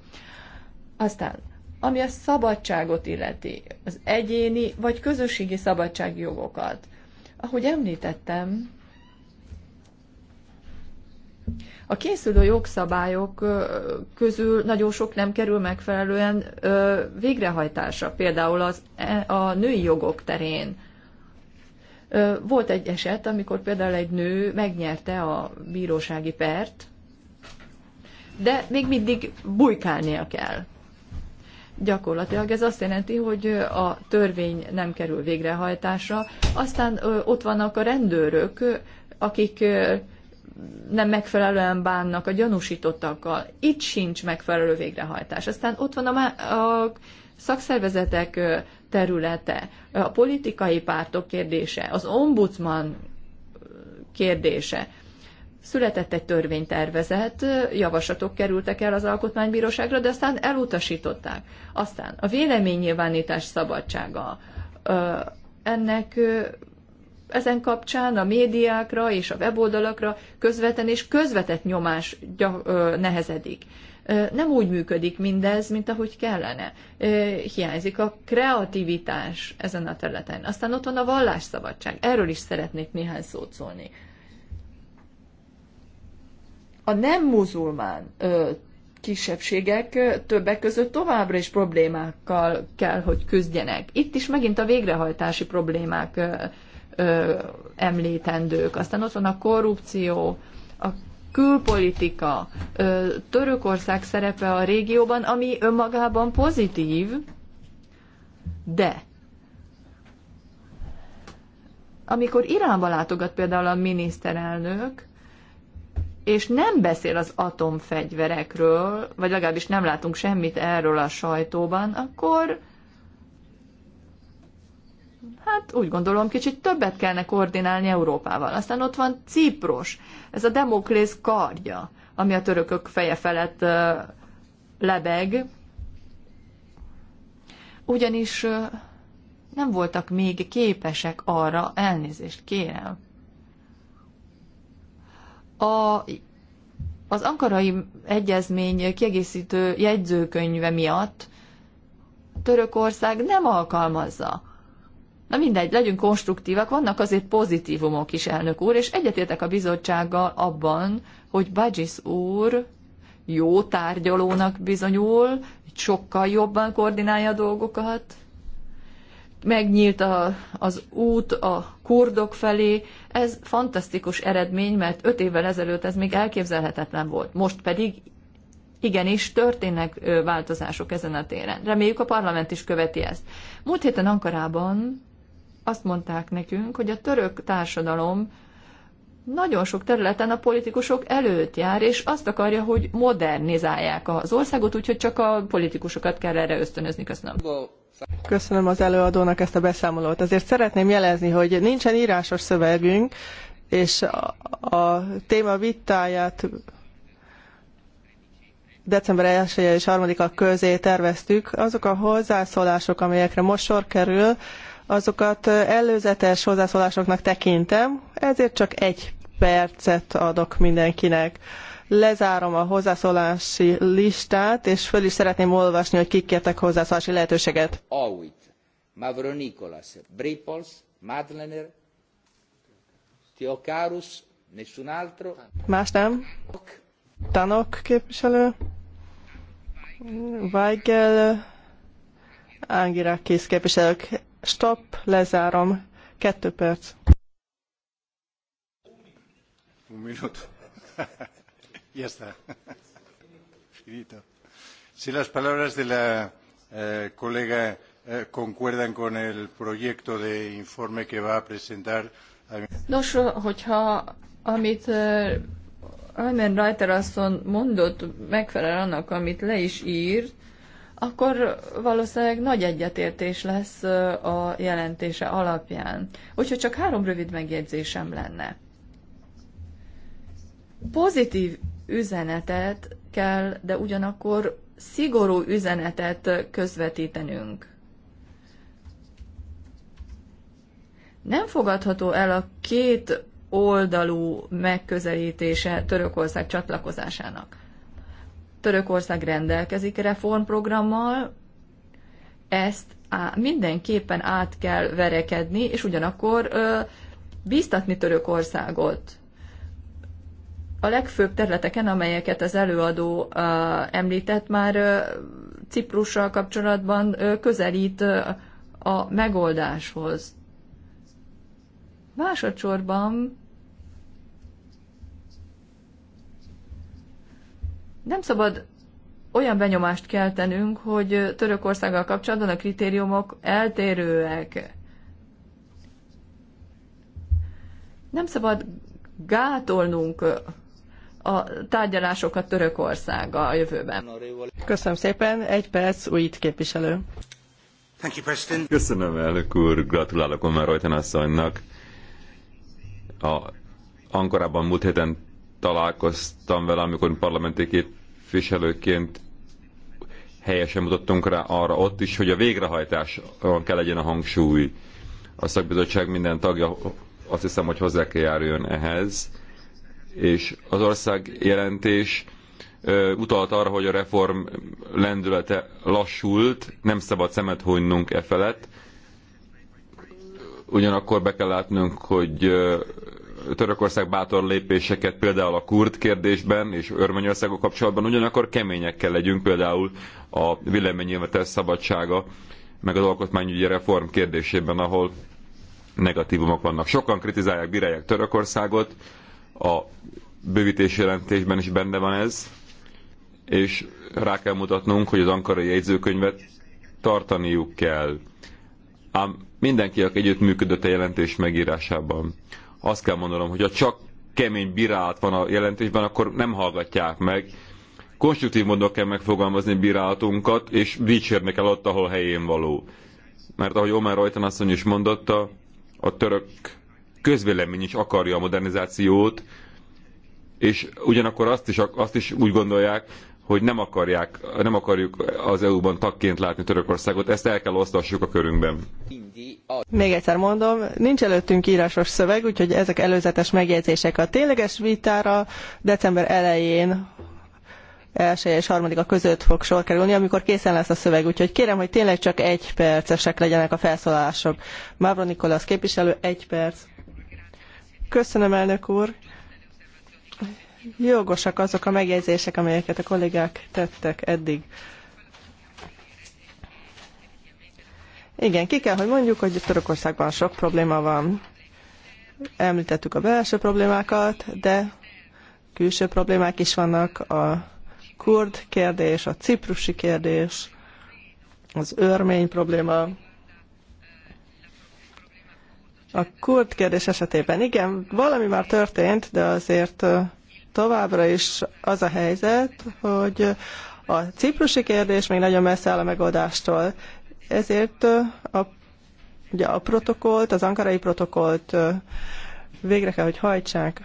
Aztán ami a szabadságot illeti, az egyéni vagy közösségi szabadságjogokat. Ahogy említettem, a készülő jogszabályok közül nagyon sok nem kerül megfelelően végrehajtásra, például az, e, a női jogok terén. Volt egy eset, amikor például egy nő megnyerte a bírósági pert, de még mindig bujkálnia kell. Gyakorlatilag ez azt jelenti, hogy a törvény nem kerül végrehajtásra, aztán ott vannak a rendőrök, akik nem megfelelően bánnak a gyanúsítottakkal. Itt sincs megfelelő végrehajtás. Aztán ott van a, a szakszervezetek területe, a politikai pártok kérdése, az ombudsman kérdése. Született egy törvénytervezet, javaslatok kerültek el az alkotmánybíróságra, de aztán elutasították. Aztán a véleménynyilvánítás szabadsága. Ennek ezen kapcsán a médiákra és a weboldalakra közvetlen és közvetett nyomás nehezedik. Nem úgy működik mindez, mint ahogy kellene. Hiányzik a kreativitás ezen a területen. Aztán ott van a vallásszabadság. Erről is szeretnék néhány szót szólni a nem muzulmán ö, kisebbségek többek között továbbra is problémákkal kell, hogy küzdjenek. Itt is megint a végrehajtási problémák ö, ö, említendők. Aztán ott van a korrupció, a külpolitika, ö, Törökország szerepe a régióban, ami önmagában pozitív, de amikor Iránba látogat például a miniszterelnök, és nem beszél az atomfegyverekről, vagy legalábbis nem látunk semmit erről a sajtóban, akkor hát úgy gondolom, kicsit többet kellene koordinálni Európával. Aztán ott van Ciprus, ez a Demoklész kardja, ami a törökök feje felett lebeg, ugyanis nem voltak még képesek arra, elnézést kérem, a, az Ankarai Egyezmény kiegészítő jegyzőkönyve miatt Törökország nem alkalmazza. Na mindegy, legyünk konstruktívak, vannak azért pozitívumok is, elnök úr, és egyetértek a bizottsággal abban, hogy Bajis úr jó tárgyalónak bizonyul, sokkal jobban koordinálja a dolgokat, megnyílt a, az út a kurdok felé. Ez fantasztikus eredmény, mert öt évvel ezelőtt ez még elképzelhetetlen volt. Most pedig igenis történnek változások ezen a téren. Reméljük a parlament is követi ezt. Múlt héten Ankarában azt mondták nekünk, hogy a török társadalom nagyon sok területen a politikusok előtt jár, és azt akarja, hogy modernizálják az országot, úgyhogy csak a politikusokat kell erre ösztönözni. Köszönöm. Köszönöm az előadónak ezt a beszámolót. Azért szeretném jelezni, hogy nincsen írásos szövegünk, és a, a téma vitáját december 1 -e és 3-a közé terveztük. Azok a hozzászólások, amelyekre most sor kerül, azokat előzetes hozzászólásoknak tekintem, ezért csak egy percet adok mindenkinek. Lezárom a hozzászólási listát, és föl is szeretném olvasni, hogy kik kértek hozzászólási lehetőséget. Awit, Mavronikolas, Bripols, Madlener, Teokarus, nessun altro. Más nem? Tanok képviselő, Weigel, Angirakis képviselők. Stop, lezárom. Kettő perc. Un minut. Ya está. Finito. Si las palabras de la eh, colega eh, concuerdan con el proyecto de informe que va a presentar. Nos, hogyha amit eh, Ayman Reiter asszony mondott, megfelel annak, amit le is írt, akkor valószínűleg nagy egyetértés lesz eh, a jelentése alapján. Úgyhogy csak három rövid megjegyzésem lenne. Pozitív üzenetet kell, de ugyanakkor szigorú üzenetet közvetítenünk. Nem fogadható el a két oldalú megközelítése Törökország csatlakozásának. Törökország rendelkezik reformprogrammal, ezt á, mindenképpen át kell verekedni, és ugyanakkor ö, bíztatni Törökországot a legfőbb területeken, amelyeket az előadó uh, említett, már uh, Ciprussal kapcsolatban uh, közelít a megoldáshoz. Másodszorban nem szabad olyan benyomást keltenünk, hogy Törökországgal kapcsolatban a kritériumok eltérőek. Nem szabad gátolnunk a tárgyalásokat Törökországgal a jövőben. Köszönöm szépen, egy perc, újít képviselő. Thank you, President. Köszönöm, elnök úr, gratulálok Omer Rajten asszonynak. A Ankarában múlt héten találkoztam vele, amikor parlamenti képviselőként helyesen mutattunk rá arra ott is, hogy a végrehajtáson kell legyen a hangsúly. A szakbizottság minden tagja azt hiszem, hogy hozzá kell járjon ehhez és az ország jelentés utalt arra, hogy a reform lendülete lassult, nem szabad szemet hunynunk e felett. Ugyanakkor be kell látnunk, hogy Törökország bátor lépéseket például a kurd kérdésben és Örményországok kapcsolatban, ugyanakkor keményekkel legyünk például a véleménynyilvánítás szabadsága, meg az alkotmányügyi reform kérdésében, ahol negatívumok vannak. Sokan kritizálják, bírálják Törökországot, a bővítés jelentésben is benne van ez, és rá kell mutatnunk, hogy az ankarai jegyzőkönyvet tartaniuk kell. Ám mindenki, aki együttműködött a jelentés megírásában, azt kell mondanom, hogy ha csak kemény bírálat van a jelentésben, akkor nem hallgatják meg. Konstruktív módon kell megfogalmazni bírálatunkat, és dicsérni kell ott, ahol helyén való. Mert ahogy Omer Rajtan asszony is mondotta, a török közvélemény is akarja a modernizációt, és ugyanakkor azt is, azt is úgy gondolják, hogy nem, akarják, nem akarjuk az EU-ban tagként látni Törökországot, ezt el kell osztassuk a körünkben. Még egyszer mondom, nincs előttünk írásos szöveg, úgyhogy ezek előzetes megjegyzések a tényleges vitára december elején első és harmadika között fog sor kerülni, amikor készen lesz a szöveg. Úgyhogy kérem, hogy tényleg csak egy percesek legyenek a felszólalások. Mavro Nikolasz képviselő, egy perc. Köszönöm, elnök úr. Jogosak azok a megjegyzések, amelyeket a kollégák tettek eddig. Igen, ki kell, hogy mondjuk, hogy Törökországban sok probléma van. Említettük a belső problémákat, de külső problémák is vannak. A kurd kérdés, a ciprusi kérdés, az örmény probléma, a kurd kérdés esetében igen, valami már történt, de azért továbbra is az a helyzet, hogy a ciprusi kérdés még nagyon messze áll a megoldástól. Ezért a, ugye a protokollt, az ankarai protokollt végre kell, hogy hajtsák.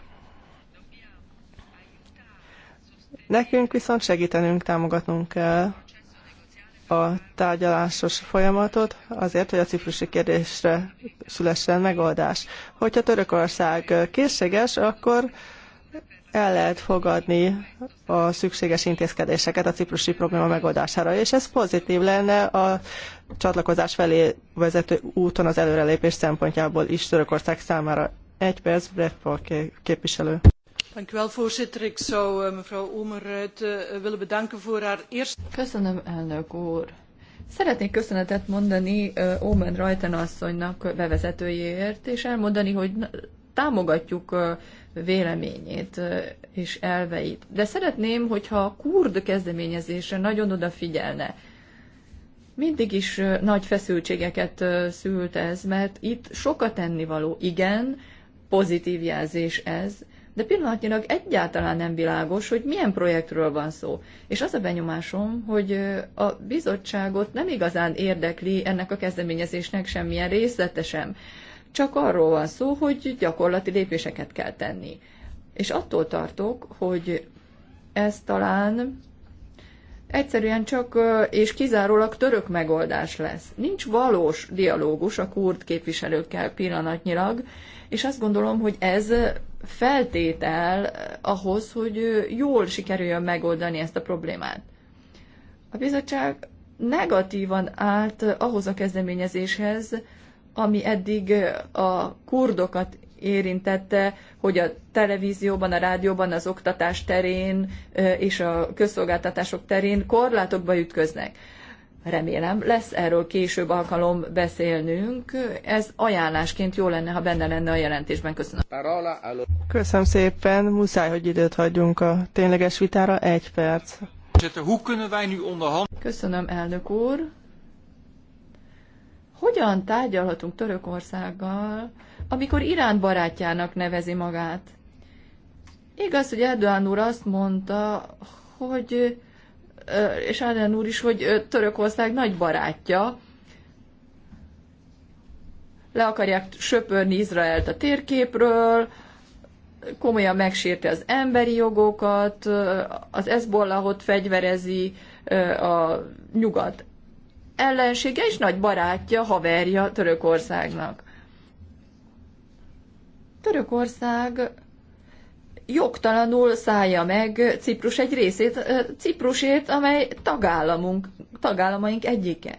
Nekünk viszont segítenünk, támogatnunk kell a tárgyalásos folyamatot azért, hogy a ciprusi kérdésre szülessen megoldás. Hogyha Törökország készséges, akkor el lehet fogadni a szükséges intézkedéseket a ciprusi probléma megoldására, és ez pozitív lenne a csatlakozás felé vezető úton az előrelépés szempontjából is Törökország számára. Egy perc, Brett képviselő voorzitter. Ik zou eh, mevrouw Omerruit eh, willen bedanken voor haar eerste... Köszönöm, elnök úr. Szeretnék köszönetet mondani eh, Omen Rajten asszonynak bevezetőjéért, és elmondani, hogy támogatjuk véleményét és elveit. De szeretném, hogyha a kurd kezdeményezésre nagyon odafigyelne. Mindig is nagy feszültségeket szült ez, mert itt sokat tennivaló. Igen, pozitív jelzés ez, de pillanatnyilag egyáltalán nem világos, hogy milyen projektről van szó. És az a benyomásom, hogy a bizottságot nem igazán érdekli ennek a kezdeményezésnek semmilyen részletesen. Csak arról van szó, hogy gyakorlati lépéseket kell tenni. És attól tartok, hogy ez talán egyszerűen csak és kizárólag török megoldás lesz. Nincs valós dialógus a kurd képviselőkkel pillanatnyilag, és azt gondolom, hogy ez feltétel eh, ahhoz, hogy eh, jól sikerüljön megoldani ezt a problémát. A bizottság negatívan állt eh, ahhoz a kezdeményezéshez, ami eddig a kurdokat érintette, hogy a televízióban, a rádióban, az oktatás terén és a közszolgáltatások terén korlátokba ütköznek remélem lesz erről később alkalom beszélnünk. Ez ajánlásként jó lenne, ha benne lenne a jelentésben. Köszönöm. Köszönöm szépen. Muszáj, hogy időt hagyjunk a tényleges vitára. Egy perc. Köszönöm, elnök úr. Hogyan tárgyalhatunk Törökországgal, amikor Irán barátjának nevezi magát? Igaz, hogy Erdoğan úr azt mondta, hogy és Ádán úr is, hogy Törökország nagy barátja, le akarják söpörni Izraelt a térképről, komolyan megsérti az emberi jogokat, az Ezbollahot fegyverezi a nyugat ellensége, és nagy barátja, haverja Törökországnak. Törökország jogtalanul szállja meg Ciprus egy részét, Ciprusért, amely tagállamunk, tagállamaink egyike.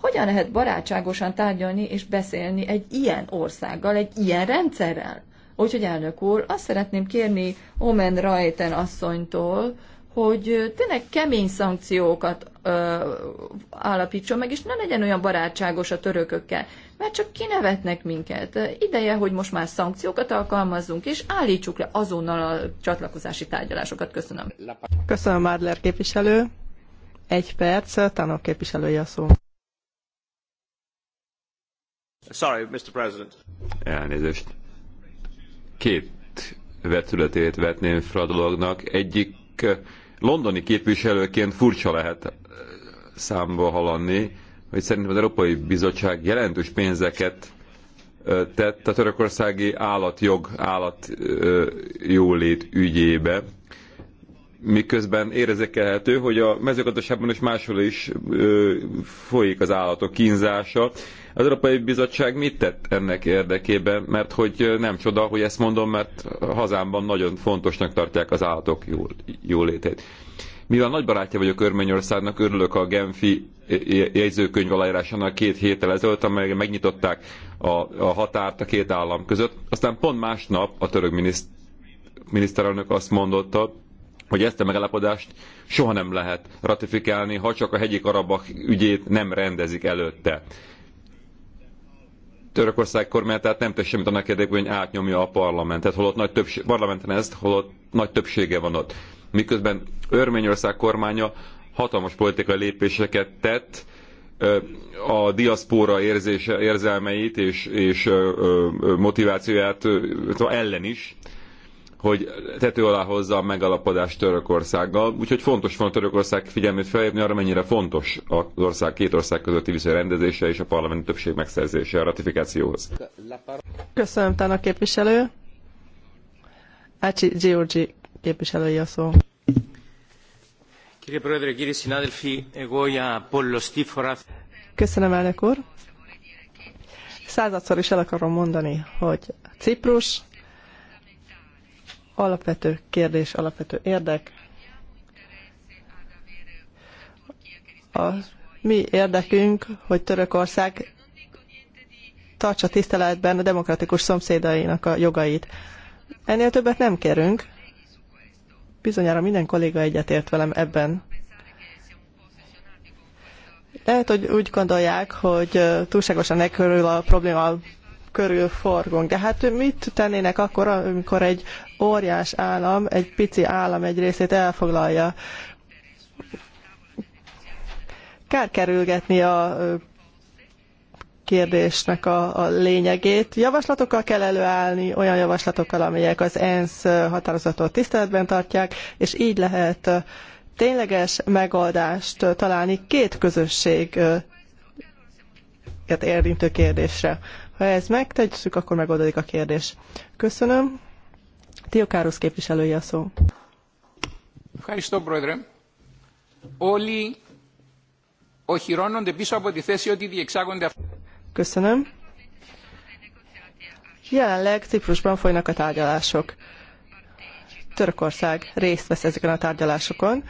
Hogyan lehet barátságosan tárgyalni és beszélni egy ilyen országgal, egy ilyen rendszerrel? Úgyhogy elnök úr, azt szeretném kérni Omen Rajten asszonytól, hogy tényleg kemény szankciókat ö, állapítson meg, és ne legyen olyan barátságos a törökökkel mert csak kinevetnek minket. Ideje, hogy most már szankciókat alkalmazzunk, és állítsuk le azonnal a csatlakozási tárgyalásokat. Köszönöm. Köszönöm, Mádler képviselő. Egy perc, tanok képviselője a szó. Sorry, Mr. President. Elnézést. Két vetületét vetném fel a dolognak. Egyik eh, londoni képviselőként furcsa lehet eh, számba halanni, hogy szerintem az Európai Bizottság jelentős pénzeket tett a törökországi állatjog, állatjólét ügyébe, miközben érezekelhető, hogy a mezőgazdaságban is máshol is folyik az állatok kínzása. Az Európai Bizottság mit tett ennek érdekében? Mert hogy nem csoda, hogy ezt mondom, mert hazámban nagyon fontosnak tartják az állatok jól, jólétét. Mivel nagy barátja vagyok Örményországnak, örülök a Genfi jegyzőkönyv aláírásának két héttel ezelőtt, amelyen megnyitották a, a határt a két állam között. Aztán pont másnap a török miniszt, miniszterelnök azt mondotta, hogy ezt a megállapodást soha nem lehet ratifikálni, ha csak a hegyi karabak ügyét nem rendezik előtte. Törökország kormány tehát nem tesz semmit annak érdekében, hogy átnyomja a parlamentet, holott nagy többség, parlamenten ezt, holott nagy többsége van ott miközben Örményország kormánya hatalmas politikai lépéseket tett, a diaszpóra érzése, érzelmeit és, és motivációját szóval ellen is, hogy tető alá hozza a megalapodást Törökországgal. Úgyhogy fontos van Törökország figyelmét felhívni arra, mennyire fontos az ország, két ország közötti viszony rendezése és a parlamenti többség megszerzése a ratifikációhoz. Köszönöm, Tán a képviselő. Ácsi Giorgi képviselői a szó. Köszönöm, elnök úr. Századszor is el akarom mondani, hogy Ciprus alapvető kérdés, alapvető érdek. A mi érdekünk, hogy Törökország tartsa tiszteletben a demokratikus szomszédainak a jogait. Ennél többet nem kérünk, Bizonyára minden kolléga egyetért velem ebben. Lehet, hogy úgy gondolják, hogy túlságosan e körül a probléma körül forgunk. De hát mit tennének akkor, amikor egy óriás állam, egy pici állam egy részét elfoglalja? Kár kerülgetni a kérdésnek a, a lényegét. Javaslatokkal kell előállni, olyan javaslatokkal, amelyek az ENSZ határozatot tiszteletben tartják, és így lehet tényleges megoldást találni két közösség hát érintő kérdésre. Ha ezt megtegyük, akkor megoldódik a kérdés. Köszönöm. Tio Károsz képviselője a szó. Ευχαριστώ, Πρόεδρε. Όλοι οχυρώνονται πίσω από τη θέση ότι διεξάγονται αυτά. Köszönöm. Jelenleg Ciprusban folynak a tárgyalások. Törökország részt vesz ezeken a tárgyalásokon,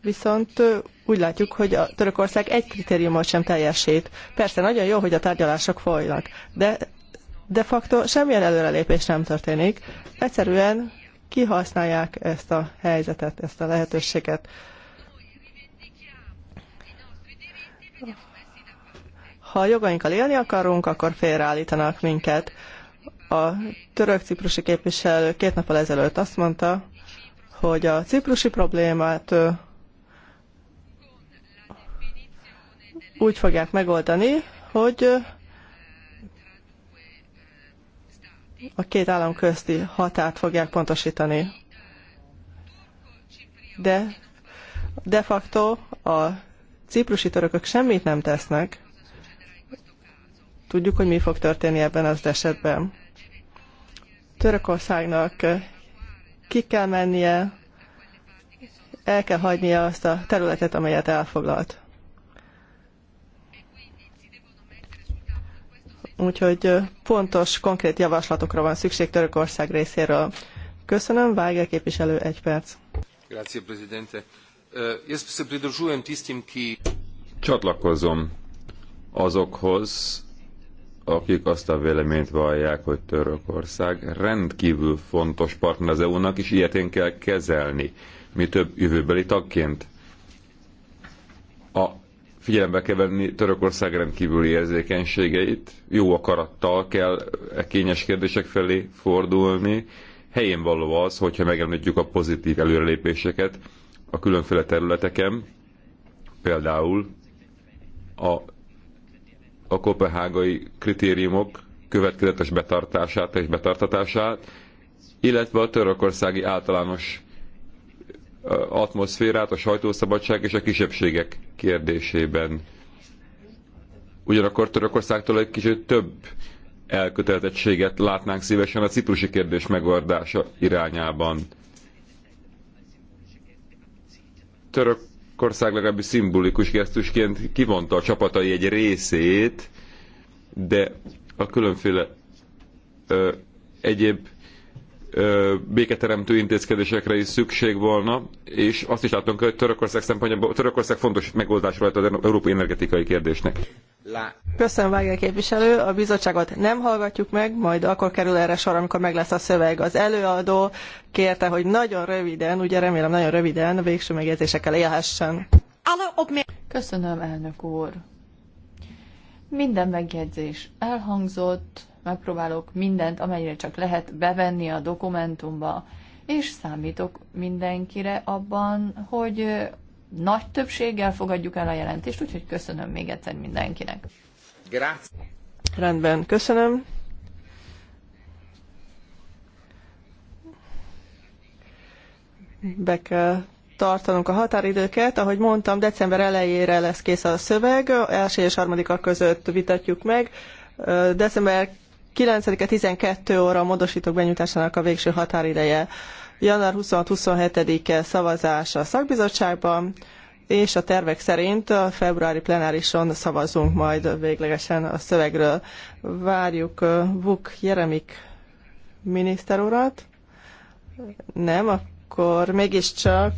viszont uh, úgy látjuk, hogy a Törökország egy kritériumot sem teljesít. Persze nagyon jó, hogy a tárgyalások folynak, de de facto semmilyen előrelépés nem történik. Egyszerűen kihasználják ezt a helyzetet, ezt a lehetőséget. Ha a jogainkkal élni akarunk, akkor félreállítanak minket. A török-ciprusi képviselő két nappal ezelőtt azt mondta, hogy a ciprusi problémát úgy fogják megoldani, hogy a két állam közti határt fogják pontosítani. De de facto a ciprusi törökök semmit nem tesznek, Tudjuk, hogy mi fog történni ebben az esetben. Törökországnak ki kell mennie, el kell hagynia azt a területet, amelyet elfoglalt. Úgyhogy pontos, konkrét javaslatokra van szükség Törökország részéről. Köszönöm, Vágel képviselő, egy perc. Grazie, Presidente. Csatlakozom azokhoz, akik azt a véleményt vallják, hogy Törökország rendkívül fontos partner az EU-nak, és ilyetén kell kezelni, mi több jövőbeli tagként. A figyelembe kell venni Törökország rendkívüli érzékenységeit, jó akarattal kell e kényes kérdések felé fordulni. Helyén való az, hogyha megemlítjük a pozitív előrelépéseket a különféle területeken, például a a kopehágai kritériumok következetes betartását és betartatását, illetve a törökországi általános atmoszférát a sajtószabadság és a kisebbségek kérdésében. Ugyanakkor Törökországtól egy kicsit több elkötelezettséget látnánk szívesen a ciprusi kérdés megoldása irányában. Török Törökország legalábbis szimbolikus gesztusként kivonta a csapatai egy részét, de a különféle ö, egyéb ö, béketeremtő intézkedésekre is szükség volna, és azt is látunk, hogy Törökország szempontjából Törökország fontos megoldás lett az európai energetikai kérdésnek. Köszönöm, Vágel képviselő. A bizottságot nem hallgatjuk meg, majd akkor kerül erre sor, amikor meg lesz a szöveg. Az előadó kérte, hogy nagyon röviden, ugye remélem nagyon röviden, a végső megjegyzésekkel élhessen. Köszönöm, elnök úr. Minden megjegyzés elhangzott, megpróbálok mindent, amennyire csak lehet bevenni a dokumentumba, és számítok mindenkire abban, hogy nagy többséggel fogadjuk el a jelentést, úgyhogy köszönöm még egyszer mindenkinek. Grazie. Rendben, köszönöm. Be kell tartanunk a határidőket. Ahogy mondtam, december elejére lesz kész a szöveg, első és harmadika között vitatjuk meg. December 9 12 óra a módosítók benyújtásának a végső határideje január 26-27-e szavazás a szakbizottságban, és a tervek szerint a februári plenárison szavazunk majd véglegesen a szövegről. Várjuk Vuk Jeremik miniszter urat. Nem, akkor mégiscsak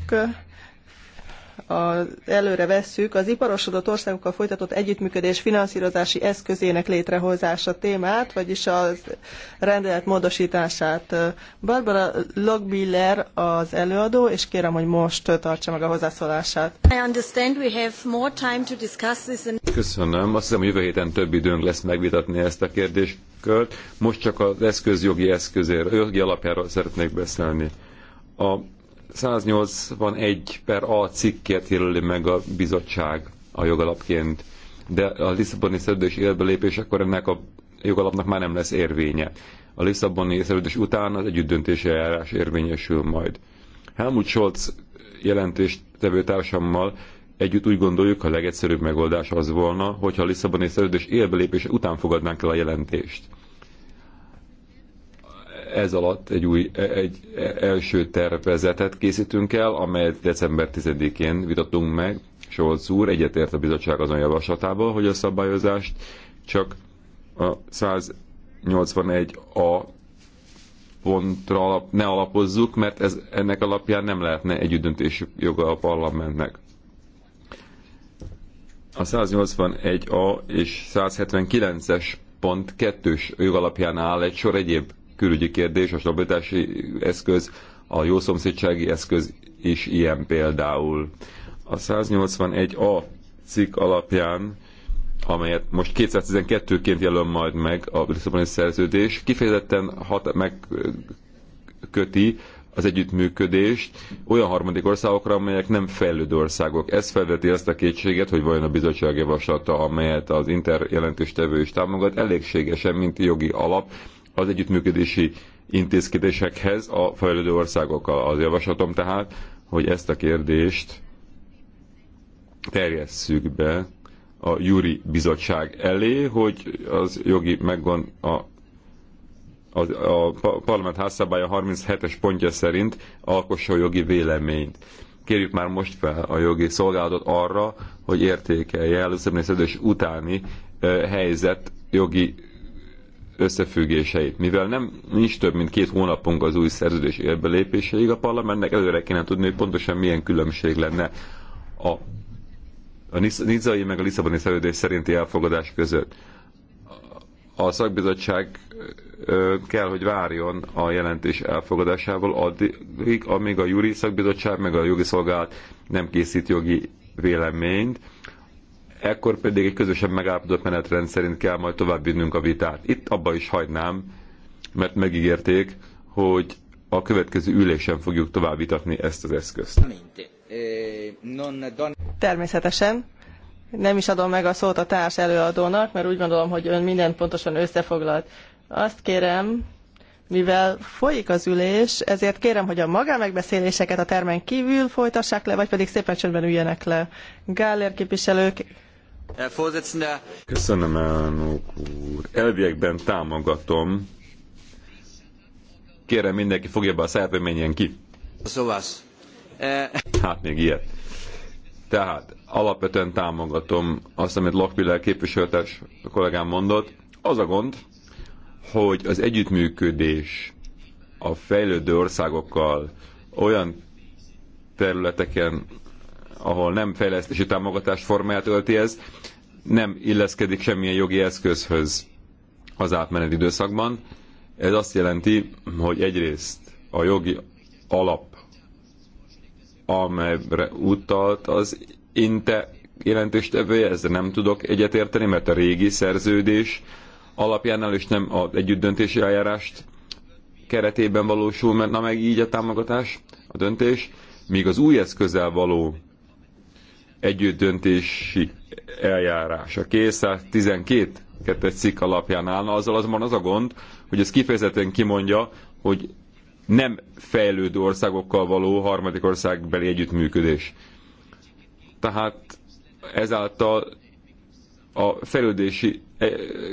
az előre vesszük az iparosodott országokkal folytatott együttműködés finanszírozási eszközének létrehozása témát, vagyis a rendelet módosítását. Barbara Logbiller az előadó, és kérem, hogy most tartsa meg a hozzászólását. Köszönöm. Azt hiszem, jövő héten több időnk lesz megvitatni ezt a kérdéskört. Most csak az eszköz jogi eszközér, jogi alapjáról szeretnék beszélni. A 181 per A cikkét jelöli meg a bizottság a jogalapként, de a Lisszaboni szerződés életbe akkor ennek a jogalapnak már nem lesz érvénye. A Lisszaboni szerződés után az együttdöntési eljárás érvényesül majd. Helmut Scholz tevő társammal együtt úgy gondoljuk, a legegyszerűbb megoldás az volna, hogyha a Lisszaboni szerződés élbelépése után fogadnánk el a jelentést ez alatt egy új, egy első tervezetet készítünk el, amelyet december 10-én vitatunk meg. Scholz úr egyetért a bizottság azon javaslatával, hogy a szabályozást csak a 181a pontra alap, ne alapozzuk, mert ez, ennek alapján nem lehetne együttdöntés joga a parlamentnek. A 181a és 179-es pont kettős jogalapján áll egy sor egyéb külügyi kérdés, a stabilitási eszköz, a jószomszédsági eszköz is ilyen például. A 181a cikk alapján, amelyet most 212-ként jelöl majd meg a Lisszaboni szerződés, kifejezetten hat, megköti az együttműködést olyan harmadik országokra, amelyek nem fejlődő országok. Ez felveti azt a kétséget, hogy vajon a bizottság javaslata, amelyet az Inter is támogat, elégségesen, mint jogi alap az együttműködési intézkedésekhez a fejlődő országokkal. Az javaslatom tehát, hogy ezt a kérdést terjesszük be a Júri Bizottság elé, hogy az jogi megvan a a, a parlament házszabálya 37-es pontja szerint alkosson jogi véleményt. Kérjük már most fel a jogi szolgálatot arra, hogy értékelje el a szemlészedés utáni helyzet jogi összefüggéseit. Mivel nem nincs több, mint két hónapunk az új szerződés életbelépéséig, a parlamentnek előre kéne tudni, hogy pontosan milyen különbség lenne a, a nizai meg a Lisszaboni szerződés szerinti elfogadás között. A szakbizottság kell, hogy várjon a jelentés elfogadásával addig, amíg a júri szakbizottság meg a jogi szolgálat nem készít jogi véleményt, ekkor pedig egy közösen megállapodott menetrend szerint kell majd vinnünk a vitát. Itt abba is hagynám, mert megígérték, hogy a következő ülésen fogjuk tovább vitatni ezt az eszközt. Természetesen. Nem is adom meg a szót a társ előadónak, mert úgy gondolom, hogy ön mindent pontosan összefoglalt. Azt kérem, mivel folyik az ülés, ezért kérem, hogy a magámegbeszéléseket a termen kívül folytassák le, vagy pedig szépen csöndben üljenek le. Gáller képviselők, Köszönöm, elnök úr. Elviekben támogatom. Kérem, mindenki fogja be a száját, menjen ki. Szóval. E, hát még ilyet. Tehát alapvetően támogatom azt, amit Lakpiller képviselőtárs kollégám mondott. Az a gond, hogy az együttműködés a fejlődő országokkal olyan területeken, ahol nem fejlesztési támogatás formáját ölti ez, nem illeszkedik semmilyen jogi eszközhöz az átmeneti időszakban. Ez azt jelenti, hogy egyrészt a jogi alap, amelyre utalt, az inte jelentéstevője, ezzel nem tudok egyetérteni, mert a régi szerződés alapjánál is nem az együttdöntési eljárást keretében valósul, mert na meg így a támogatás, a döntés, míg az új eszközzel való együttdöntési eljárása. 212 es cikk alapján állna, azzal azonban az a gond, hogy ez kifejezetten kimondja, hogy nem fejlődő országokkal való harmadik országbeli együttműködés. Tehát ezáltal a fejlődési e,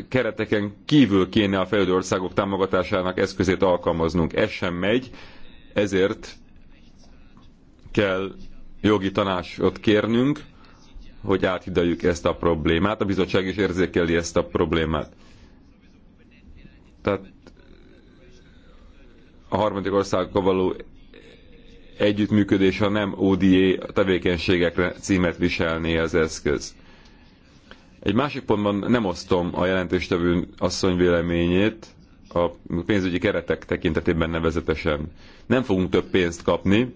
kereteken kívül kéne a fejlődő országok támogatásának eszközét alkalmaznunk. Ez sem megy, ezért kell jogi tanácsot kérnünk, hogy áthidaljuk ezt a problémát. A bizottság is érzékeli ezt a problémát. Tehát a harmadik országokkal való együttműködés, ha nem ODA tevékenységekre címet viselné az eszköz. Egy másik pontban nem osztom a jelentéstevő asszony véleményét, a pénzügyi keretek tekintetében nevezetesen. Nem fogunk több pénzt kapni,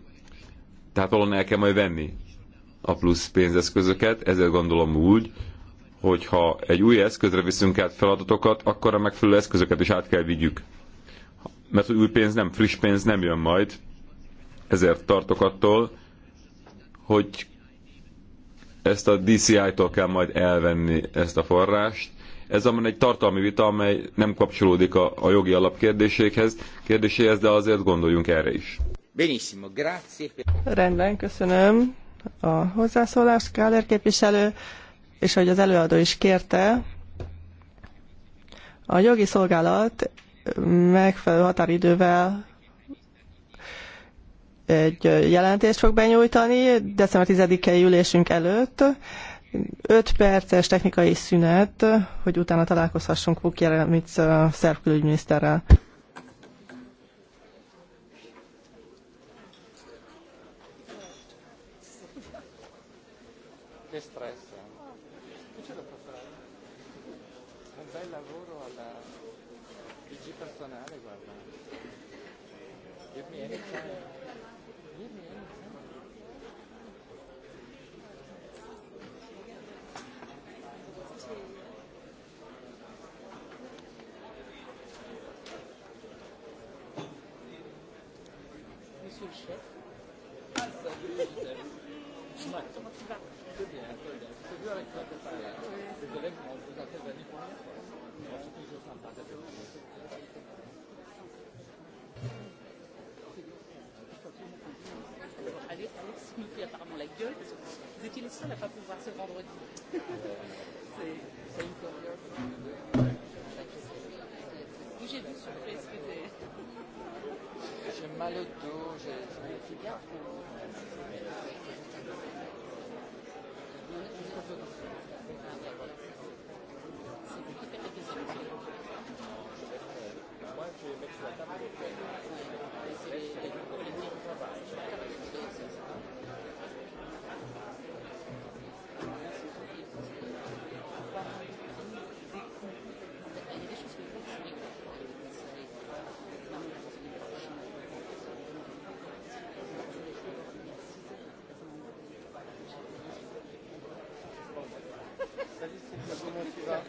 tehát valóban el kell majd venni a plusz pénzeszközöket, ezért gondolom úgy, hogyha egy új eszközre viszünk át feladatokat, akkor a megfelelő eszközöket is át kell vigyük. Mert új pénz nem, friss pénz nem jön majd, ezért tartok attól, hogy ezt a DCI-tól kell majd elvenni ezt a forrást. Ez amely egy tartalmi vita, amely nem kapcsolódik a, a jogi alapkérdéséhez, kérdéséhez, de azért gondoljunk erre is. Rendben, köszönöm a hozzászólást, Káder képviselő, és hogy az előadó is kérte, a jogi szolgálat megfelelő határidővel egy jelentést fog benyújtani december 10-i ülésünk előtt. 5 perces technikai szünet, hogy utána találkozhassunk Vuk Jeremic uh, szerb külügyminiszterrel.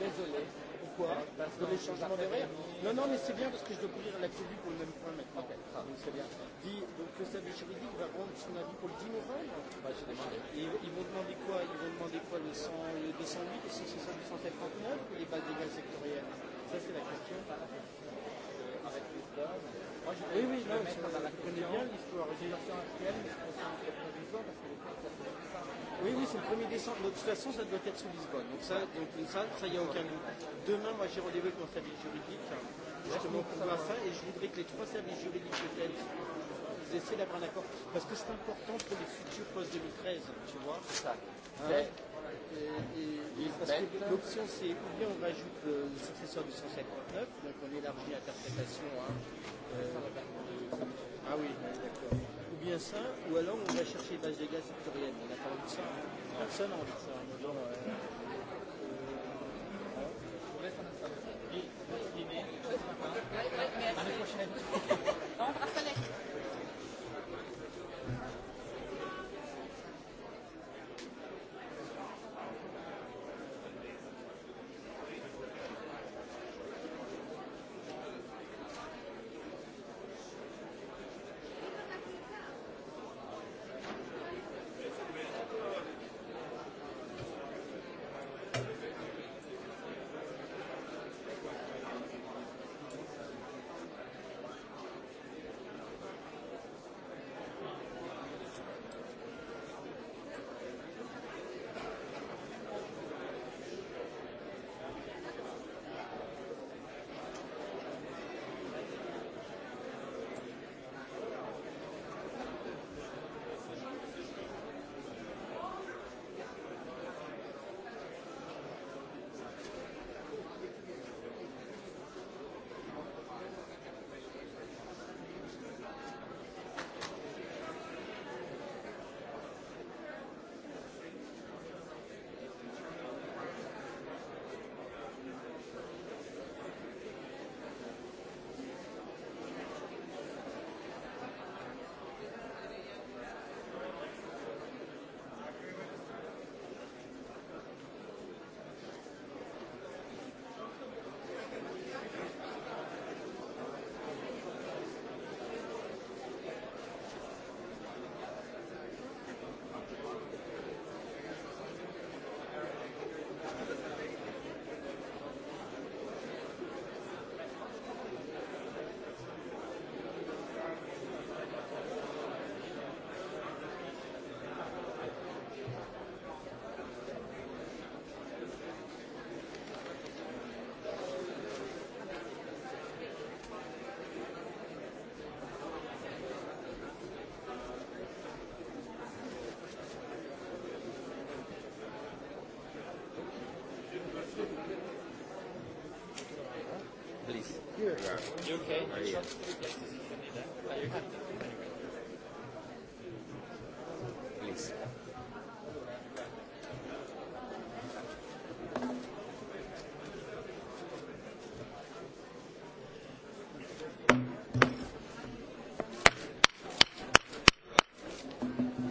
désolé. Pourquoi Parce que les changements de rire. Non, non, mais c'est bien parce que je dois couvrir la tribu pour le même point maintenant. Ok, ah, donc c'est bien. Dis, donc le service juridique va rendre son avis pour le 10 novembre Bah, j'ai demandé. Et ils vont demander quoi Ils vont demander quoi le, 100, le 208, le 660, ou les bases légales sectorielles Ça, c'est la question. Euh, Avec l'histoire. Moi, je oui, oui, je non, vais mettre dans la question. Je connais bien l'histoire. J'ai l'impression actuelle, mais je pense que c'est un provisoire parce que les Oui, oui, c'est le 1er décembre. De toute façon, ça doit être sous Lisbonne. Donc ça, donc ça, ça y a aucun doute. Demain, moi, j'ai rendez-vous avec mon service juridique, justement pour voir ça, et je voudrais que les trois services juridiques peut-être ils essaient d'avoir un accord, parce que c'est important pour les futurs post 2013, tu vois. C'est ça. Hein et, et, et parce que l'option, c'est ou bien on rajoute le successeur du 159, donc on élargit l'interprétation. Hein, euh, ah oui, d'accord bien ça, ou alors on va chercher les bases de gaz sectorielles. On a parlé de ça. Personne n'a envie de ça.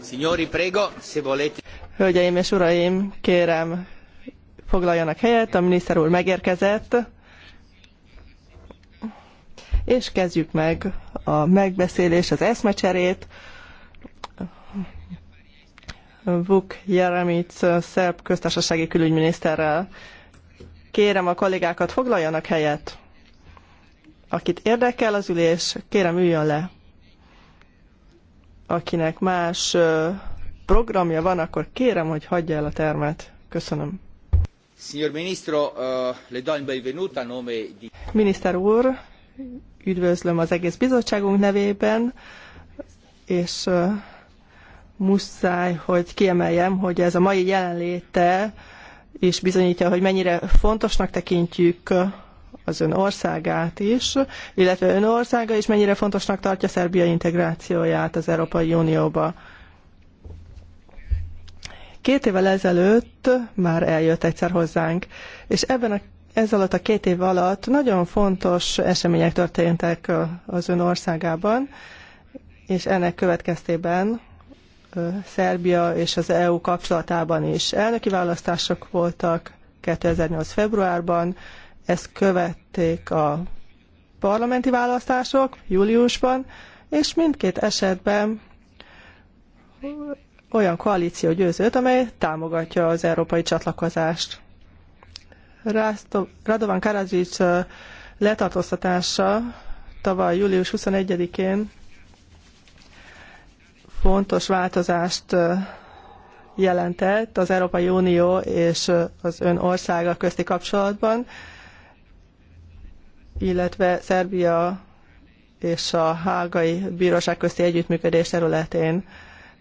Signori, prego, se volete. Hölgyeim és uraim, kérem, foglaljanak helyet, a miniszter úr megérkezett és kezdjük meg a megbeszélés, az eszmecserét. Vuk Jeremic szerb köztársasági külügyminiszterrel. Kérem a kollégákat, foglaljanak helyet. Akit érdekel az ülés, kérem üljön le. Akinek más programja van, akkor kérem, hogy hagyja el a termet. Köszönöm. Signor Ministro, le do il benvenuto a nome di... Minister úr, üdvözlöm az egész bizottságunk nevében, és muszáj, hogy kiemeljem, hogy ez a mai jelenléte is bizonyítja, hogy mennyire fontosnak tekintjük az ön országát is, illetve ön országa is mennyire fontosnak tartja Szerbia integrációját az Európai Unióba. Két évvel ezelőtt már eljött egyszer hozzánk, és ebben a ez alatt a két év alatt nagyon fontos események történtek az ön országában, és ennek következtében Szerbia és az EU kapcsolatában is elnöki választások voltak 2008. februárban, ezt követték a parlamenti választások júliusban, és mindkét esetben olyan koalíció győzött, amely támogatja az európai csatlakozást. Radovan Karadzsics letartóztatása tavaly július 21-én fontos változást jelentett az Európai Unió és az ön országa közti kapcsolatban, illetve Szerbia és a Hágai Bíróság közti együttműködés területén,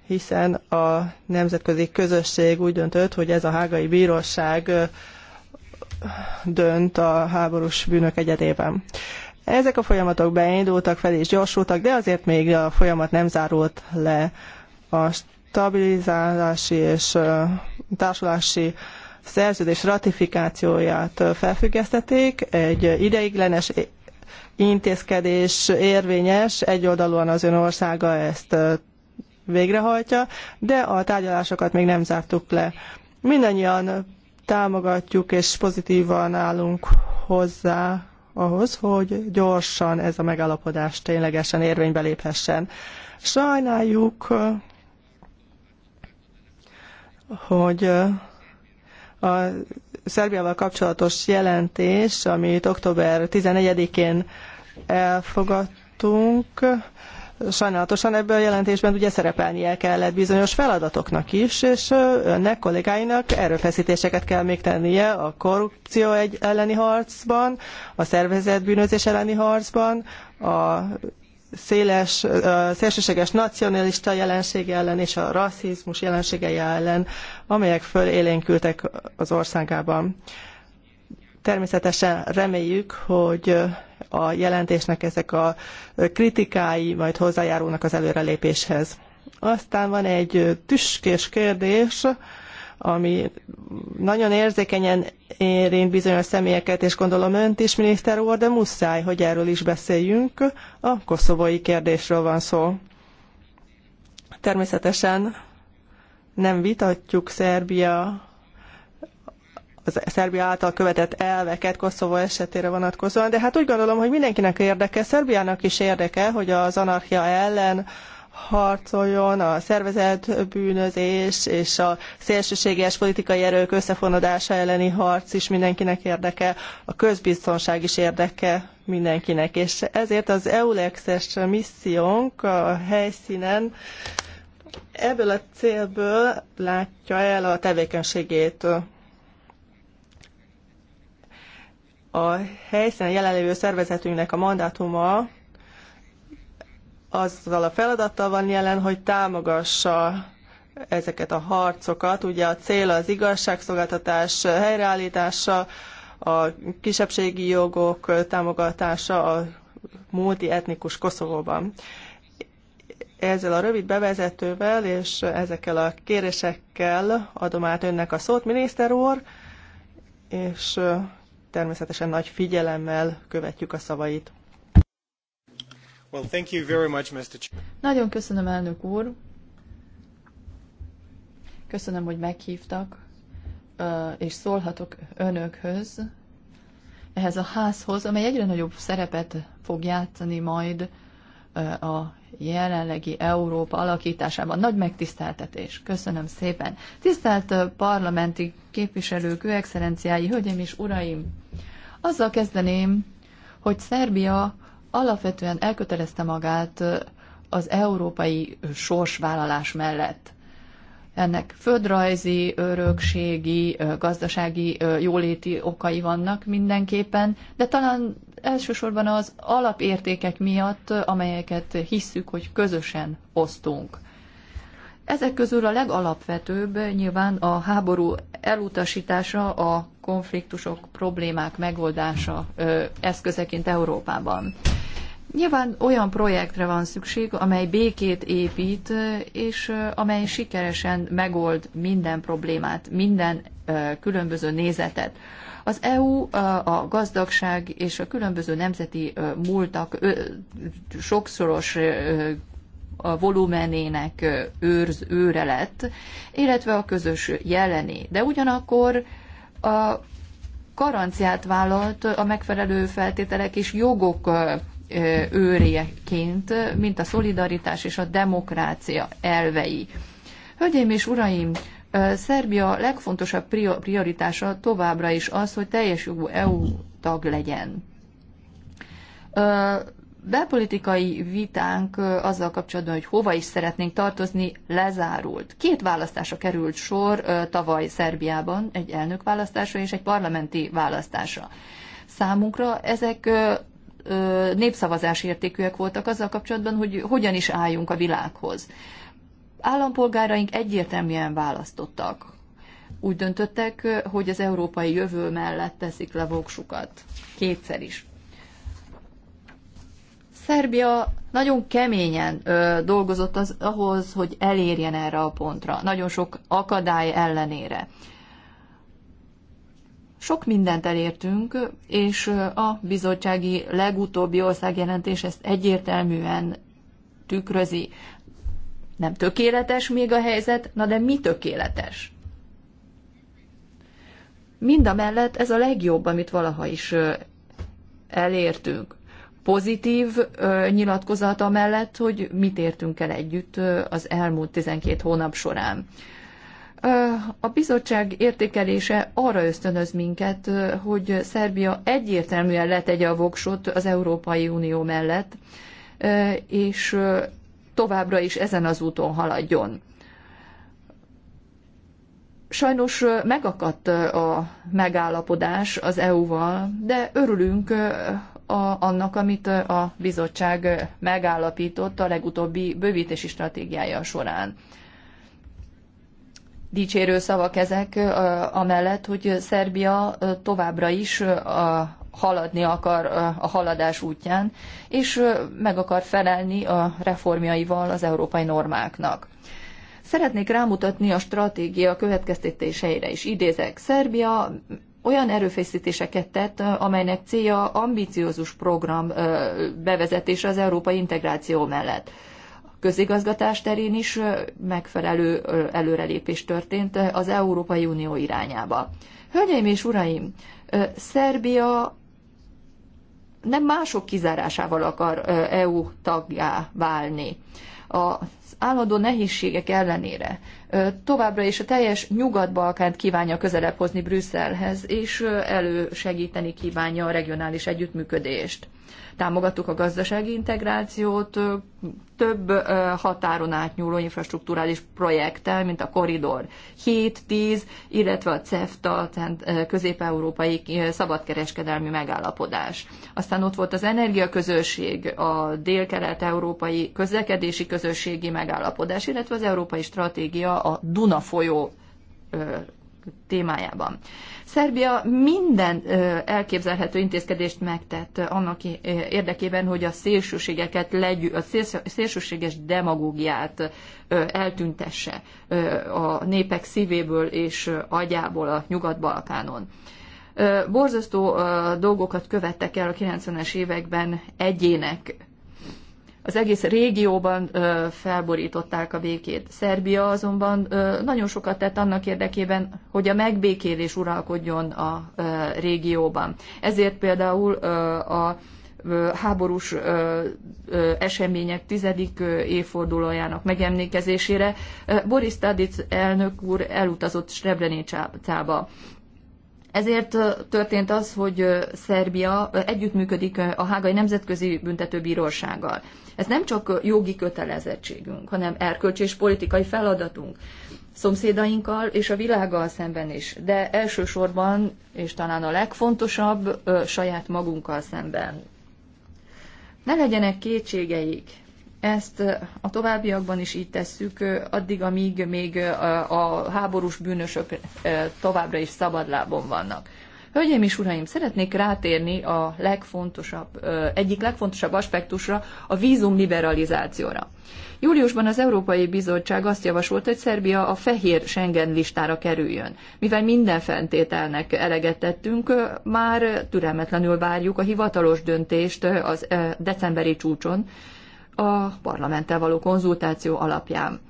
hiszen a nemzetközi közösség úgy döntött, hogy ez a Hágai Bíróság dönt a háborús bűnök egyedében. Ezek a folyamatok beindultak fel és gyorsultak, de azért még a folyamat nem zárult le. A stabilizálási és társulási szerződés ratifikációját felfüggesztették, egy ideiglenes intézkedés érvényes, egyoldalúan az ön országa ezt végrehajtja, de a tárgyalásokat még nem zártuk le. Mindannyian támogatjuk és pozitívan állunk hozzá ahhoz, hogy gyorsan ez a megállapodás ténylegesen érvénybe léphessen. Sajnáljuk, hogy a Szerbiával kapcsolatos jelentés, amit október 14-én elfogadtunk, sajnálatosan ebben a jelentésben ugye szerepelnie kellett bizonyos feladatoknak is, és önnek, kollégáinak erőfeszítéseket kell még tennie a korrupció egy elleni harcban, a szervezett bűnözés elleni harcban, a széles, szélsőséges nacionalista jelenség ellen és a rasszizmus jelenségei ellen, amelyek fölélénkültek az országában. Természetesen reméljük, hogy a jelentésnek ezek a kritikái majd hozzájárulnak az előrelépéshez. Aztán van egy tüskés kérdés, ami nagyon érzékenyen érint bizonyos személyeket, és gondolom önt is, miniszter úr, de muszáj, hogy erről is beszéljünk. A koszovói kérdésről van szó. Természetesen nem vitatjuk Szerbia az Szerbia által követett elveket Koszovó esetére vonatkozóan, de hát úgy gondolom, hogy mindenkinek érdeke, Szerbiának is érdeke, hogy az anarchia ellen harcoljon, a szervezett bűnözés és a szélsőséges politikai erők összefonodása elleni harc is mindenkinek érdeke, a közbiztonság is érdeke mindenkinek. És ezért az EULEX-es missziónk a helyszínen ebből a célból látja el a tevékenységét. a helyszínen jelenlévő szervezetünknek a mandátuma azzal a feladattal van jelen, hogy támogassa ezeket a harcokat. Ugye a cél az igazságszolgáltatás helyreállítása, a kisebbségi jogok támogatása a multietnikus Koszovóban. Ezzel a rövid bevezetővel és ezekkel a kérésekkel adom át önnek a szót, miniszter úr, és természetesen nagy figyelemmel követjük a szavait. Well, thank you very much, Mr. Nagyon köszönöm, elnök úr. Köszönöm, hogy meghívtak, és szólhatok önökhöz, ehhez a házhoz, amely egyre nagyobb szerepet fog játszani majd a jelenlegi Európa alakításában. Nagy megtiszteltetés. Köszönöm szépen. Tisztelt parlamenti képviselők, ő excellenciái, hölgyeim és uraim! Azzal kezdeném, hogy Szerbia alapvetően elkötelezte magát az európai sorsvállalás mellett. Ennek földrajzi, örökségi, gazdasági, jóléti okai vannak mindenképpen, de talán elsősorban az alapértékek miatt, amelyeket hisszük, hogy közösen osztunk. Ezek közül a legalapvetőbb nyilván a háború elutasítása, a konfliktusok, problémák megoldása eszközeként Európában. Nyilván olyan projektre van szükség, amely békét épít, és amely sikeresen megold minden problémát, minden különböző nézetet. Az EU a gazdagság és a különböző nemzeti múltak sokszoros a volumenének őrz, őre lett, illetve a közös jelené. De ugyanakkor a garanciát vállalt a megfelelő feltételek és jogok őrjeként, mint a szolidaritás és a demokrácia elvei. Hölgyeim és uraim, Szerbia legfontosabb prioritása továbbra is az, hogy teljes jogú EU tag legyen. Belpolitikai vitánk azzal kapcsolatban, hogy hova is szeretnénk tartozni, lezárult. Két választása került sor tavaly Szerbiában, egy választása és egy parlamenti választása. Számunkra ezek népszavazás értékűek voltak azzal kapcsolatban, hogy hogyan is álljunk a világhoz állampolgáraink egyértelműen választottak. Úgy döntöttek, hogy az európai jövő mellett teszik le voksukat. Kétszer is. Szerbia nagyon keményen ö, dolgozott az, ahhoz, hogy elérjen erre a pontra, nagyon sok akadály ellenére. Sok mindent elértünk, és a bizottsági legutóbbi országjelentés ezt egyértelműen tükrözi. Nem tökéletes még a helyzet, na de mi tökéletes? Mind a mellett ez a legjobb, amit valaha is elértünk. Pozitív nyilatkozata mellett, hogy mit értünk el együtt az elmúlt 12 hónap során. A bizottság értékelése arra ösztönöz minket, hogy Szerbia egyértelműen letegye a voksot az Európai Unió mellett, és továbbra is ezen az úton haladjon. Sajnos megakadt a megállapodás az EU-val, de örülünk a, annak, amit a bizottság megállapított a legutóbbi bővítési stratégiája során. Dicsérő szavak ezek amellett, hogy Szerbia továbbra is a haladni akar a haladás útján, és meg akar felelni a reformjaival az európai normáknak. Szeretnék rámutatni a stratégia következtetéseire is. Idézek, Szerbia olyan erőfeszítéseket tett, amelynek célja ambiciózus program bevezetése az európai integráció mellett. A közigazgatás terén is megfelelő előrelépés történt az Európai Unió irányába. Hölgyeim és uraim, Szerbia nem mások kizárásával akar EU tagjá válni. Az állandó nehézségek ellenére továbbra is a teljes Nyugat-Balkánt kívánja közelebb hozni Brüsszelhez, és elősegíteni kívánja a regionális együttműködést támogattuk a gazdasági integrációt több határon átnyúló infrastruktúrális projekttel, mint a Koridor 7-10, illetve a CEFTA, tehát közép-európai szabadkereskedelmi megállapodás. Aztán ott volt az energiaközösség, a dél-kelet-európai közlekedési közösségi megállapodás, illetve az európai stratégia a Duna folyó témájában. Szerbia minden elképzelhető intézkedést megtett annak érdekében, hogy a szélsőségeket legyű, a szélsőséges demagógiát eltüntesse a népek szívéből és agyából a Nyugat-Balkánon. Borzasztó dolgokat követtek el a 90-es években egyének az egész régióban ö, felborították a békét. Szerbia azonban ö, nagyon sokat tett annak érdekében, hogy a megbékélés uralkodjon a ö, régióban. Ezért például ö, a háborús ö, ö, események tizedik évfordulójának megemlékezésére ö, Boris Tadic elnök úr elutazott Srebrenicába. Ezért történt az, hogy Szerbia együttműködik a Hágai Nemzetközi Büntetőbírósággal. Ez nem csak jogi kötelezettségünk, hanem erkölcsi és politikai feladatunk szomszédainkkal és a világgal szemben is, de elsősorban, és talán a legfontosabb, saját magunkkal szemben. Ne legyenek kétségeik, ezt a továbbiakban is így tesszük, addig, amíg még a háborús bűnösök továbbra is szabadlábon vannak. Hölgyeim és uraim, szeretnék rátérni a legfontosabb, egyik legfontosabb aspektusra, a vízum liberalizációra. Júliusban az Európai Bizottság azt javasolt, hogy Szerbia a fehér Schengen listára kerüljön. Mivel minden feltételnek eleget tettünk, már türelmetlenül várjuk a hivatalos döntést az decemberi csúcson, a parlamenttel való konzultáció alapján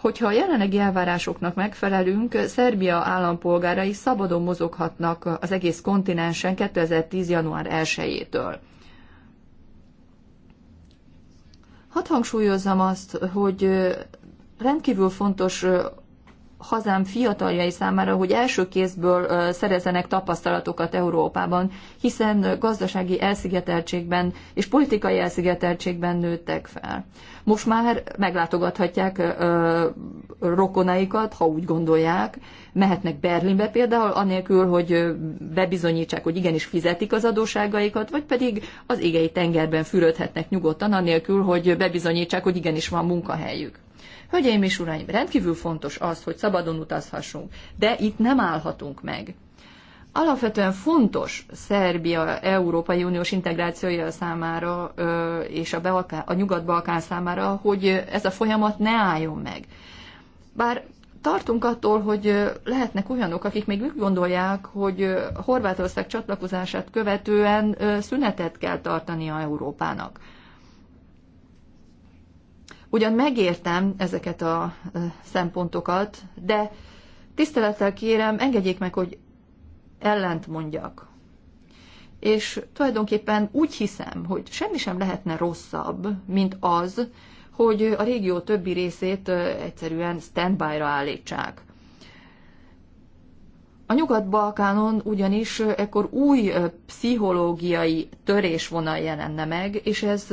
hogyha a jelenlegi elvárásoknak megfelelünk, Szerbia állampolgárai szabadon mozoghatnak az egész kontinensen 2010. január 1-től. Hadd hangsúlyozzam azt, hogy rendkívül fontos hazám fiataljai számára, hogy első kézből szerezzenek tapasztalatokat Európában, hiszen gazdasági elszigeteltségben és politikai elszigeteltségben nőttek fel. Most már meglátogathatják rokonaikat, ha úgy gondolják, mehetnek Berlinbe például, anélkül, hogy bebizonyítsák, hogy igenis fizetik az adóságaikat, vagy pedig az égei tengerben fürödhetnek nyugodtan, anélkül, hogy bebizonyítsák, hogy igenis van munkahelyük. Hölgyeim és uraim, rendkívül fontos az, hogy szabadon utazhassunk, de itt nem állhatunk meg. Alapvetően fontos Szerbia Európai Uniós integrációja számára és a, a Nyugat-Balkán számára, hogy ez a folyamat ne álljon meg. Bár tartunk attól, hogy lehetnek olyanok, akik még úgy gondolják, hogy Horvátország csatlakozását követően szünetet kell tartani a Európának. Ugyan megértem ezeket a szempontokat, de tisztelettel kérem, engedjék meg, hogy ellent mondjak. És tulajdonképpen úgy hiszem, hogy semmi sem lehetne rosszabb, mint az, hogy a régió többi részét egyszerűen standby-ra állítsák. A Nyugat-Balkánon ugyanis ekkor új pszichológiai törésvonal jelenne meg, és ez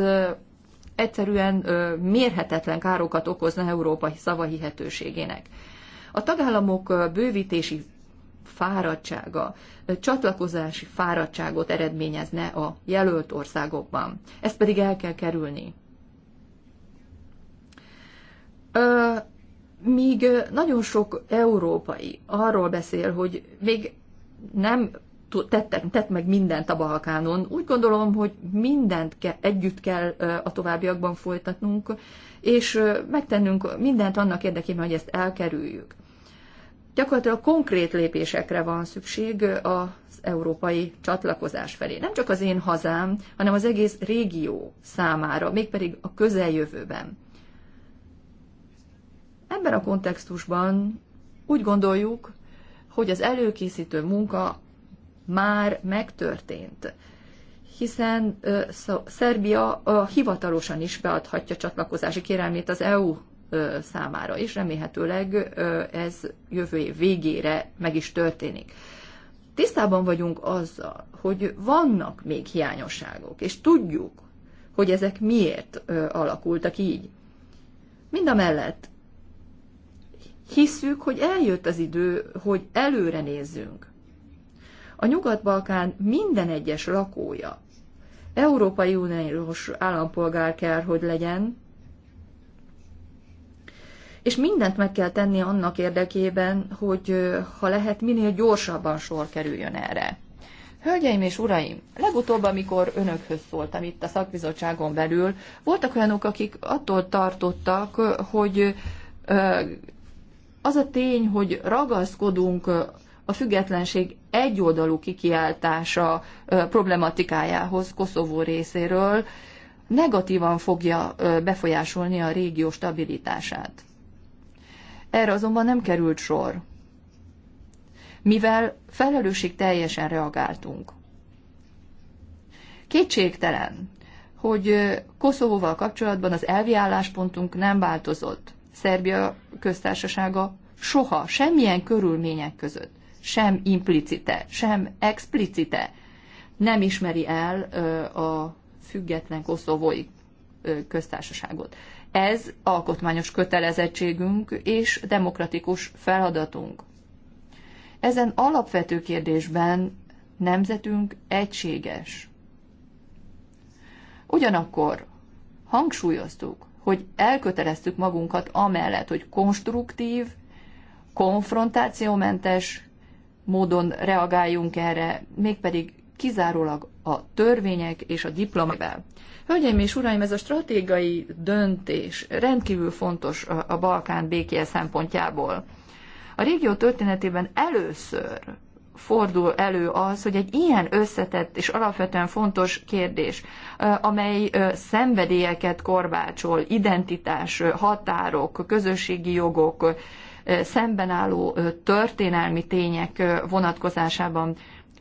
egyszerűen mérhetetlen károkat okozna Európa szavahihetőségének. A tagállamok bővítési fáradtsága, csatlakozási fáradtságot eredményezne a jelölt országokban. Ezt pedig el kell kerülni. míg nagyon sok európai arról beszél, hogy még nem tettek, tett meg mindent a Balkánon. Úgy gondolom, hogy mindent ke, együtt kell a továbbiakban folytatnunk, és megtennünk mindent annak érdekében, hogy ezt elkerüljük. Gyakorlatilag konkrét lépésekre van szükség az európai csatlakozás felé. Nem csak az én hazám, hanem az egész régió számára, mégpedig a közeljövőben. Ebben a kontextusban úgy gondoljuk, hogy az előkészítő munka már megtörtént, hiszen ö, szó, Szerbia ö, hivatalosan is beadhatja csatlakozási kérelmét az EU ö, számára, és remélhetőleg ö, ez jövő év végére meg is történik. Tisztában vagyunk azzal, hogy vannak még hiányosságok, és tudjuk, hogy ezek miért ö, alakultak így. Mind a mellett hiszük, hogy eljött az idő, hogy előre nézzünk a Nyugat-Balkán minden egyes lakója. Európai Uniós állampolgár kell, hogy legyen, és mindent meg kell tenni annak érdekében, hogy ha lehet, minél gyorsabban sor kerüljön erre. Hölgyeim és uraim, legutóbb, amikor önökhöz szóltam itt a szakbizottságon belül, voltak olyanok, akik attól tartottak, hogy az a tény, hogy ragaszkodunk a függetlenség egyoldalú kikiáltása problematikájához Koszovó részéről negatívan fogja befolyásolni a régió stabilitását. Erre azonban nem került sor, mivel felelősség teljesen reagáltunk. Kétségtelen, hogy Koszovóval kapcsolatban az elvi álláspontunk nem változott. Szerbia köztársasága soha, semmilyen körülmények között sem implicite, sem explicite nem ismeri el a független koszovói köztársaságot. Ez alkotmányos kötelezettségünk és demokratikus feladatunk. Ezen alapvető kérdésben nemzetünk egységes. Ugyanakkor hangsúlyoztuk, hogy elköteleztük magunkat amellett, hogy konstruktív, konfrontációmentes módon reagáljunk erre, mégpedig kizárólag a törvények és a diplomával. Hölgyeim és uraim, ez a stratégiai döntés rendkívül fontos a Balkán békéje szempontjából. A régió történetében először fordul elő az, hogy egy ilyen összetett és alapvetően fontos kérdés, amely szenvedélyeket korbácsol, identitás, határok, közösségi jogok, szemben álló történelmi tények vonatkozásában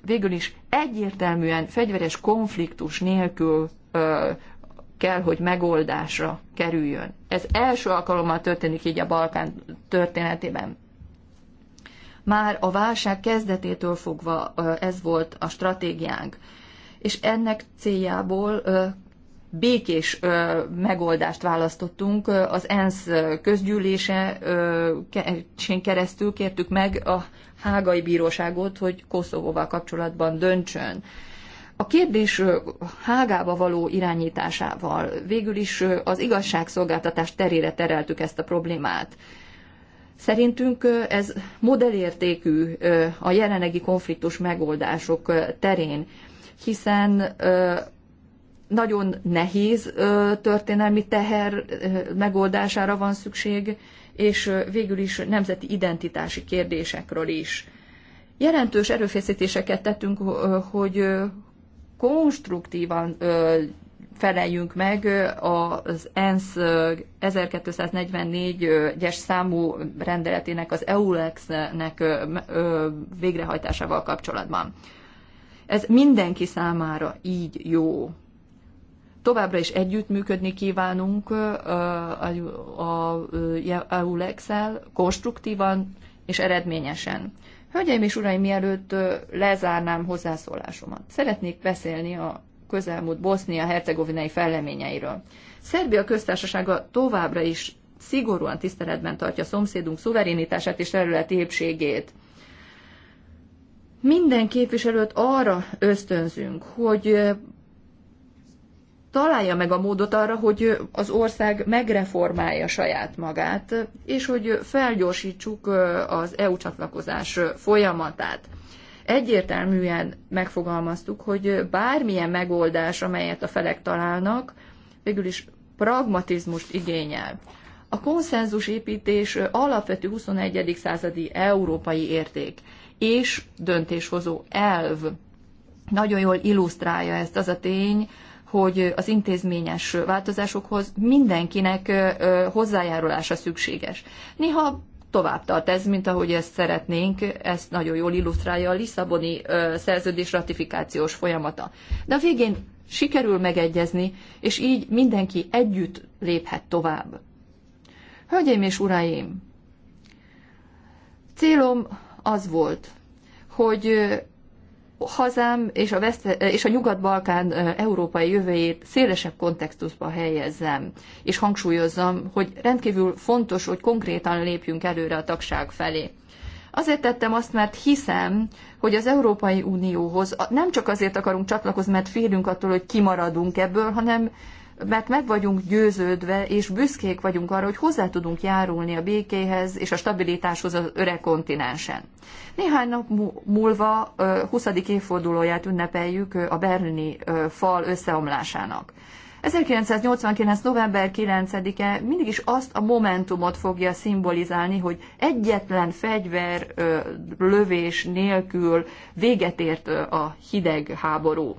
végül is egyértelműen fegyveres konfliktus nélkül kell, hogy megoldásra kerüljön. Ez első alkalommal történik így a Balkán történetében. Már a válság kezdetétől fogva ez volt a stratégiánk, és ennek céljából békés megoldást választottunk. Az ENSZ közgyűlése keresztül kértük meg a hágai bíróságot, hogy Koszovóval kapcsolatban döntsön. A kérdés hágába való irányításával végül is az igazságszolgáltatás terére tereltük ezt a problémát. Szerintünk ez modellértékű a jelenlegi konfliktus megoldások terén, hiszen nagyon nehéz történelmi teher megoldására van szükség, és végül is nemzeti identitási kérdésekről is. Jelentős erőfeszítéseket tettünk, hogy konstruktívan feleljünk meg az ENSZ 1244-es számú rendeletének, az EULEX-nek végrehajtásával kapcsolatban. Ez mindenki számára így jó. Továbbra is együttműködni kívánunk a EULEX-el konstruktívan és eredményesen. Hölgyeim és uraim, mielőtt lezárnám hozzászólásomat, szeretnék beszélni a közelmúlt Bosznia-Hercegovinai felleményeiről. Szerbia köztársasága továbbra is szigorúan tiszteletben tartja szomszédunk szuverenitását és területi épségét. Minden képviselőt arra ösztönzünk, hogy találja meg a módot arra, hogy az ország megreformálja saját magát, és hogy felgyorsítsuk az EU csatlakozás folyamatát. Egyértelműen megfogalmaztuk, hogy bármilyen megoldás, amelyet a felek találnak, végül is pragmatizmust igényel. A konszenzusépítés alapvető 21. századi európai érték és döntéshozó elv. Nagyon jól illusztrálja ezt az a tény, hogy az intézményes változásokhoz mindenkinek hozzájárulása szükséges. Néha tovább tart ez, mint ahogy ezt szeretnénk, ezt nagyon jól illusztrálja a Lisszaboni szerződés ratifikációs folyamata. De a végén sikerül megegyezni, és így mindenki együtt léphet tovább. Hölgyeim és uraim, célom az volt, hogy hazám és a, Veszt- eh, és a Nyugat-Balkán eh, európai jövőjét szélesebb kontextusba helyezzem, és hangsúlyozzam, hogy rendkívül fontos, hogy konkrétan lépjünk előre a tagság felé. Azért tettem azt, mert hiszem, hogy az Európai Unióhoz nem csak azért akarunk csatlakozni, mert félünk attól, hogy kimaradunk ebből, hanem mert meg vagyunk győződve, és büszkék vagyunk arra, hogy hozzá tudunk járulni a békéhez és a stabilitáshoz az öreg kontinensen. Néhány nap múlva 20. évfordulóját ünnepeljük a berlini fal összeomlásának. 1989. november 9-e mindig is azt a momentumot fogja szimbolizálni, hogy egyetlen fegyver lövés nélkül véget ért a hideg háború.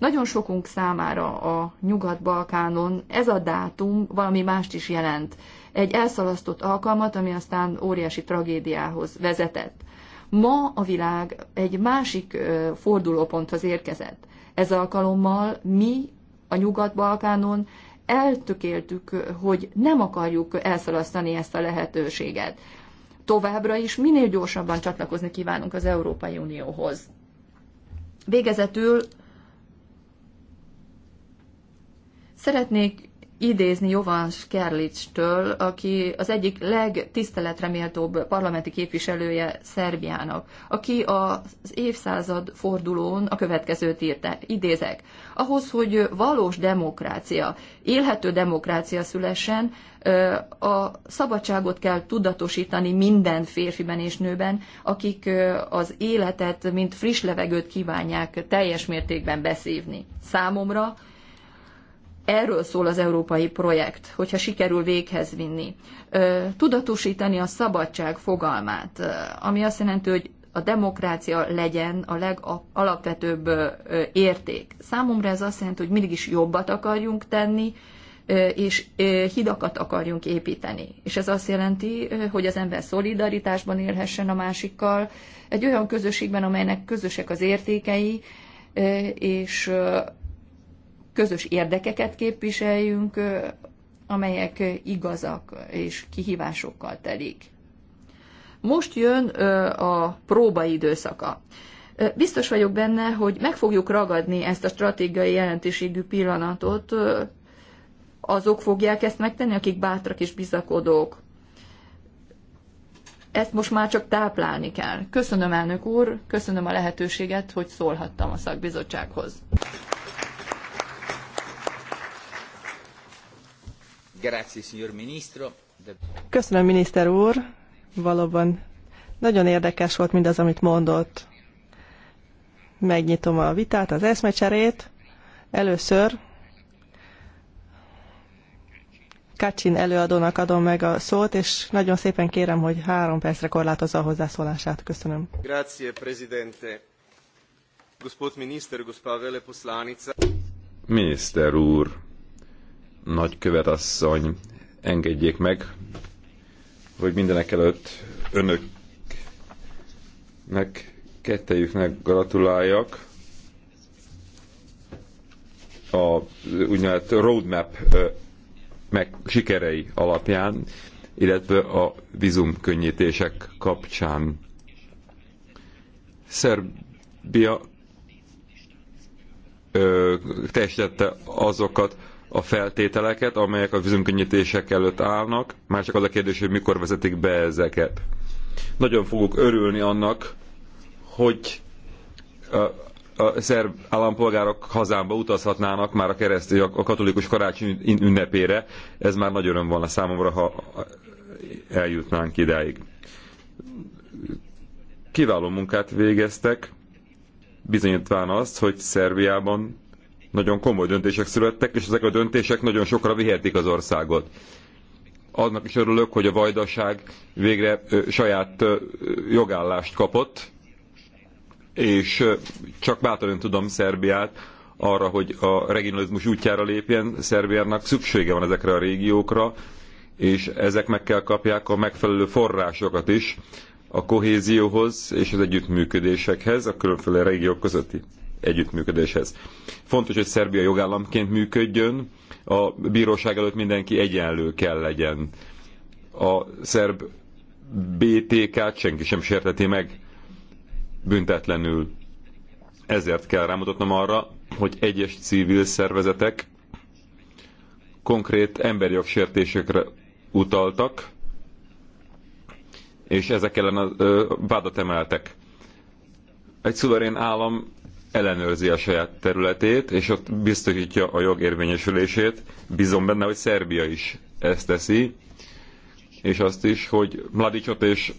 Nagyon sokunk számára a Nyugat-Balkánon ez a dátum valami mást is jelent. Egy elszalasztott alkalmat, ami aztán óriási tragédiához vezetett. Ma a világ egy másik fordulóponthoz érkezett. Ez alkalommal mi a Nyugat-Balkánon eltökéltük, hogy nem akarjuk elszalasztani ezt a lehetőséget. Továbbra is minél gyorsabban csatlakozni kívánunk az Európai Unióhoz. Végezetül Szeretnék idézni Jovans Kerlics-től, aki az egyik legtiszteletreméltóbb parlamenti képviselője Szerbiának, aki az évszázad fordulón a következőt írta, idézek. Ahhoz, hogy valós demokrácia, élhető demokrácia szülessen, a szabadságot kell tudatosítani minden férfiben és nőben, akik az életet, mint friss levegőt kívánják teljes mértékben beszívni. Számomra Erről szól az európai projekt, hogyha sikerül véghez vinni. Tudatosítani a szabadság fogalmát, ami azt jelenti, hogy a demokrácia legyen a legalapvetőbb érték. Számomra ez azt jelenti, hogy mindig is jobbat akarjunk tenni, és hidakat akarjunk építeni. És ez azt jelenti, hogy az ember szolidaritásban élhessen a másikkal, egy olyan közösségben, amelynek közösek az értékei, és közös érdekeket képviseljünk, amelyek igazak és kihívásokkal telik. Most jön a próba időszaka. Biztos vagyok benne, hogy meg fogjuk ragadni ezt a stratégiai jelentőségű pillanatot, azok fogják ezt megtenni, akik bátrak és bizakodók. Ezt most már csak táplálni kell. Köszönöm, elnök úr, köszönöm a lehetőséget, hogy szólhattam a szakbizottsághoz. Köszönöm, miniszter úr. Valóban nagyon érdekes volt mindaz, amit mondott. Megnyitom a vitát, az eszmecserét. Először Kacsin előadónak adom meg a szót, és nagyon szépen kérem, hogy három percre korlátozza a hozzászólását. Köszönöm. Grazie, presidente. Gospod miniszter, gospa veleposlanica. Miniszter úr, nagykövetasszony, engedjék meg, hogy mindenek előtt önöknek, kettejüknek gratuláljak a úgynevezett roadmap meg sikerei alapján, illetve a vízumkönnyítések kapcsán. Szerbia ö, teljesítette azokat a feltételeket, amelyek a vízumkönnyítések előtt állnak, már csak az a kérdés, hogy mikor vezetik be ezeket. Nagyon fogok örülni annak, hogy a, a szerb állampolgárok hazámba utazhatnának már a keresztény, a katolikus karácsony ünnepére. Ez már nagy öröm van a számomra, ha eljutnánk idáig. Kiváló munkát végeztek, bizonyítván azt, hogy Szerbiában nagyon komoly döntések születtek, és ezek a döntések nagyon sokra vihetik az országot. Annak is örülök, hogy a vajdaság végre saját jogállást kapott, és csak bátran tudom Szerbiát arra, hogy a regionalizmus útjára lépjen. Szerbiának szüksége van ezekre a régiókra, és ezek meg kell kapják a megfelelő forrásokat is a kohézióhoz és az együttműködésekhez a különféle régiók közötti együttműködéshez. Fontos, hogy Szerbia jogállamként működjön, a bíróság előtt mindenki egyenlő kell legyen. A szerb BTK-t senki sem sérteti meg büntetlenül. Ezért kell rámutatnom arra, hogy egyes civil szervezetek konkrét emberi jogsértésekre utaltak, és ezek ellen a vádat emeltek. Egy szuverén állam ellenőrzi a saját területét, és ott biztosítja a jog érvényesülését. Bízom benne, hogy Szerbia is ezt teszi, és azt is, hogy Mladicsot és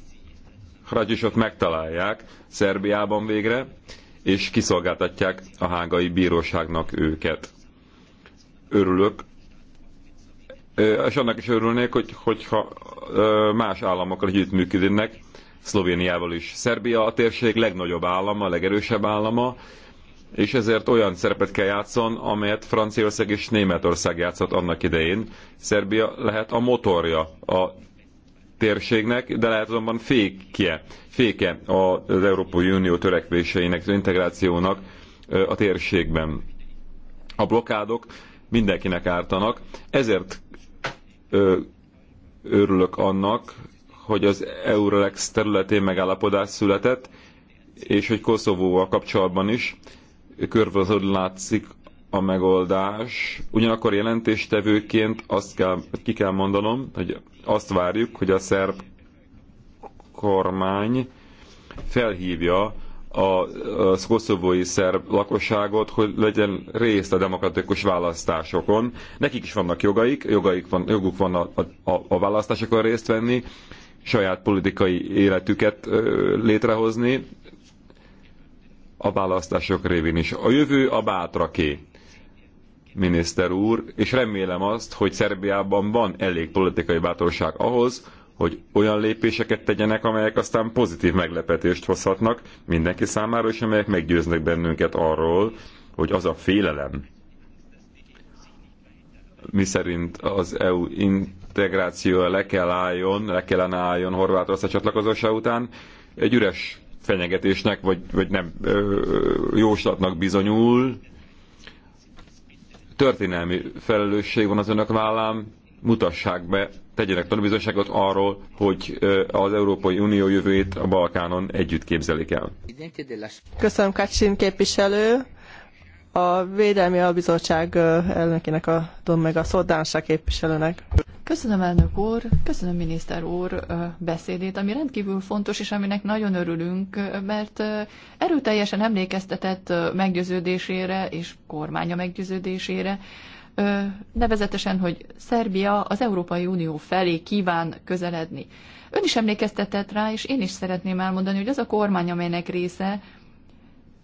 Hradicsot megtalálják Szerbiában végre, és kiszolgáltatják a hágai bíróságnak őket. Örülök, és annak is örülnék, hogy, hogyha más államokkal együttműködnek, Szlovéniával is. Szerbia a térség legnagyobb állama, a legerősebb állama, és ezért olyan szerepet kell játszon, amelyet Franciaország és Németország játszott annak idején. Szerbia lehet a motorja a térségnek, de lehet azonban fékje, féke az Európai Unió törekvéseinek, az integrációnak a térségben. A blokádok mindenkinek ártanak, ezért örülök annak, hogy az Eurolex területén megállapodás született, és hogy Koszovóval kapcsolatban is körből látszik a megoldás. Ugyanakkor jelentéstevőként azt kell, ki kell mondanom, hogy azt várjuk, hogy a szerb kormány felhívja a, a koszovói szerb lakosságot, hogy legyen részt a demokratikus választásokon. Nekik is vannak jogaik, jogaik van, joguk van a, a, a választásokon részt venni, saját politikai életüket létrehozni, a választások révén is. A jövő a bátraké, miniszter úr, és remélem azt, hogy Szerbiában van elég politikai bátorság ahhoz, hogy olyan lépéseket tegyenek, amelyek aztán pozitív meglepetést hozhatnak mindenki számára, és amelyek meggyőznek bennünket arról, hogy az a félelem, miszerint az EU integráció le kell álljon, le kellene álljon Horvátország csatlakozása után, egy üres fenyegetésnek, vagy, vagy nem jóslatnak bizonyul. Történelmi felelősség van az önök vállám, mutassák be, tegyenek tanúbizonyságot arról, hogy az Európai Unió jövőjét a Balkánon együtt képzelik el. Köszönöm, Kacsin képviselő. A Védelmi Albizottság elnökének a meg a szót képviselőnek. Köszönöm elnök úr, köszönöm miniszter úr beszédét, ami rendkívül fontos, és aminek nagyon örülünk, mert erőteljesen emlékeztetett meggyőződésére és kormánya meggyőződésére, nevezetesen, hogy Szerbia az Európai Unió felé kíván közeledni. Ön is emlékeztetett rá, és én is szeretném elmondani, hogy az a kormány, amelynek része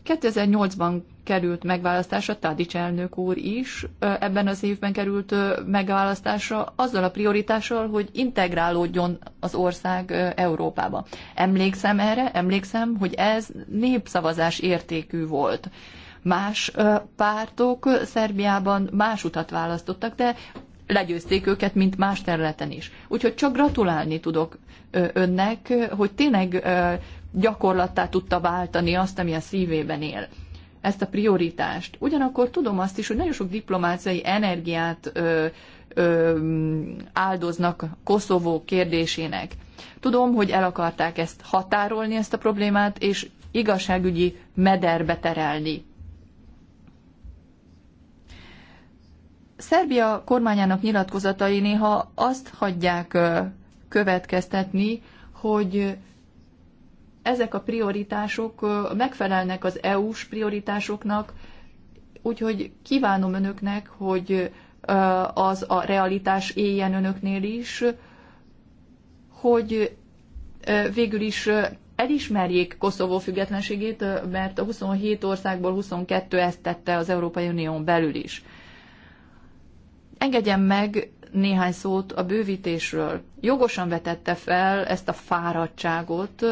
2008-ban került megválasztásra, Tadics elnök úr is ebben az évben került megválasztásra, azzal a prioritással, hogy integrálódjon az ország Európába. Emlékszem erre, emlékszem, hogy ez népszavazás értékű volt. Más pártok Szerbiában más utat választottak, de legyőzték őket, mint más területen is. Úgyhogy csak gratulálni tudok önnek, hogy tényleg gyakorlattá tudta váltani azt, ami a szívében él ezt a prioritást. Ugyanakkor tudom azt is, hogy nagyon sok diplomáciai energiát ö, ö, áldoznak Koszovó kérdésének. Tudom, hogy el akarták ezt határolni, ezt a problémát, és igazságügyi mederbe terelni. Szerbia kormányának nyilatkozatai néha azt hagyják következtetni, hogy ezek a prioritások megfelelnek az EU-s prioritásoknak, úgyhogy kívánom önöknek, hogy az a realitás éljen önöknél is, hogy végül is elismerjék Koszovó függetlenségét, mert a 27 országból 22 ezt tette az Európai Unión belül is. Engedjen meg néhány szót a bővítésről. Jogosan vetette fel ezt a fáradtságot,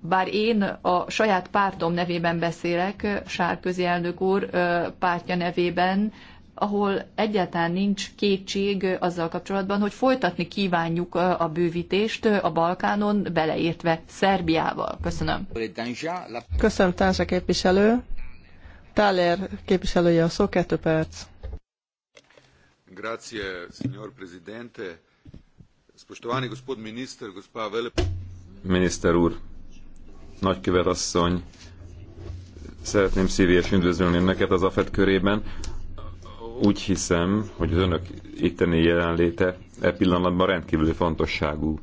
bár én a saját pártom nevében beszélek, Sárközi elnök úr pártja nevében, ahol egyáltalán nincs kétség azzal kapcsolatban, hogy folytatni kívánjuk a bővítést a Balkánon, beleértve Szerbiával. Köszönöm. Köszönöm, társa képviselő. Táler képviselője a szó, kettő perc. Grazie, signor Presidente. Spostovani gospod minister, gospa vele miniszter úr, nagykövet asszony, szeretném szívélyes üdvözölni önöket az AFET körében. Úgy hiszem, hogy az önök itteni jelenléte e pillanatban rendkívül fontosságú.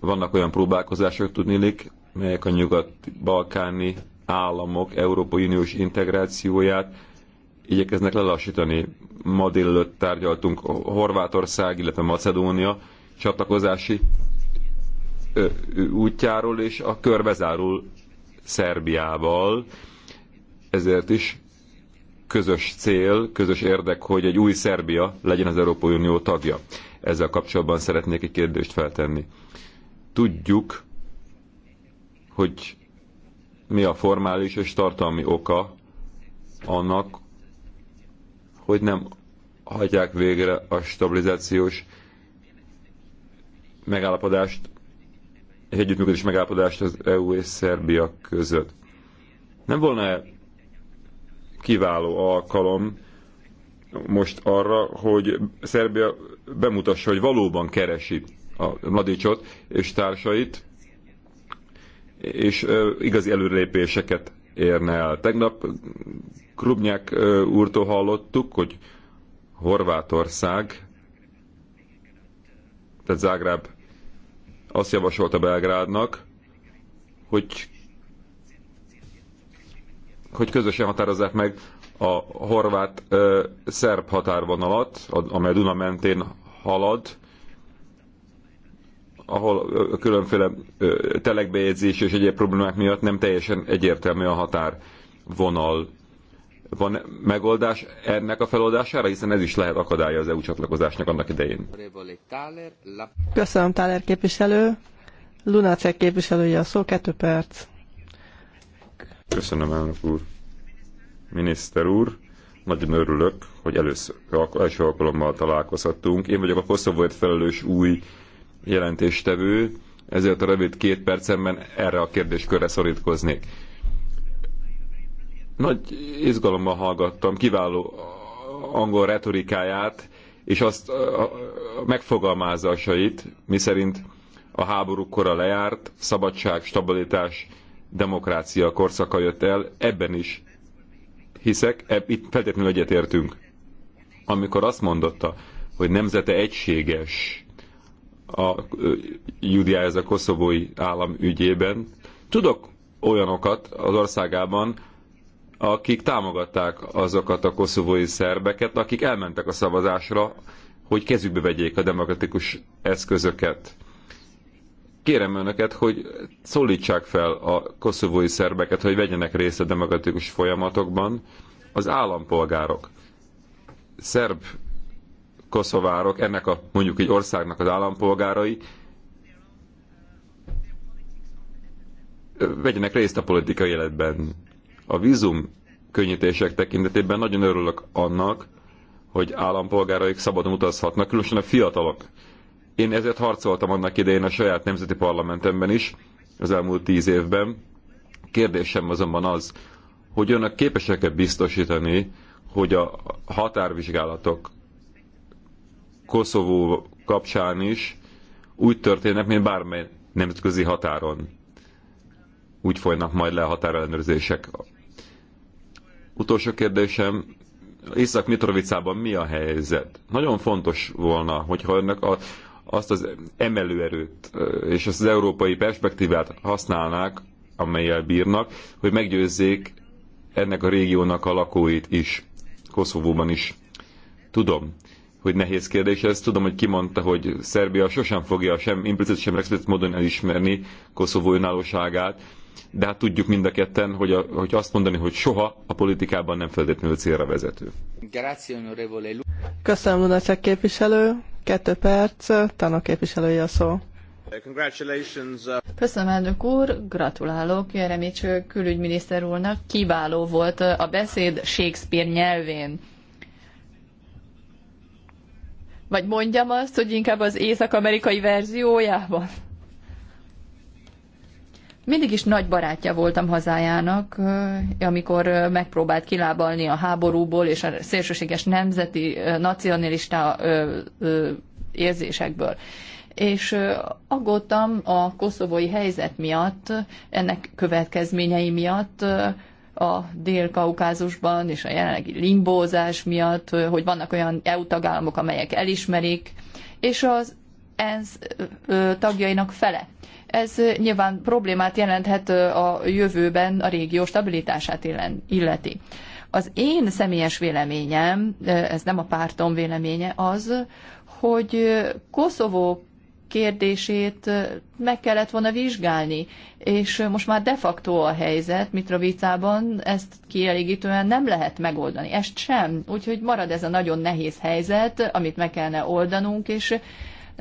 Vannak olyan próbálkozások, tudnilik, melyek a nyugat-balkáni államok Európai Uniós integrációját igyekeznek lelassítani. Ma délelőtt tárgyaltunk Horvátország, illetve Macedónia csatlakozási útjáról és a körbezárul Szerbiával. Ezért is közös cél, közös érdek, hogy egy új Szerbia legyen az Európai Unió tagja. Ezzel kapcsolatban szeretnék egy kérdést feltenni. Tudjuk, hogy mi a formális és tartalmi oka annak, hogy nem hagyják végre a stabilizációs megállapodást egy együttműködés megállapodást az EU és Szerbia között. Nem volna -e kiváló alkalom most arra, hogy Szerbia bemutassa, hogy valóban keresi a Mladicsot és társait, és igazi előrelépéseket érne el. Tegnap Krubnyák úrtól hallottuk, hogy Horvátország, tehát Zágráb azt javasolta Belgrádnak, hogy, hogy közösen határozzák meg a horvát-szerb határvonalat, amely Duna mentén halad, ahol különféle telekbejegyzés és egyéb problémák miatt nem teljesen egyértelmű a határvonal. Van megoldás ennek a feloldására, hiszen ez is lehet akadálya az EU csatlakozásnak annak idején. Köszönöm, Táler képviselő. Lunacek képviselője a szó, kettő perc. Köszönöm, elnök úr. Miniszter úr, nagyon örülök, hogy először, első alkalommal találkozhattunk. Én vagyok a Koszovóért felelős új jelentéstevő, ezért a rövid két percemben erre a kérdéskörre szorítkoznék. Nagy izgalommal hallgattam kiváló angol retorikáját, és azt megfogalmázásait, miszerint a háború kora lejárt, szabadság, stabilitás, demokrácia korszaka jött el, ebben is hiszek, eb, itt feltétlenül egyetértünk. Amikor azt mondotta, hogy nemzete egységes a Judiá, ez a koszovói állam ügyében, tudok olyanokat az országában, akik támogatták azokat a koszovói szerbeket, akik elmentek a szavazásra, hogy kezükbe vegyék a demokratikus eszközöket. Kérem önöket, hogy szólítsák fel a koszovói szerbeket, hogy vegyenek részt a demokratikus folyamatokban. Az állampolgárok, szerb koszovárok, ennek a mondjuk egy országnak az állampolgárai, vegyenek részt a politikai életben a vízum könnyítések tekintetében nagyon örülök annak, hogy állampolgáraik szabadon utazhatnak, különösen a fiatalok. Én ezért harcoltam annak idején a saját nemzeti parlamentemben is, az elmúlt tíz évben. Kérdésem azonban az, hogy önök képesek-e biztosítani, hogy a határvizsgálatok Koszovó kapcsán is úgy történnek, mint bármely nemzetközi határon. Úgy folynak majd le a határellenőrzések utolsó kérdésem, Iszak mitrovicában mi a helyzet? Nagyon fontos volna, hogyha önök a, azt az emelőerőt és azt az európai perspektívát használnák, amelyel bírnak, hogy meggyőzzék ennek a régiónak a lakóit is, Koszovóban is. Tudom, hogy nehéz kérdés ez. Tudom, hogy kimondta, hogy Szerbia sosem fogja sem implicit, sem explicit módon elismerni Koszovó önállóságát, de hát tudjuk mind a ketten, hogy, a, hogy azt mondani, hogy soha a politikában nem feltétlenül célra vezető. Köszönöm, Lunacek képviselő. Kettő perc, tanok képviselője a szó. Uh, Köszönöm, elnök úr, gratulálok Jeremics külügyminiszter úrnak. Kiváló volt a beszéd Shakespeare nyelvén. Vagy mondjam azt, hogy inkább az észak-amerikai verziójában? Mindig is nagy barátja voltam hazájának, amikor megpróbált kilábalni a háborúból és a szélsőséges nemzeti nacionalista érzésekből. És aggódtam a koszovói helyzet miatt, ennek következményei miatt, a Dél-Kaukázusban és a jelenlegi limbózás miatt, hogy vannak olyan EU tagállamok, amelyek elismerik, és az ENSZ tagjainak fele ez nyilván problémát jelenthet a jövőben a régió stabilitását illeti. Az én személyes véleményem, ez nem a pártom véleménye az, hogy Koszovó kérdését meg kellett volna vizsgálni, és most már de facto a helyzet Mitrovicában ezt kielégítően nem lehet megoldani, ezt sem. Úgyhogy marad ez a nagyon nehéz helyzet, amit meg kellene oldanunk, és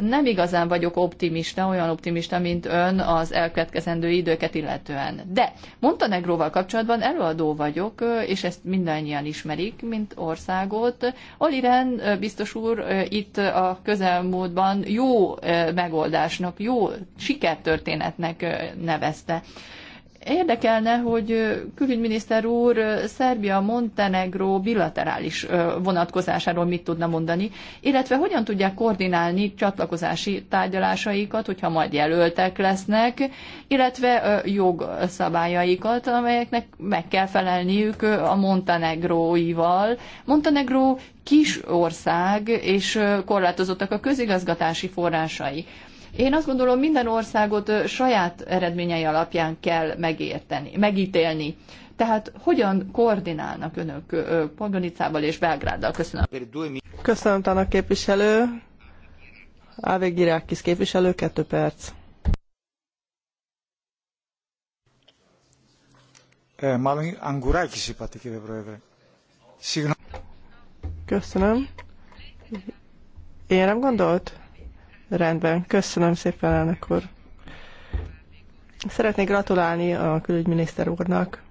nem igazán vagyok optimista, olyan optimista, mint ön az elkövetkezendő időket illetően. De Montenegróval kapcsolatban előadó vagyok, és ezt mindannyian ismerik, mint országot. Oliren biztos úr itt a közelmúltban jó megoldásnak, jó sikertörténetnek nevezte. Érdekelne, hogy külügyminiszter úr Szerbia-Montenegró bilaterális vonatkozásáról mit tudna mondani, illetve hogyan tudják koordinálni csatlakozási tárgyalásaikat, hogyha majd jelöltek lesznek, illetve jogszabályaikat, amelyeknek meg kell felelniük a Montenegróival. Montenegró kis ország, és korlátozottak a közigazgatási forrásai. Én azt gondolom, minden országot saját eredményei alapján kell megérteni, megítélni. Tehát hogyan koordinálnak önök Podgonicával és Belgráddal? Köszönöm. Köszönöm, a képviselő. Ávég Girákis képviselő, kettő perc. Köszönöm. Én nem gondolt? Rendben, köszönöm szépen, elnök úr. Szeretnék gratulálni a külügyminiszter úrnak,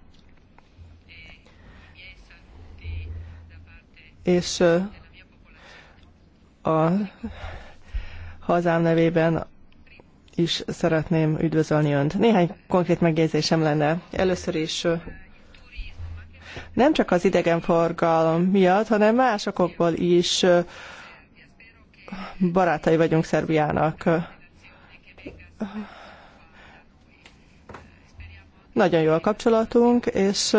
és a hazám nevében is szeretném üdvözölni Önt. Néhány konkrét megjegyzésem lenne. Először is nem csak az idegenforgalom miatt, hanem más okokból is barátai vagyunk Szerbiának. Nagyon jó a kapcsolatunk, és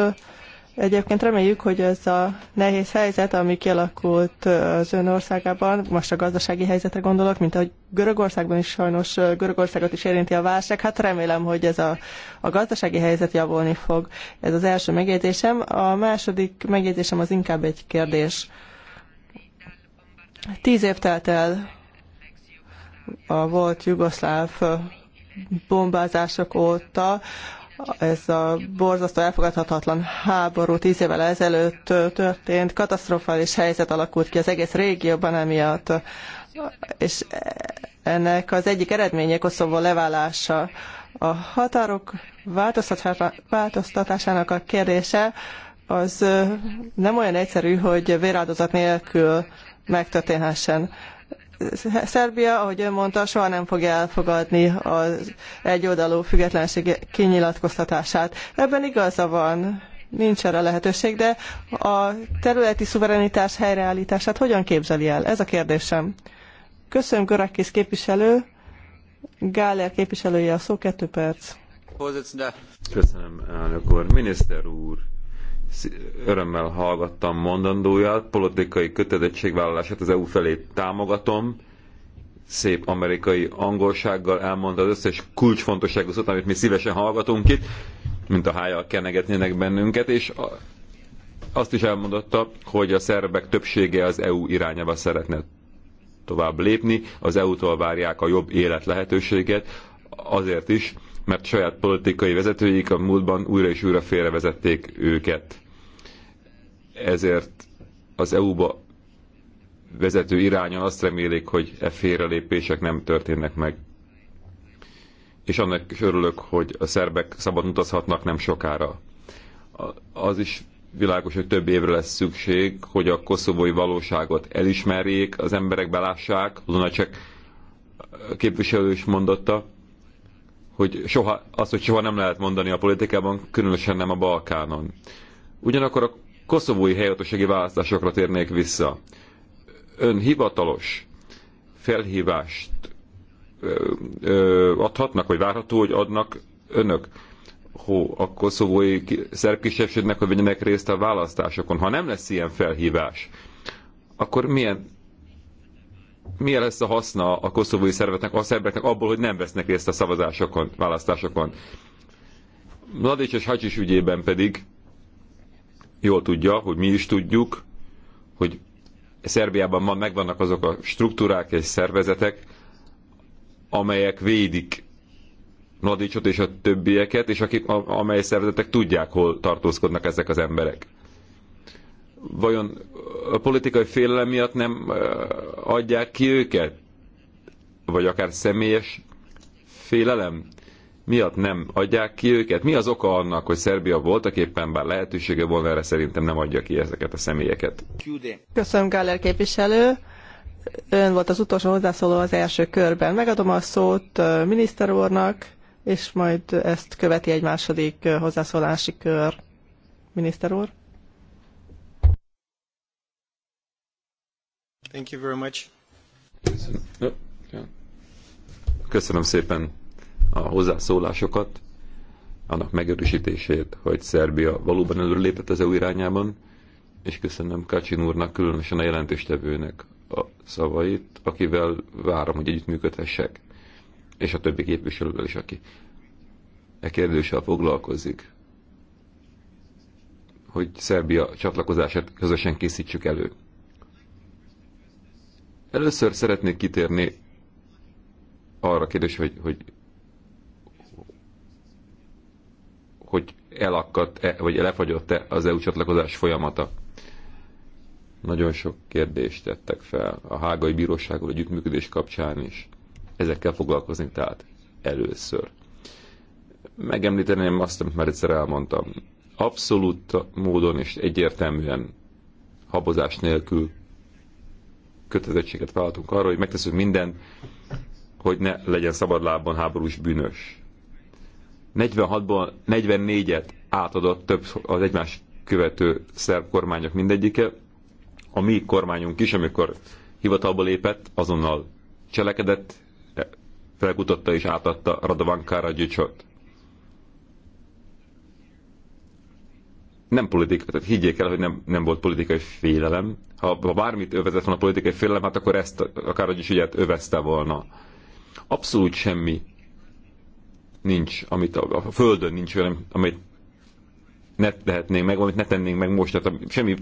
egyébként reméljük, hogy ez a nehéz helyzet, ami kialakult az ön országában, most a gazdasági helyzetre gondolok, mint ahogy Görögországban is sajnos Görögországot is érinti a válság, hát remélem, hogy ez a, a gazdasági helyzet javulni fog. Ez az első megjegyzésem. A második megjegyzésem az inkább egy kérdés. Uh, Tíz év telt el a volt jugoszláv bombázások óta, ez a borzasztó elfogadhatatlan háború tíz évvel ezelőtt történt, katasztrofális helyzet alakult ki az egész régióban emiatt, és ennek az egyik eredménye Koszovó leválása. A határok változtatásának a kérdése az nem olyan egyszerű, hogy véráldozat nélkül megtörténhessen. Szerbia, ahogy ön mondta, soha nem fogja elfogadni az egyoldalú függetlenség kinyilatkoztatását. Ebben igaza van, nincs erre lehetőség, de a területi szuverenitás helyreállítását hogyan képzeli el? Ez a kérdésem. Köszönöm, Görakis képviselő. Gáler képviselője a szó, kettő perc. Köszönöm, elnök úr. Miniszter úr, örömmel hallgattam mondandóját, politikai kötelezettségvállalását az EU felé támogatom, szép amerikai angolsággal elmondta az összes kulcsfontosságú szót, amit mi szívesen hallgatunk itt, mint a hájjal kenegetnének bennünket, és azt is elmondotta, hogy a szerbek többsége az EU irányába szeretne tovább lépni, az EU-tól várják a jobb élet lehetőséget, azért is, mert saját politikai vezetőik a múltban újra és újra félrevezették őket. Ezért az EU-ba vezető irányon azt remélik, hogy e félrelépések nem történnek meg. És annak is örülök, hogy a szerbek szabad utazhatnak nem sokára. Az is világos, hogy több évre lesz szükség, hogy a koszovói valóságot elismerjék, az emberek belássák, Lunacek képviselő is mondotta, hogy soha, azt, hogy soha nem lehet mondani a politikában, különösen nem a Balkánon. Ugyanakkor a koszovói helyhatósági választásokra térnék vissza. Ön hivatalos felhívást ö, ö, adhatnak, vagy várható, hogy adnak önök hó, a koszovói szerb kisebbségnek, hogy vegyenek részt a választásokon. Ha nem lesz ilyen felhívás, akkor milyen mi lesz a haszna a koszovói szerveknek, a szerveknek abból, hogy nem vesznek részt a szavazásokon, választásokon. Mladics és Hacsis ügyében pedig jól tudja, hogy mi is tudjuk, hogy Szerbiában ma megvannak azok a struktúrák és szervezetek, amelyek védik Mladicsot és a többieket, és akik, amely szervezetek tudják, hol tartózkodnak ezek az emberek vajon a politikai félelem miatt nem adják ki őket? Vagy akár személyes félelem miatt nem adják ki őket? Mi az oka annak, hogy Szerbia voltak éppen, bár lehetősége volna erre szerintem nem adja ki ezeket a személyeket? Köszönöm, Gáller képviselő. Ön volt az utolsó hozzászóló az első körben. Megadom a szót miniszter úrnak, és majd ezt követi egy második hozzászólási kör. Miniszter úr? Thank you very much. Köszönöm szépen a hozzászólásokat, annak megerősítését, hogy Szerbia valóban előlépett az EU irányában, és köszönöm Kacsin úrnak, különösen a jelentéstevőnek a szavait, akivel várom, hogy együttműködhessek, és a többi képviselővel is, aki e kérdéssel foglalkozik, hogy Szerbia csatlakozását közösen készítsük elő. Először szeretnék kitérni arra a kérdés, hogy, hogy, hogy elakadt-e, vagy lefagyott-e az EU csatlakozás folyamata. Nagyon sok kérdést tettek fel a hágai bíróságról együttműködés kapcsán is. Ezekkel foglalkozni tehát először. Megemlíteném azt, amit már egyszer elmondtam. Abszolút módon és egyértelműen habozás nélkül kötelezettséget vállaltunk arra, hogy megteszünk minden, hogy ne legyen szabadlábban háborús bűnös. 46-ban 44-et átadott több az egymás követő szerb kormányok mindegyike. A mi kormányunk is, amikor hivatalba lépett, azonnal cselekedett, felkutatta és átadta Radovan Karadzsicsot. Nem politika, tehát higgyék el, hogy nem, nem volt politikai félelem, ha, ha bármit övezett volna a politikai félelem, hát akkor ezt akárhogy is ügyet övezte volna. Abszolút semmi nincs, amit a, a Földön nincs olyan, amit ne tehetnénk meg, amit ne tennénk meg most, tehát semmi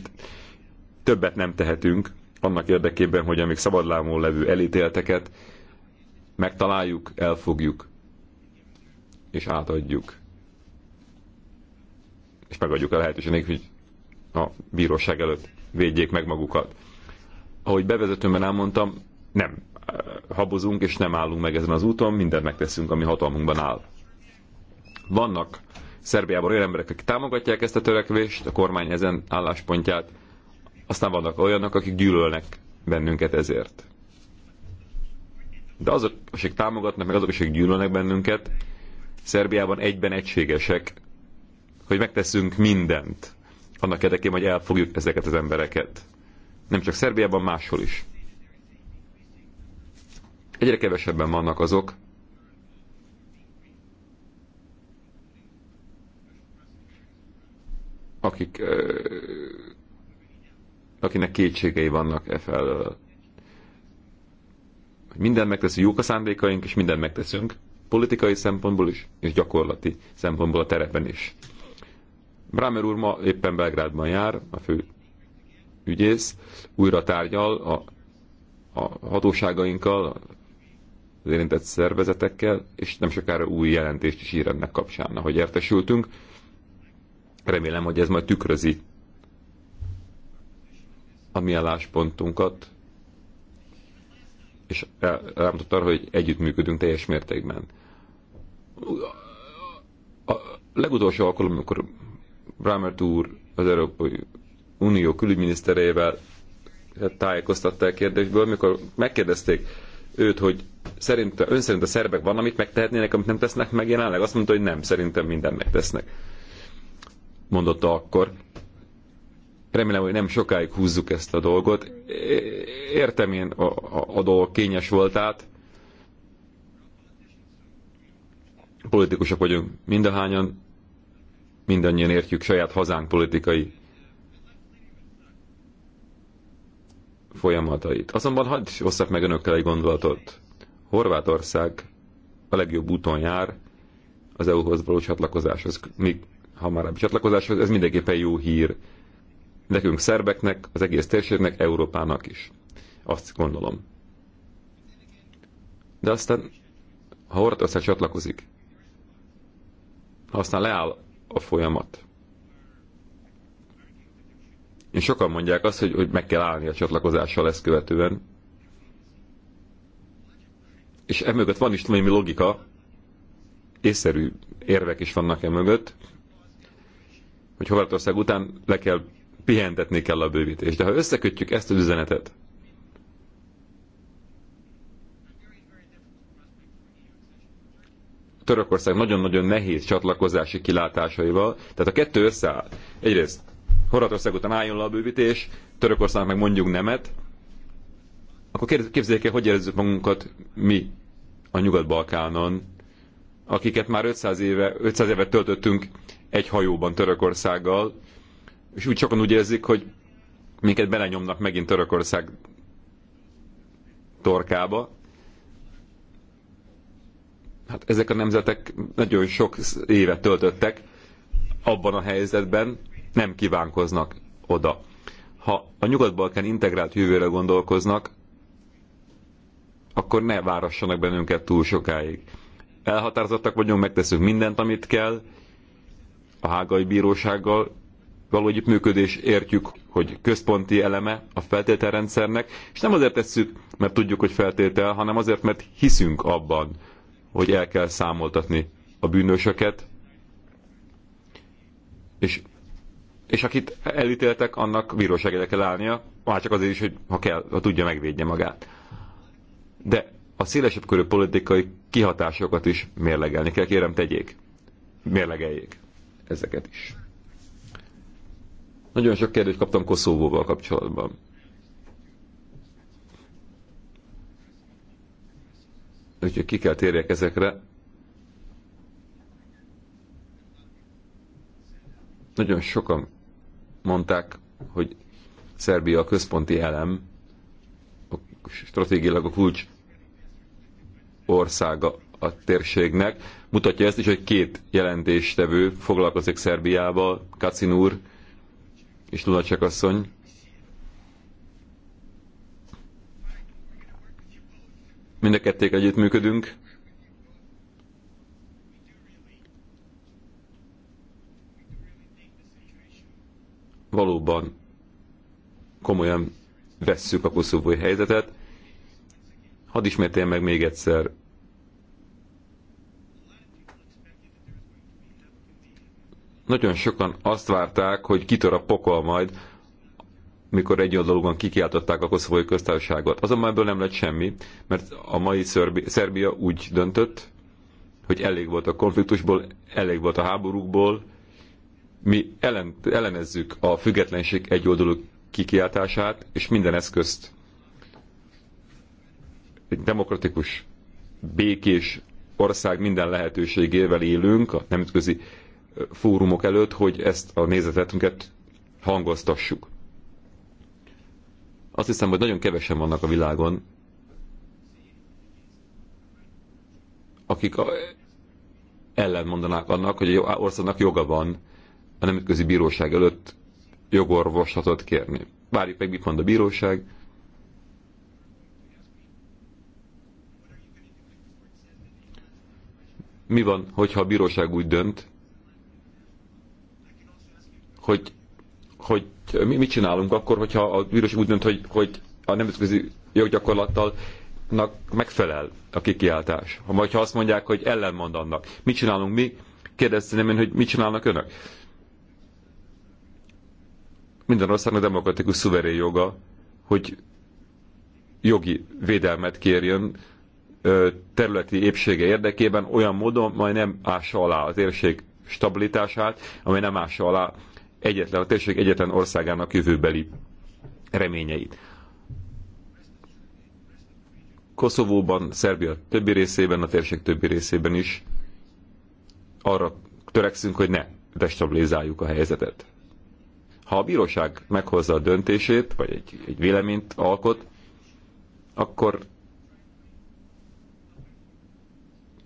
többet nem tehetünk annak érdekében, hogy amíg szabadlámon levő elítélteket megtaláljuk, elfogjuk és átadjuk. És megadjuk a lehetőségnek, hogy a bíróság előtt védjék meg magukat. Ahogy bevezetőmben elmondtam, nem eh, habozunk és nem állunk meg ezen az úton, mindent megteszünk, ami hatalmunkban áll. Vannak Szerbiában olyan emberek, akik támogatják ezt a törekvést, a kormány ezen álláspontját, aztán vannak olyanok, akik gyűlölnek bennünket ezért. De azok, akik támogatnak, meg azok, akik gyűlölnek bennünket, Szerbiában egyben egységesek, hogy megteszünk mindent annak érdekében, hogy elfogjuk ezeket az embereket. Nem csak Szerbiában, máshol is. Egyre kevesebben vannak azok, akik, akinek kétségei vannak e felől. Minden megteszünk, jók a szándékaink, és minden megteszünk, politikai szempontból is, és gyakorlati szempontból a terepen is. Brámer úr ma éppen Belgrádban jár, a fő ügyész, újra tárgyal a, a hatóságainkkal, az érintett szervezetekkel, és nem sokára új jelentést is ír ennek kapcsán, ahogy értesültünk. Remélem, hogy ez majd tükrözi a mi álláspontunkat, és elmondott arra, hogy együttműködünk teljes mértékben. A legutolsó alkalom, amikor Brámert úr az Európai Unió külügyminiszterével tájékoztatta a kérdésből, amikor megkérdezték őt, hogy szerint, ön szerint a szerbek van, amit megtehetnének, amit nem tesznek meg jelenleg? Azt mondta, hogy nem, szerintem minden megtesznek. Mondotta akkor. Remélem, hogy nem sokáig húzzuk ezt a dolgot. Értem én a, a, a dolog kényes voltát. Politikusok vagyunk mindahányan, mindannyian értjük saját hazánk politikai folyamatait. Azonban hagyd osszak meg önökkel egy gondolatot. Horvátország a legjobb úton jár az EU-hoz való csatlakozáshoz. Még hamarabb csatlakozáshoz, ez mindenképpen jó hír. Nekünk szerbeknek, az egész térségnek, Európának is. Azt gondolom. De aztán, ha Horvátország csatlakozik, ha aztán leáll a folyamat. És sokan mondják azt, hogy, hogy meg kell állni a csatlakozással ezt követően. És emögött van is némi logika, észszerű érvek is vannak emögött, hogy Horvátország után le kell, pihentetni kell a bővítést. De ha összekötjük ezt az üzenetet Törökország nagyon-nagyon nehéz csatlakozási kilátásaival, tehát a kettő összeáll. Egyrészt Horvátország után álljon le a bővítés, Törökországnak meg mondjuk nemet, akkor képzeljék el, hogy érezzük magunkat mi a Nyugat-Balkánon, akiket már 500 éve, 500 évet töltöttünk egy hajóban Törökországgal, és úgy sokan úgy érzik, hogy minket belenyomnak megint Törökország torkába, hát ezek a nemzetek nagyon sok évet töltöttek abban a helyzetben, nem kívánkoznak oda. Ha a Nyugat-Balkán integrált jövőre gondolkoznak, akkor ne várassanak bennünket túl sokáig. Elhatározottak vagyunk, megteszünk mindent, amit kell, a hágai bírósággal való együttműködés értjük, hogy központi eleme a feltételrendszernek, és nem azért tesszük, mert tudjuk, hogy feltétel, hanem azért, mert hiszünk abban, hogy el kell számoltatni a bűnösöket, és, és akit elítéltek, annak bíróságére kell állnia, már csak azért is, hogy ha kell, ha tudja, megvédje magát. De a szélesebb körű politikai kihatásokat is mérlegelni kell, kérem tegyék. Mérlegeljék ezeket is. Nagyon sok kérdést kaptam Koszovóval kapcsolatban. Úgyhogy ki kell térjek ezekre. Nagyon sokan mondták, hogy Szerbia a központi elem, a stratégiailag a kulcs országa a térségnek. Mutatja ezt is, hogy két jelentéstevő foglalkozik Szerbiával, Kacin úr és Lunacek asszony. mind a kették együttműködünk. Valóban komolyan vesszük a koszovói helyzetet. Hadd ismertél meg még egyszer. Nagyon sokan azt várták, hogy kitör a pokol majd mikor egyoldalúan kikiáltották a koszovói köztársaságot. Azonban ebből nem lett semmi, mert a mai Szerbi Szerbia úgy döntött, hogy elég volt a konfliktusból, elég volt a háborúkból, mi ellen, ellenezzük a függetlenség egyoldalú kikiáltását, és minden eszközt egy demokratikus, békés ország minden lehetőségével élünk a nemzetközi fórumok előtt, hogy ezt a nézetetünket hangoztassuk. Azt hiszem, hogy nagyon kevesen vannak a világon, akik ellen mondanák annak, hogy egy országnak joga van a nemzetközi bíróság előtt jogorvoslatot kérni. Várjuk meg, mit mond a bíróság. Mi van, hogyha a bíróság úgy dönt, hogy, hogy mit csinálunk akkor, hogyha a bírós úgy dönt, hogy, hogy a nemzetközi joggyakorlattal megfelel a kikiáltás. Vagy ha azt mondják, hogy ellenmond annak. Mit csinálunk mi? Kérdeztem én, hogy mit csinálnak önök? Minden országnak demokratikus szuverén joga, hogy jogi védelmet kérjön területi épsége érdekében olyan módon, majd nem ássa alá az érség stabilitását, amely nem ássa alá egyetlen, a térség egyetlen országának jövőbeli reményeit. Koszovóban, Szerbia többi részében, a térség többi részében is arra törekszünk, hogy ne destabilizáljuk a helyzetet. Ha a bíróság meghozza a döntését, vagy egy, egy véleményt alkot, akkor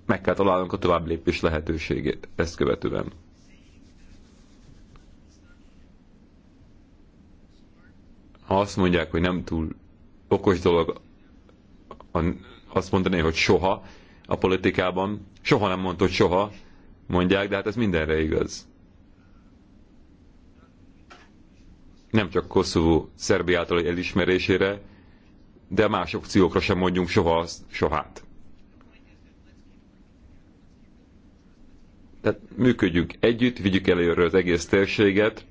meg kell találnunk a tovább lépés lehetőségét ezt követően. ha azt mondják, hogy nem túl okos dolog azt mondani, hogy soha a politikában, soha nem hogy soha, mondják, de hát ez mindenre igaz. Nem csak Koszovó Szerbiától egy elismerésére, de más opciókra sem mondjunk soha azt, sohát. Tehát működjük együtt, vigyük előre az egész térséget,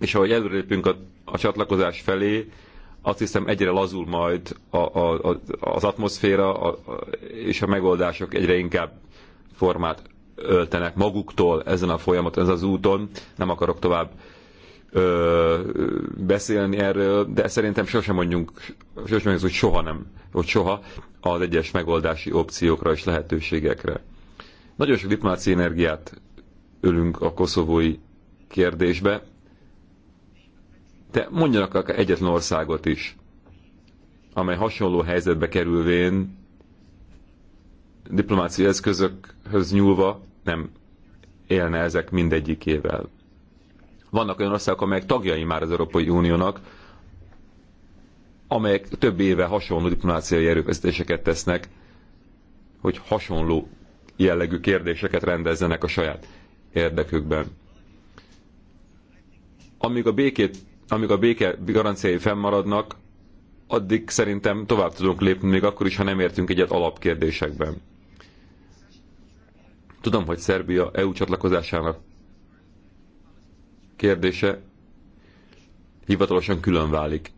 és ahogy előrépünk a a csatlakozás felé, azt hiszem egyre lazul majd a, a, a, az atmoszféra, a, a, és a megoldások egyre inkább formát öltenek maguktól ezen a folyamaton, ezen az úton. Nem akarok tovább ö, beszélni erről, de szerintem sosem mondjunk, sosem mondjuk, hogy soha nem, hogy soha az egyes megoldási opciókra és lehetőségekre. Nagyon sok diplomáciai energiát ölünk a koszovói kérdésbe, te mondjanak egyetlen országot is, amely hasonló helyzetbe kerülvén diplomáciai eszközökhöz nyúlva nem élne ezek mindegyikével. Vannak olyan országok, amelyek tagjai már az Európai Uniónak, amelyek több éve hasonló diplomáciai erőfeszítéseket tesznek, hogy hasonló jellegű kérdéseket rendezzenek a saját érdekükben. Amíg a békét amíg a béke garanciái fennmaradnak, addig szerintem tovább tudunk lépni, még akkor is, ha nem értünk egyet alapkérdésekben. Tudom, hogy Szerbia EU csatlakozásának kérdése hivatalosan külön válik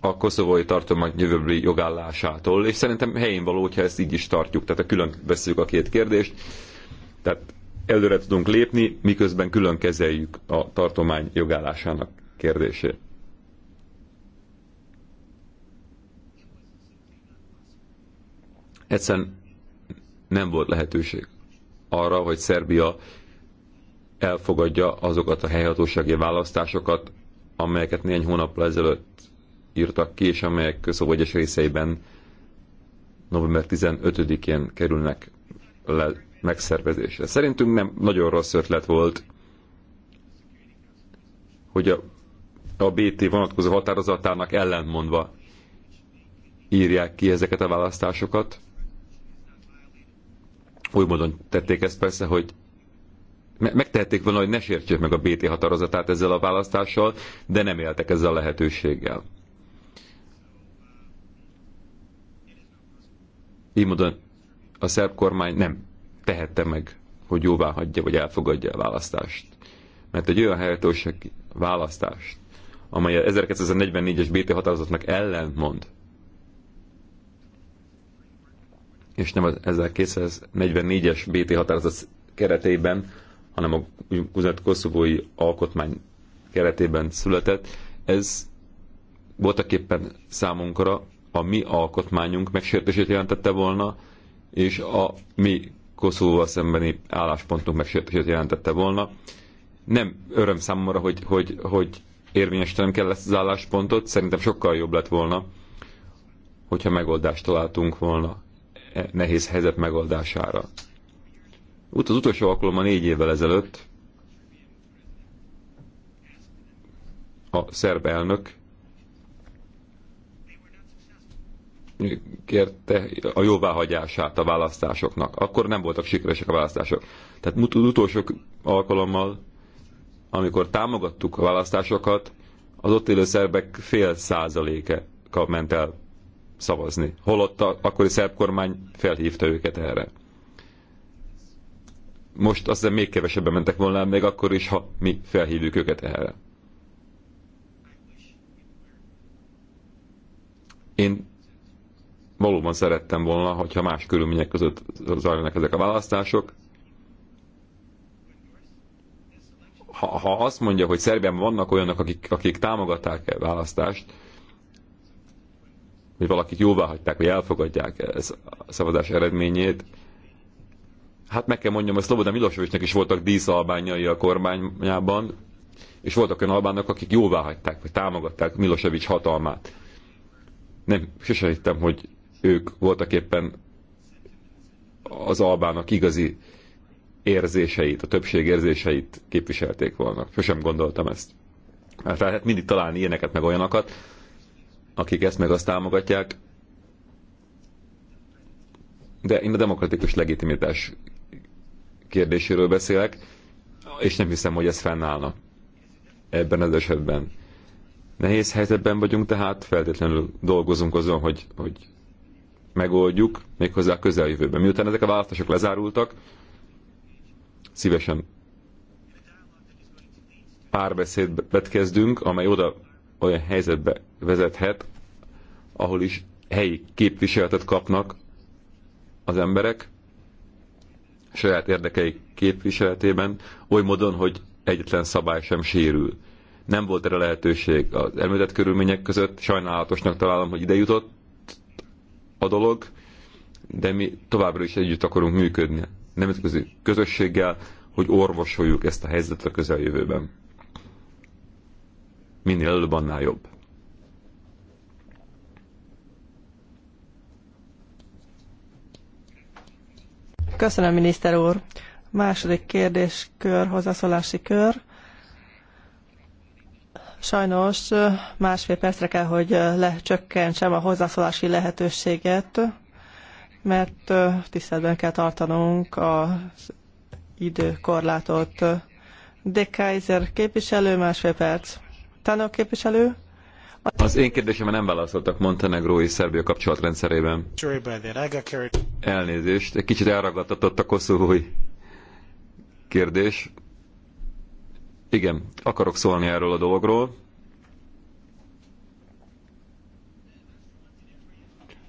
a koszovói tartomány jövőbeli jogállásától, és szerintem helyén való, hogyha ezt így is tartjuk, tehát a külön veszük a két kérdést. Tehát előre tudunk lépni, miközben külön kezeljük a tartomány jogállásának kérdését. Egyszerűen nem volt lehetőség arra, hogy Szerbia elfogadja azokat a helyhatósági választásokat, amelyeket néhány hónappal ezelőtt írtak ki, és amelyek Koszovó egyes részeiben november 15-én kerülnek le megszervezésre. Szerintünk nem nagyon rossz ötlet volt, hogy a, a BT vonatkozó határozatának ellentmondva írják ki ezeket a választásokat. Úgy módon tették ezt persze, hogy megtehették volna, hogy ne sértsék meg a BT határozatát ezzel a választással, de nem éltek ezzel a lehetőséggel. Így módon a szerb kormány nem tehette meg, hogy jóvá hagyja vagy elfogadja a választást. Mert egy olyan helyetőség választást, amely a 1944-es BT határozatnak mond, és nem az 1944-es BT határozat keretében, hanem a úgynevezett koszovói alkotmány keretében született, ez voltaképpen számunkra a mi alkotmányunk megsértését jelentette volna, és a mi Koszovóval szembeni álláspontunk megsértését jelentette volna. Nem öröm számomra, hogy, hogy, hogy érvényesítenem kell ezt az álláspontot, szerintem sokkal jobb lett volna, hogyha megoldást találtunk volna e nehéz helyzet megoldására. Út az utolsó alkalommal négy évvel ezelőtt a szerb elnök kérte a jóváhagyását a választásoknak. Akkor nem voltak sikeresek a választások. Tehát az utolsó alkalommal, amikor támogattuk a választásokat, az ott élő szerbek fél százaléke ment el szavazni. Holott a akkori szerb kormány felhívta őket erre. Most azt hiszem még kevesebben mentek volna, még akkor is, ha mi felhívjuk őket erre. Én valóban szerettem volna, hogyha más körülmények között zajlanak ezek a választások. Ha, ha azt mondja, hogy Szerbiában vannak olyanok, akik, akik támogatták -e választást, hogy valakik jóvá hagyták, vagy elfogadják ez a szavazás eredményét, hát meg kell mondjam, hogy Szlobodan Milosevicsnek is voltak díszalbányai a kormányában, és voltak olyan albánok, akik jóvá hagyták, vagy támogatták Milosevic hatalmát. Nem, sose hittem, hogy ők voltak éppen az albának igazi érzéseit, a többség érzéseit képviselték volna. Sosem gondoltam ezt. Mert lehet mindig találni ilyeneket meg olyanokat, akik ezt meg azt támogatják, de én a demokratikus legitimitás kérdéséről beszélek, és nem hiszem, hogy ez fennállna ebben az esetben. Nehéz helyzetben vagyunk, tehát feltétlenül dolgozunk azon, hogy, hogy megoldjuk méghozzá a közeljövőben. Miután ezek a választások lezárultak, szívesen párbeszédbet kezdünk, amely oda olyan helyzetbe vezethet, ahol is helyi képviseletet kapnak az emberek saját érdekei képviseletében, oly módon, hogy egyetlen szabály sem sérül. Nem volt erre lehetőség az elmélet körülmények között, sajnálatosnak találom, hogy ide jutott, a dolog, de mi továbbra is együtt akarunk működni nemzetközi közösséggel, hogy orvosoljuk ezt a helyzetet a közeljövőben. Minél előbb, annál jobb. Köszönöm, miniszter úr. Második kérdéskör, hozzászólási kör. Sajnos másfél percre kell, hogy lecsökkentsem a hozzászólási lehetőséget, mert tiszteletben kell tartanunk az időkorlátot. De Kaiser képviselő, másfél perc. Tanok képviselő? Az én kérdésemre nem válaszoltak Montenegrói Szerbia kapcsolatrendszerében. Elnézést, egy kicsit elragadtatott a koszovói kérdés. Igen, akarok szólni erről a dologról.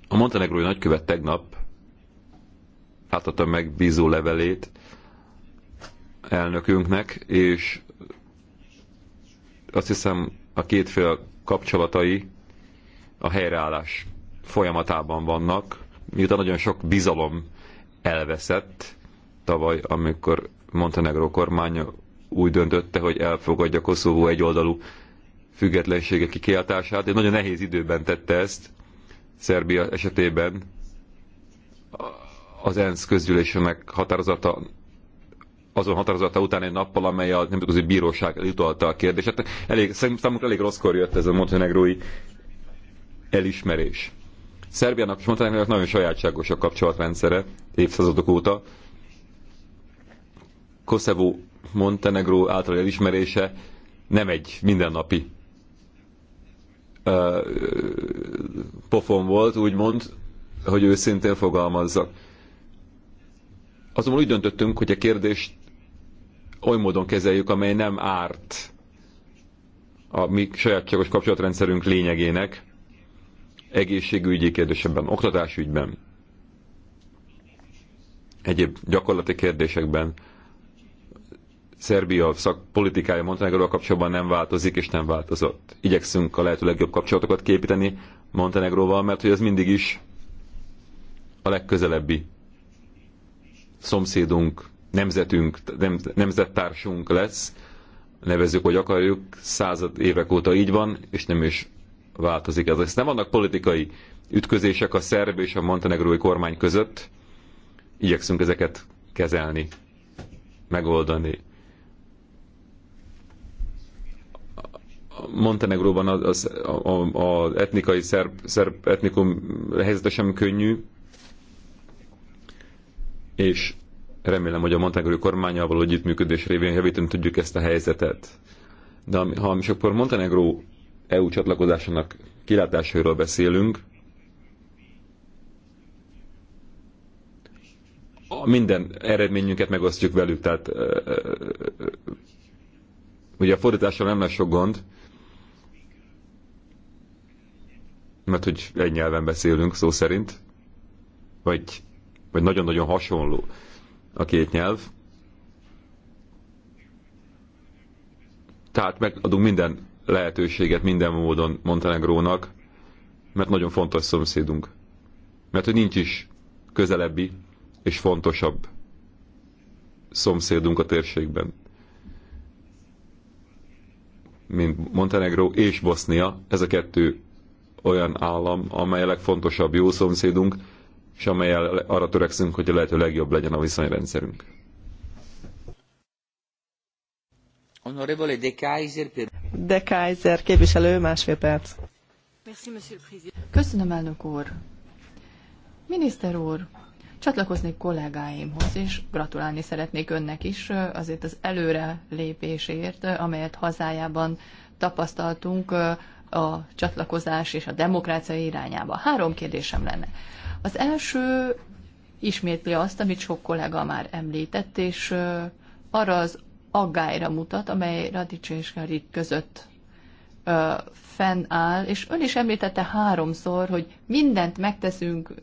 A montenegrói nagykövet tegnap átadta bízó levelét elnökünknek, és azt hiszem a két fél kapcsolatai a helyreállás folyamatában vannak, miután nagyon sok bizalom elveszett tavaly, amikor Montenegro kormánya úgy döntötte, hogy elfogadja Koszovó egyoldalú függetlensége kikiáltását. Egy nagyon nehéz időben tette ezt, Szerbia esetében az ENSZ közgyűlésének határozata azon határozata után egy nappal, amely a nemzetközi bíróság elutalta a kérdést. Hát elég, számunkra elég rosszkor jött ez a montenegrói elismerés. Szerbiának és Montenegrónak nagyon sajátságos a kapcsolatrendszere évszázadok óta. Koszovó Montenegró által elismerése nem egy mindennapi uh, pofon volt, úgymond, hogy őszintén fogalmazzak. Azonban úgy döntöttünk, hogy a kérdést oly módon kezeljük, amely nem árt a mi sajátságos kapcsolatrendszerünk lényegének, egészségügyi kérdésekben, oktatásügyben, egyéb gyakorlati kérdésekben, Szerbia szakpolitikája Montenegróval kapcsolatban nem változik és nem változott. Igyekszünk a lehető legjobb kapcsolatokat képíteni Montenegróval, mert hogy ez mindig is a legközelebbi szomszédunk, nemzetünk, nem, nemzettársunk lesz, nevezzük, hogy akarjuk, század évek óta így van, és nem is változik ez. Ezt nem vannak politikai ütközések a szerb és a montenegrói kormány között, igyekszünk ezeket kezelni, megoldani Montenegróban az, az a, a etnikai szerb, szerb etnikum helyzete sem könnyű, és remélem, hogy a montenegrói kormányával való együttműködés révén javítani tudjuk ezt a helyzetet. De ha akkor Montenegró EU csatlakozásának kilátásairól beszélünk, minden eredményünket megosztjuk velük, tehát ugye a fordítással nem lesz sok gond, mert hogy egy nyelven beszélünk szó szerint, vagy, vagy nagyon-nagyon hasonló a két nyelv. Tehát megadunk minden lehetőséget minden módon Montenegrónak, mert nagyon fontos szomszédunk. Mert hogy nincs is közelebbi és fontosabb szomszédunk a térségben, mint Montenegró és Bosznia, ez a kettő olyan állam, amely a legfontosabb jó szomszédunk, és amelyel arra törekszünk, hogy a lehető legjobb legyen a viszonyrendszerünk. Honorable De Kaiser, De Kaiser képviselő, másfél perc. Köszönöm, elnök úr. Miniszter úr, csatlakoznék kollégáimhoz, és gratulálni szeretnék önnek is azért az előre lépésért, amelyet hazájában tapasztaltunk a csatlakozás és a demokrácia irányába. Három kérdésem lenne. Az első ismétli azt, amit sok kollega már említett, és arra az aggályra mutat, amely Radics és Garit között fennáll, és ön is említette háromszor, hogy mindent megteszünk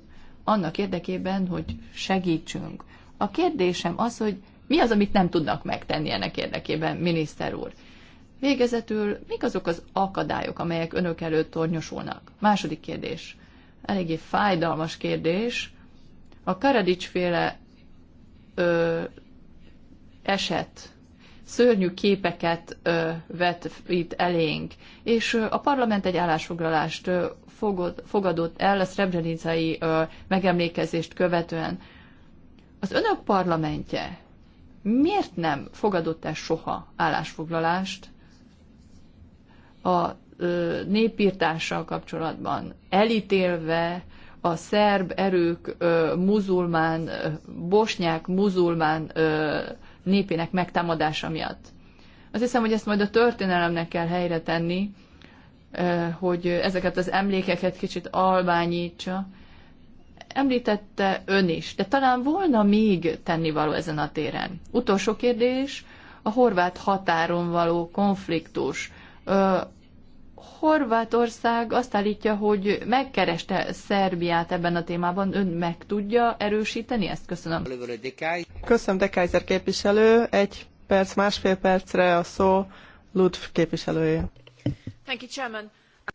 annak érdekében, hogy segítsünk. A kérdésem az, hogy mi az, amit nem tudnak megtenni ennek érdekében, miniszter úr? Végezetül, mik azok az akadályok, amelyek önök előtt tornyosulnak? Második kérdés. Eléggé fájdalmas kérdés. A féle ö, eset szörnyű képeket ö, vet itt elénk, és ö, a parlament egy állásfoglalást ö, fogod, fogadott el a szrebrenicai ö, megemlékezést követően. Az önök parlamentje miért nem fogadott el soha állásfoglalást a népírtással kapcsolatban, elítélve a szerb erők muzulmán, bosnyák muzulmán népének megtámadása miatt. Azt hiszem, hogy ezt majd a történelemnek kell helyre tenni, hogy ezeket az emlékeket kicsit albányítsa. Említette ön is, de talán volna még tennivaló ezen a téren. Utolsó kérdés, a horvát határon való konfliktus. Horvátország azt állítja, hogy megkereste Szerbiát ebben a témában. Ön meg tudja erősíteni ezt? Köszönöm. Köszönöm, de Kaiser képviselő. Egy perc, másfél percre a szó Ludv képviselője. Thank you, Chairman.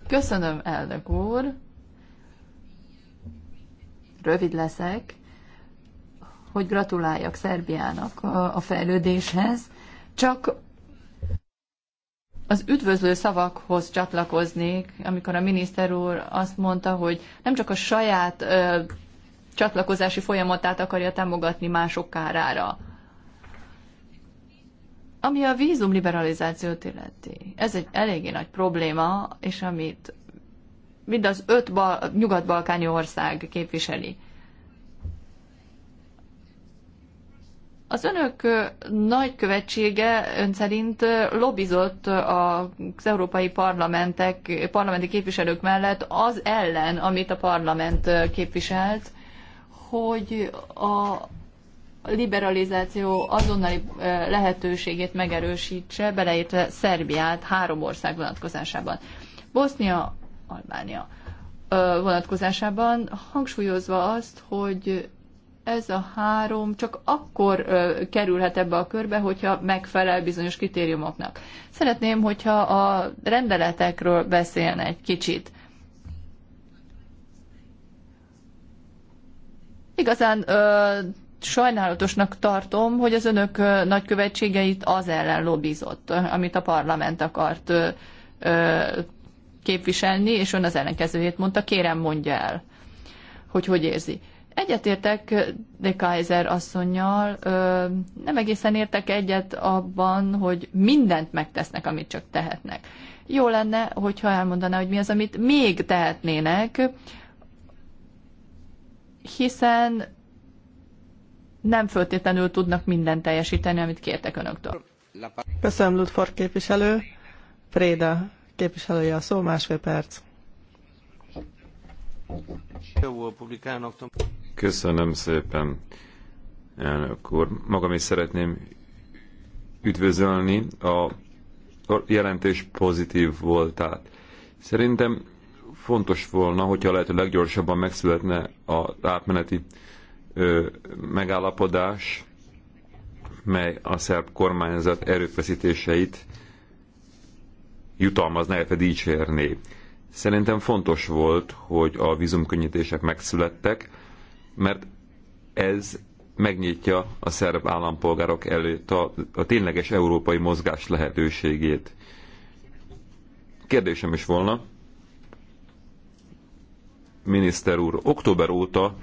Köszönöm, elnök úr. Rövid leszek, hogy gratuláljak Szerbiának a fejlődéshez. Csak az üdvözlő szavakhoz csatlakoznék, amikor a miniszter úr azt mondta, hogy nem csak a saját ö, csatlakozási folyamatát akarja támogatni mások kárára. Ami a vízum liberalizációt illeti, ez egy eléggé nagy probléma, és amit mind az öt bal, nyugat-balkáni ország képviseli. Az önök nagykövetsége ön szerint lobbizott az európai parlamentek, parlamenti képviselők mellett az ellen, amit a parlament képviselt, hogy a liberalizáció azonnali lehetőségét megerősítse, beleértve Szerbiát három ország vonatkozásában. Bosznia, Albánia vonatkozásában, hangsúlyozva azt, hogy ez a három csak akkor ö, kerülhet ebbe a körbe, hogyha megfelel bizonyos kritériumoknak. Szeretném, hogyha a rendeletekről beszélne egy kicsit. Igazán ö, sajnálatosnak tartom, hogy az önök ö, nagykövetségeit az ellen lobbizott, amit a parlament akart ö, ö, képviselni, és ön az ellenkezőjét mondta, kérem mondja el, hogy hogy érzi. Ö, Egyetértek de Kaiser asszonynal, nem egészen értek egyet abban, hogy mindent megtesznek, amit csak tehetnek. Jó lenne, hogyha elmondaná, hogy mi az, amit még tehetnének, hiszen nem föltétlenül tudnak mindent teljesíteni, amit kértek önöktől. Köszönöm, Ludford képviselő. Préda képviselője a szó, másfél perc. Köszönöm szépen, elnök úr. Magam is szeretném üdvözölni a jelentés pozitív voltát. Szerintem fontos volna, hogyha lehető leggyorsabban megszületne az átmeneti ö, megállapodás, mely a szerb kormányzat erőfeszítéseit jutalmazná, illetve dicsérné. Szerintem fontos volt, hogy a vízumkönnyítések megszülettek, mert ez megnyitja a szerb állampolgárok előtt a, a tényleges európai mozgás lehetőségét. Kérdésem is volna, miniszter úr, október óta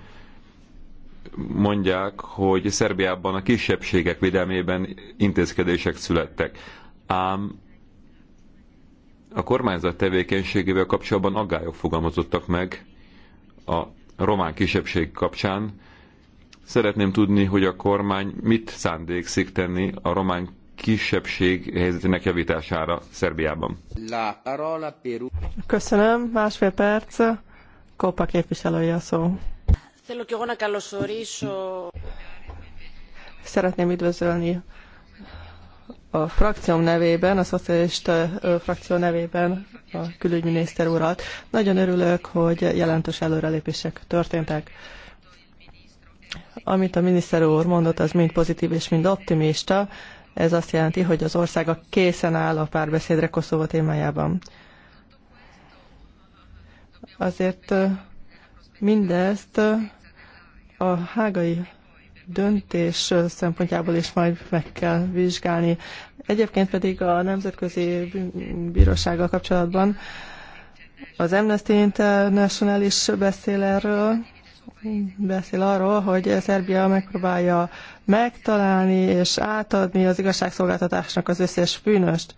mondják, hogy Szerbiában a kisebbségek védelmében intézkedések születtek. Ám a kormányzat tevékenységével kapcsolatban aggályok fogalmazottak meg a román kisebbség kapcsán. Szeretném tudni, hogy a kormány mit szándékszik tenni a román kisebbség helyzetének javítására Szerbiában. Köszönöm, másfél perc. Kópa képviselője a szó. Szeretném üdvözölni a frakcióm nevében, a szocialista frakció nevében a külügyminiszter urat. Nagyon örülök, hogy jelentős előrelépések történtek. Amit a miniszter úr mondott, az mind pozitív és mind optimista. Ez azt jelenti, hogy az országa készen áll a párbeszédre Koszovó témájában. Azért mindezt a hágai döntés szempontjából is majd meg kell vizsgálni. Egyébként pedig a Nemzetközi Bírósággal kapcsolatban az Amnesty International is beszél erről, beszél arról, hogy Szerbia megpróbálja megtalálni és átadni az igazságszolgáltatásnak az összes bűnöst.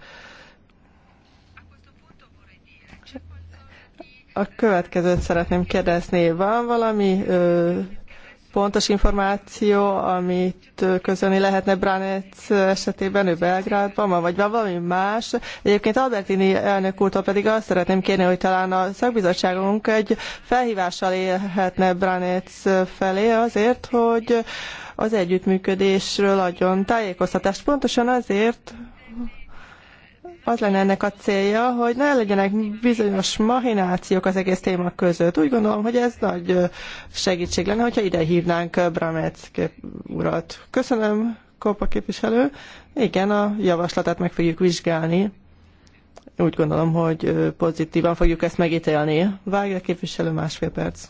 A következőt szeretném kérdezni. Van valami ö, pontos információ, amit közölni lehetne Branec esetében, ő Belgrádban van, vagy van valami más. Egyébként Albertini elnök úrtól pedig azt szeretném kérni, hogy talán a szakbizottságunk egy felhívással élhetne Branec felé azért, hogy az együttműködésről adjon tájékoztatást. Pontosan azért, az lenne ennek a célja, hogy ne legyenek bizonyos mahinációk az egész téma között. Úgy gondolom, hogy ez nagy segítség lenne, hogyha ide hívnánk Bramec urat. Köszönöm, Kopa képviselő. Igen, a javaslatát meg fogjuk vizsgálni. Úgy gondolom, hogy pozitívan fogjuk ezt megítélni. Vágja képviselő másfél perc.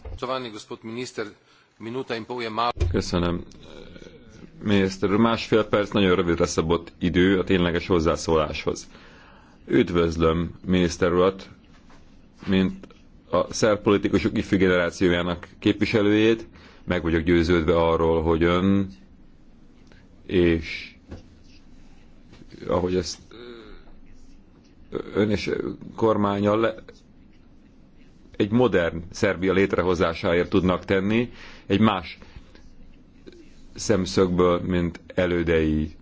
Köszönöm miniszter úr, másfél perc nagyon rövidre szabott idő a tényleges hozzászóláshoz. Üdvözlöm miniszter urat, mint a szerb politikusok ifjú generációjának képviselőjét. Meg vagyok győződve arról, hogy ön és ahogy ezt ön és kormánya le, egy modern Szerbia létrehozásáért tudnak tenni, egy más szemszögből, mint elődei.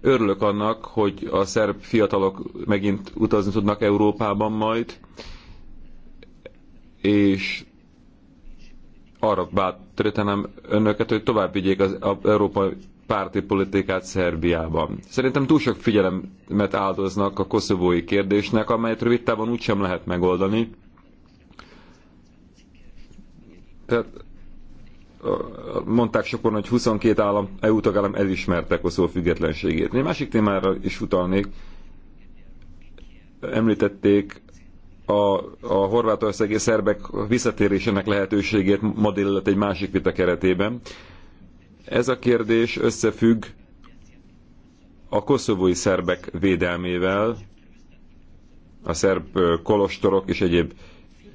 Örülök annak, hogy a szerb fiatalok megint utazni tudnak Európában majd, és arra bátorítanám önöket, hogy tovább vigyék az európai párti politikát Szerbiában. Szerintem túl sok figyelemet áldoznak a koszovói kérdésnek, amelyet rövid távon úgysem lehet megoldani. Tehát mondták sokan, hogy 22 állam, EU tagállam elismerte Koszovó függetlenségét. Egy másik témára is utalnék. Említették a, a horvátországi szerbek visszatérésének lehetőségét ma délelőtt egy másik vita keretében. Ez a kérdés összefügg a koszovói szerbek védelmével, a szerb kolostorok és egyéb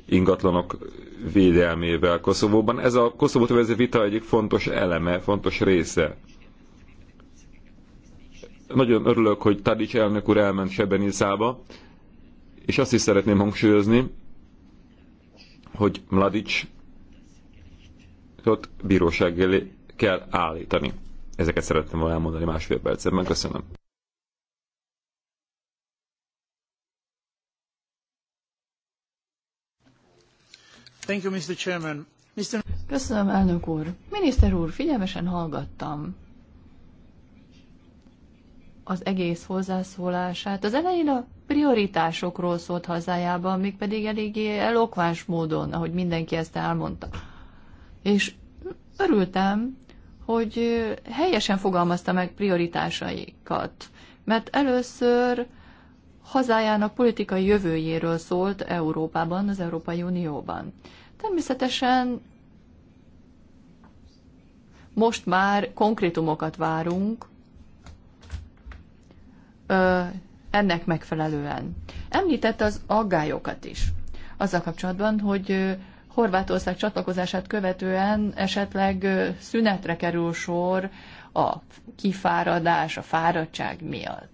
ingatlanok védelmével Koszovóban. Ez a koszovó övező vita egyik fontos eleme, fontos része. Nagyon örülök, hogy Tadic elnök úr elment Sebenizába, és azt is szeretném hangsúlyozni, hogy Mladic ott bíróság elé kell állítani. Ezeket szerettem volna elmondani másfél percben. Köszönöm. Köszönöm, elnök úr. Miniszter úr, figyelmesen hallgattam az egész hozzászólását. Az elején a prioritásokról szólt hazájában, még pedig eléggé elokvás módon, ahogy mindenki ezt elmondta. És örültem, hogy helyesen fogalmazta meg prioritásaikat, mert először hazájának politikai jövőjéről szólt Európában, az Európai Unióban. Természetesen most már konkrétumokat várunk ö, ennek megfelelően. Említette az aggályokat is. Azzal kapcsolatban, hogy Horvátország csatlakozását követően esetleg szünetre kerül sor a kifáradás, a fáradtság miatt.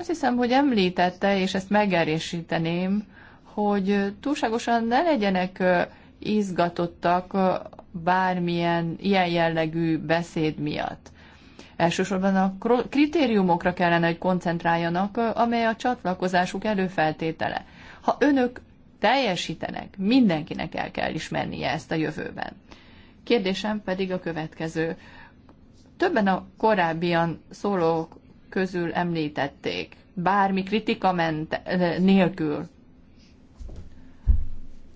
Azt hiszem, hogy említette, és ezt megerősíteném, hogy túlságosan ne legyenek izgatottak bármilyen ilyen jellegű beszéd miatt. Elsősorban a kritériumokra kellene, hogy koncentráljanak, amely a csatlakozásuk előfeltétele. Ha önök teljesítenek, mindenkinek el kell ismernie ezt a jövőben. Kérdésem pedig a következő. Többen a korábbian szólók közül említették, bármi kritika ment, eh, nélkül.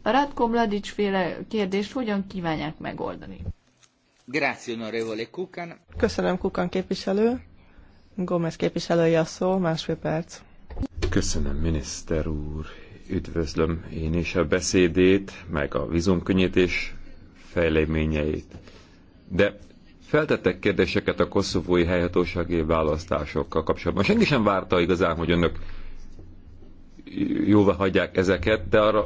A Radko Mladic féle kérdést hogyan kívánják megoldani? onorevole Kukan. Köszönöm, Kukan képviselő. Gomez képviselője a szó, másfél perc. Köszönöm, miniszter úr. Üdvözlöm én is a beszédét, meg a vízumkönnyítés fejleményeit. De Feltettek kérdéseket a koszovói helyhatósági választásokkal kapcsolatban. Senki sem várta igazán, hogy önök jóvá hagyják ezeket, de arra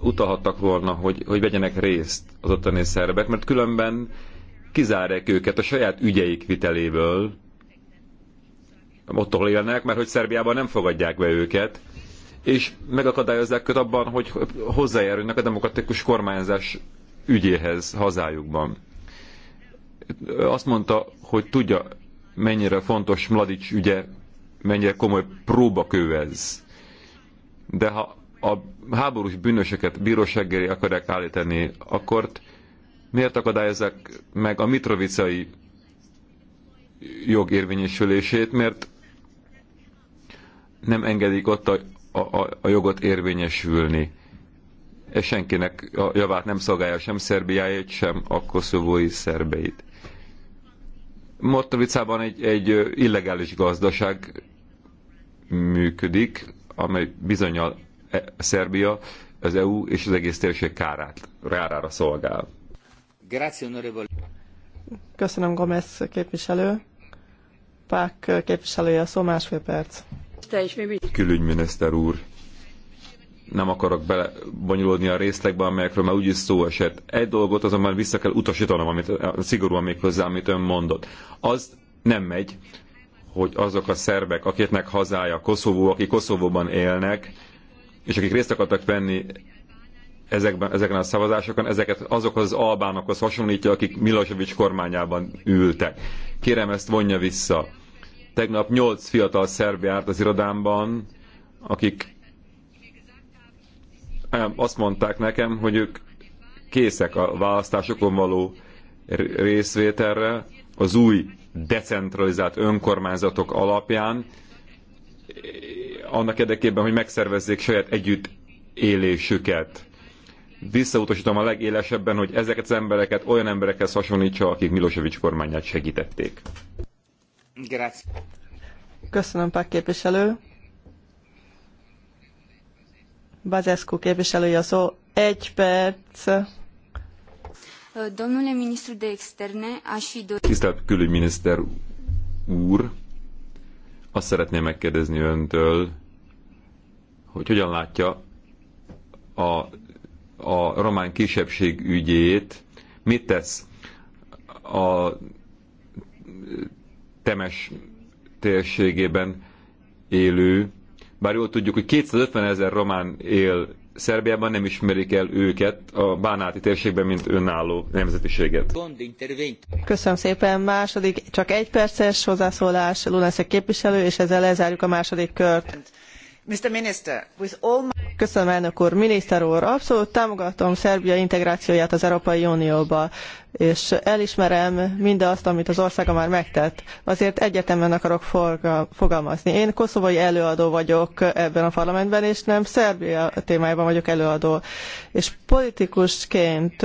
utalhattak volna, hogy, hogy vegyenek részt az ottani szerbek, mert különben kizárják őket a saját ügyeik viteléből, ott élnek, mert hogy Szerbiában nem fogadják be őket, és megakadályozzák őket abban, hogy hozzájárulnak a demokratikus kormányzás ügyéhez hazájukban azt mondta, hogy tudja, mennyire fontos Mladics ügye, mennyire komoly ez. De ha a háborús bűnösöket bíróságéri akarják állítani, akkor miért akadályozzák meg a mitrovicai jog érvényesülését, mert nem engedik ott a, a, a jogot érvényesülni. És senkinek a javát nem szolgálja sem Szerbiáit, sem a koszovói szerbeit. Mortovicában egy, egy illegális gazdaság működik, amely bizonyal e, Szerbia, az EU és az egész térség kárát, rárára szolgál. Köszönöm, Gomez képviselő. Pák képviselője a szó, másfél perc. Külügyminiszter úr, nem akarok belebonyolódni a részlegbe, amelyekről már úgyis szó esett. Egy dolgot azonban vissza kell utasítanom, amit eh, szigorúan még hozzá, amit ön mondott. Az nem megy, hogy azok a szerbek, akiknek hazája Koszovó, akik Koszovóban élnek, és akik részt akartak venni ezekben, ezeken a szavazásokon, ezeket azokhoz az albánokhoz hasonlítja, akik Milosevic kormányában ültek. Kérem, ezt vonja vissza. Tegnap nyolc fiatal szerb járt az irodámban, akik azt mondták nekem, hogy ők készek a választásokon való részvételre az új decentralizált önkormányzatok alapján, annak érdekében, hogy megszervezzék saját együttélésüket. Visszautasítom a legélesebben, hogy ezeket az embereket olyan emberekhez hasonlítsa, akik Milosevic kormányát segítették. Köszönöm, Pák képviselő. Bazescu képviselője a szó. Egy perc. Domnule ministru de externe, aș fi Tisztelt külügyminiszter úr, azt szeretném megkérdezni öntől, hogy hogyan látja a, a román kisebbség ügyét, mit tesz a temes térségében élő bár jól tudjuk, hogy 250 ezer román él Szerbiában, nem ismerik el őket a bánáti térségben, mint önálló nemzetiséget. Köszönöm szépen. Második, csak egy perces hozzászólás, Lunászek képviselő, és ezzel lezárjuk a második kört. Köszönöm, elnök úr. Miniszter úr, abszolút támogatom Szerbia integrációját az Európai Unióba, és elismerem mindazt, amit az országa már megtett. Azért egyetemben akarok fogalmazni. Én koszovai előadó vagyok ebben a parlamentben, és nem Szerbia témájában vagyok előadó. És politikusként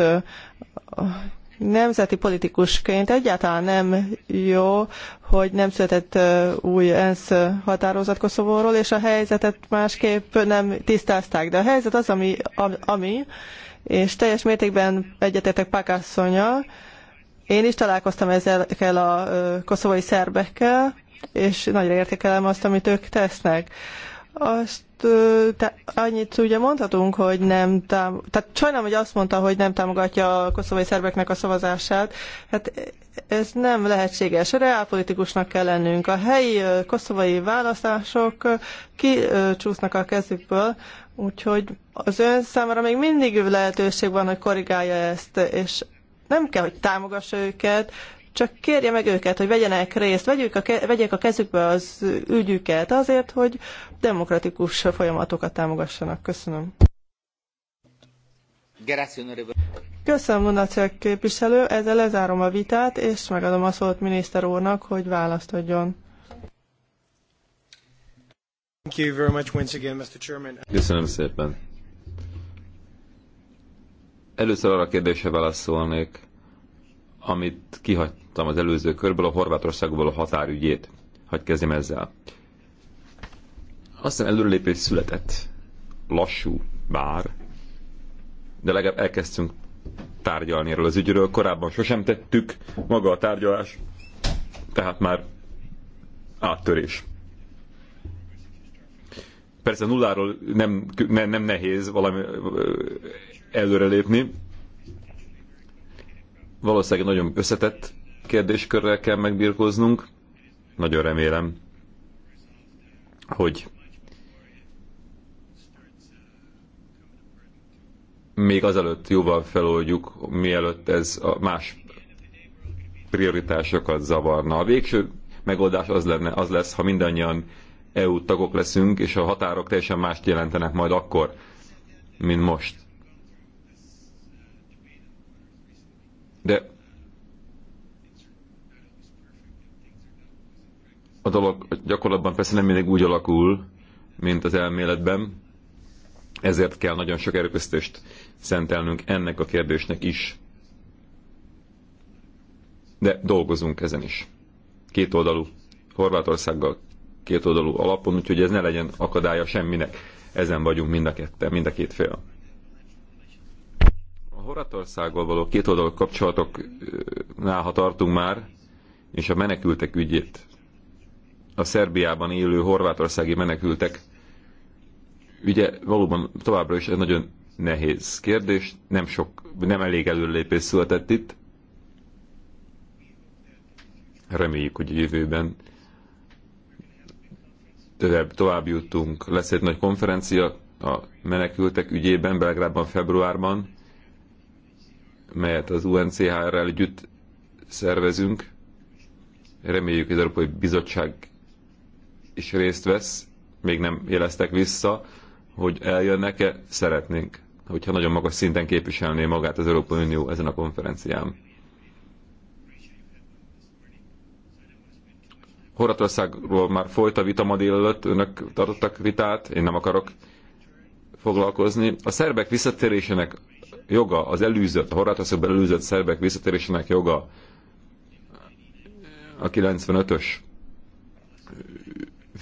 nemzeti politikusként egyáltalán nem jó, hogy nem született új ENSZ határozat Koszovóról, és a helyzetet másképp nem tisztázták. De a helyzet az, ami, ami és teljes mértékben egyetértek Pákásszonya, én is találkoztam ezekkel a koszovai szerbekkel, és nagyra értékelem azt, amit ők tesznek. Azt annyit ugye mondhatunk, hogy nem tám- tehát sajnálom, hogy azt mondta, hogy nem támogatja a koszovai szerbeknek a szavazását. Hát ez nem lehetséges. Reálpolitikusnak kell lennünk. A helyi koszovai választások kicsúsznak a kezükből, úgyhogy az ön számára még mindig lehetőség van, hogy korrigálja ezt, és nem kell, hogy támogassa őket, csak kérje meg őket, hogy vegyenek részt, vegyük a, vegyék a kezükbe az ügyüket azért, hogy demokratikus folyamatokat támogassanak. Köszönöm. Köszönöm, Munacek képviselő. Ezzel lezárom a vitát, és megadom a szót miniszter úrnak, hogy választodjon. Köszönöm szépen. Először arra a kérdésre válaszolnék, amit kihagy, hallottam az előző körből, a Horvátországból a határügyét. Hagy kezdjem ezzel. Aztán előrelépés született. Lassú, bár. De legalább elkezdtünk tárgyalni erről az ügyről. Korábban sosem tettük maga a tárgyalás, tehát már áttörés. Persze nulláról nem, nem, nem nehéz valami előrelépni. Valószínűleg nagyon összetett kérdéskörrel kell megbirkóznunk. Nagyon remélem, hogy még azelőtt jóval feloldjuk, mielőtt ez a más prioritásokat zavarna. A végső megoldás az, lenne, az lesz, ha mindannyian EU tagok leszünk, és a határok teljesen mást jelentenek majd akkor, mint most. A dolog gyakorlatban persze nem mindig úgy alakul, mint az elméletben, ezért kell nagyon sok erőfeszítést szentelnünk ennek a kérdésnek is. De dolgozunk ezen is. Kétoldalú. Horvátországgal kétoldalú alapon, úgyhogy ez ne legyen akadálya semminek. Ezen vagyunk mind a ketten, mind a két fél. A Horvátországgal való kétoldalú kapcsolatoknál, ha tartunk már, és a menekültek ügyét a Szerbiában élő horvátországi menekültek ugye valóban továbbra is egy nagyon nehéz kérdés, nem sok, nem elég előlépés született itt. Reméljük, hogy a jövőben tovább, tovább jutunk. Lesz egy nagy konferencia a menekültek ügyében Belgrádban februárban, melyet az UNCHR-rel együtt szervezünk. Reméljük, hogy az Európai Bizottság is részt vesz, még nem jeleztek vissza, hogy eljönnek-e, szeretnénk, hogyha nagyon magas szinten képviselné magát az Európai Unió ezen a konferencián. Horatországról már folyt a vita ma délelőtt, önök tartottak vitát, én nem akarok foglalkozni. A szerbek visszatérésének joga, az előzött, a Horatországban előzött szerbek visszatérésének joga a 95-ös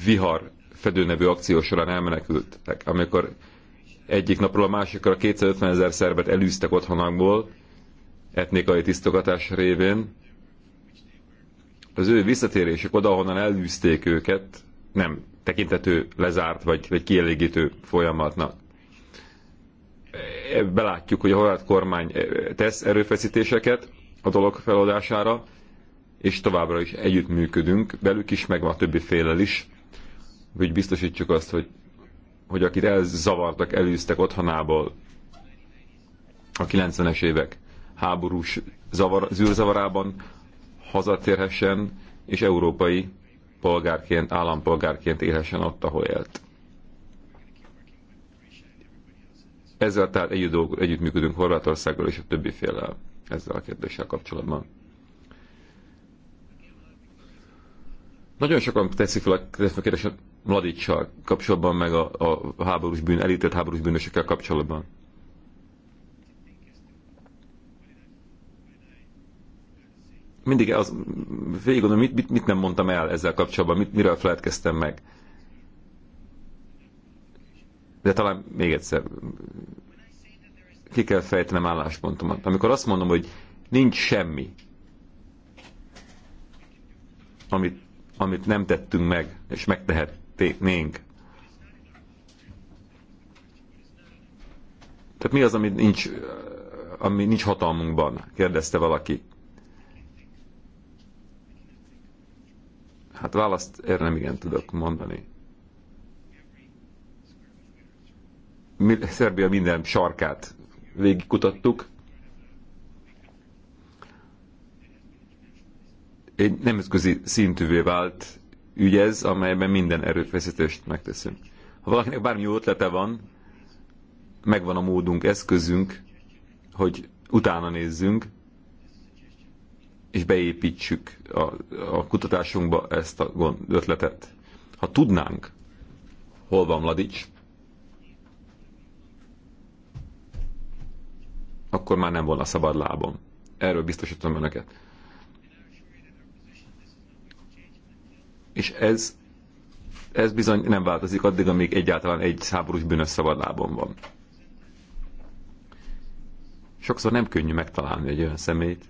vihar fedő nevű akció során elmenekültek, amikor egyik napról a másikra 250 ezer szervet elűztek otthonakból, etnikai tisztogatás révén. Az ő visszatérésük oda, ahonnan elűzték őket, nem tekintető lezárt vagy, vagy kielégítő folyamatnak. E, belátjuk, hogy a horvát kormány e, tesz erőfeszítéseket a dolog feloldására, és továbbra is együttműködünk velük is, meg a többi félel is hogy biztosítsuk azt, hogy, hogy akit elzavartak, elűztek otthonából a 90-es évek háborús zavar, zűrzavarában, hazatérhessen, és európai polgárként, állampolgárként élhessen ott, ahol élt. Ezzel tehát együtt, működünk Horvátországgal és a többi félel ezzel a kérdéssel kapcsolatban. Nagyon sokan teszik fel a kérdést Mladicsal kapcsolatban, meg a, a háborús bűn, elítélt háborús bűnösökkel kapcsolatban. Mindig az, végig gondolom, mit, mit, mit, nem mondtam el ezzel kapcsolatban, mit, miről feledkeztem meg. De talán még egyszer ki kell fejtenem álláspontomat. Amikor azt mondom, hogy nincs semmi, amit amit nem tettünk meg, és megtehetnénk. Tehát mi az, ami nincs, ami nincs hatalmunkban? kérdezte valaki. Hát választ erre nem igen tudok mondani. Mi, Szerbia minden sarkát végigkutattuk, egy nemzetközi szintűvé vált ügy ez, amelyben minden erőfeszítést megteszünk. Ha valakinek bármi jó ötlete van, megvan a módunk, eszközünk, hogy utána nézzünk, és beépítsük a, a kutatásunkba ezt a gond, ötletet. Ha tudnánk, hol van Ladics, akkor már nem volna szabad lábom. Erről biztosítom önöket. és ez, ez bizony nem változik addig, amíg egyáltalán egy háborús bűnös szabadlábon van. Sokszor nem könnyű megtalálni egy olyan szemét,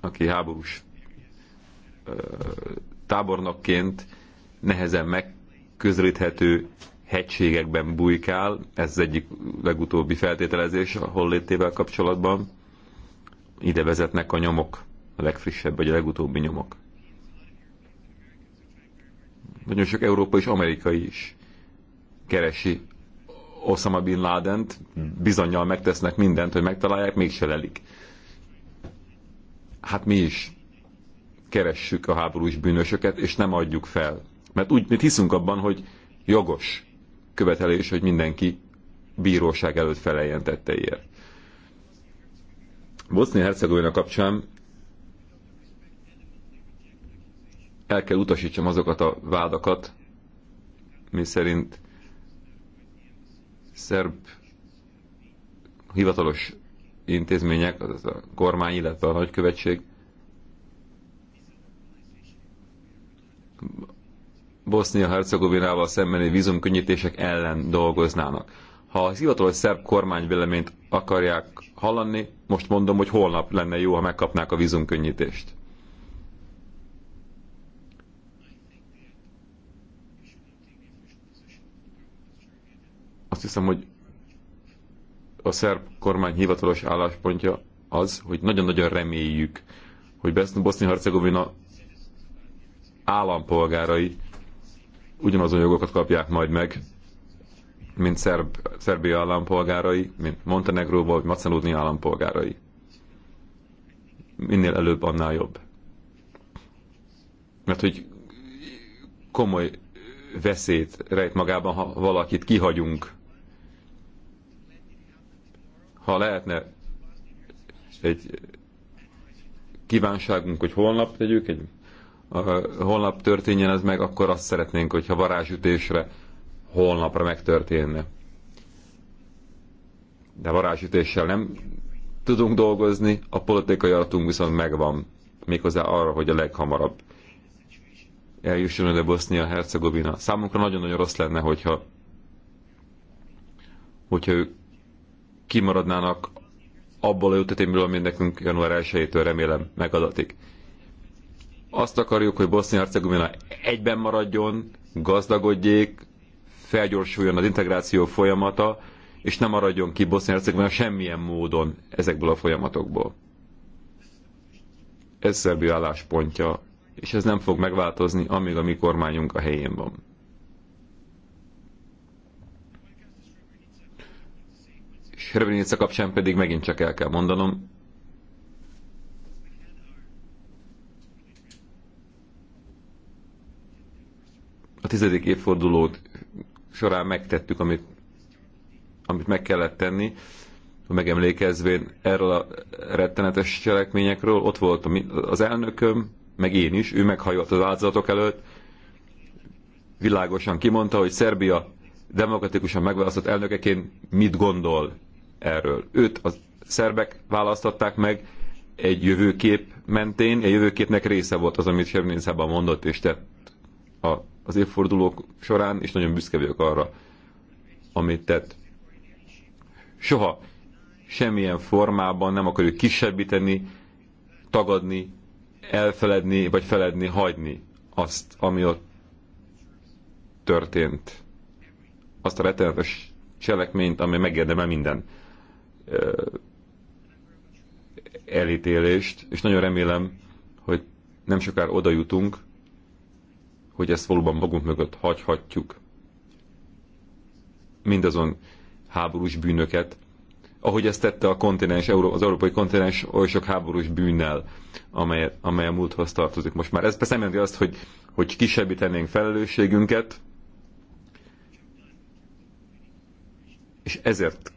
aki háborús tábornokként nehezen megközelíthető hegységekben bujkál, ez az egyik legutóbbi feltételezés a hollétével kapcsolatban. Ide vezetnek a nyomok, a legfrissebb vagy a legutóbbi nyomok nagyon sok európai és amerikai is keresi Osama Bin Ládent, bizonyal megtesznek mindent, hogy megtalálják, mégse lelik. Hát mi is keressük a háborús bűnösöket, és nem adjuk fel. Mert úgy, mi hiszünk abban, hogy jogos követelés, hogy mindenki bíróság előtt feleljen tetteiért. Bosznia-Hercegovina kapcsán el kell utasítsam azokat a vádakat, mi szerint szerb hivatalos intézmények, az a kormány, illetve a nagykövetség Bosznia-Hercegovinával szembeni vízumkönnyítések ellen dolgoznának. Ha a hivatalos szerb kormány véleményt akarják hallani, most mondom, hogy holnap lenne jó, ha megkapnák a vízumkönnyítést. Azt hiszem, hogy a szerb kormány hivatalos álláspontja az, hogy nagyon-nagyon reméljük, hogy Bosznia-Hercegovina állampolgárai ugyanazon jogokat kapják majd meg, mint Szerb, Szerbia állampolgárai, mint Montenegro vagy Macedónia állampolgárai. Minél előbb, annál jobb. Mert hogy komoly veszélyt rejt magában, ha valakit kihagyunk ha lehetne egy kívánságunk, hogy holnap tegyük, egy, holnap történjen ez meg, akkor azt szeretnénk, hogyha varázsütésre holnapra megtörténne. De varázsütéssel nem tudunk dolgozni, a politikai adatunk viszont megvan, méghozzá arra, hogy a leghamarabb eljusson oda Bosznia-Hercegovina. Számunkra nagyon-nagyon rossz lenne, hogyha, hogyha ők kimaradnának abból a jutatémből, ami nekünk január 1-től remélem megadatik. Azt akarjuk, hogy Bosznia-Hercegovina egyben maradjon, gazdagodjék, felgyorsuljon az integráció folyamata, és nem maradjon ki Bosznia-Hercegovina semmilyen módon ezekből a folyamatokból. Ez szerbi álláspontja, és ez nem fog megváltozni, amíg a mi kormányunk a helyén van. Srebrenica kapcsán pedig megint csak el kell mondanom, a tizedik évfordulót során megtettük, amit, amit meg kellett tenni, megemlékezvén erről a rettenetes cselekményekről. Ott volt az elnököm, meg én is, ő meghajolt az áldozatok előtt, világosan kimondta, hogy Szerbia demokratikusan megválasztott elnökeként mit gondol erről. Őt a szerbek választották meg egy jövőkép mentén, egy jövőképnek része volt az, amit Srebrenicában mondott és tett a, az évfordulók során, és nagyon büszke vagyok arra, amit tett. Soha semmilyen formában nem akarjuk kisebbíteni, tagadni, elfeledni, vagy feledni, hagyni azt, ami ott történt. Azt a rettenetes cselekményt, ami megérdemel minden elítélést, és nagyon remélem, hogy nem sokára oda jutunk, hogy ezt valóban magunk mögött hagyhatjuk. Mindazon háborús bűnöket, ahogy ezt tette a kontinens, az európai kontinens oly sok háborús bűnnel, amely, amely a múlthoz tartozik most már. Ez persze nem jelenti azt, hogy, hogy kisebbítenénk felelősségünket, és ezért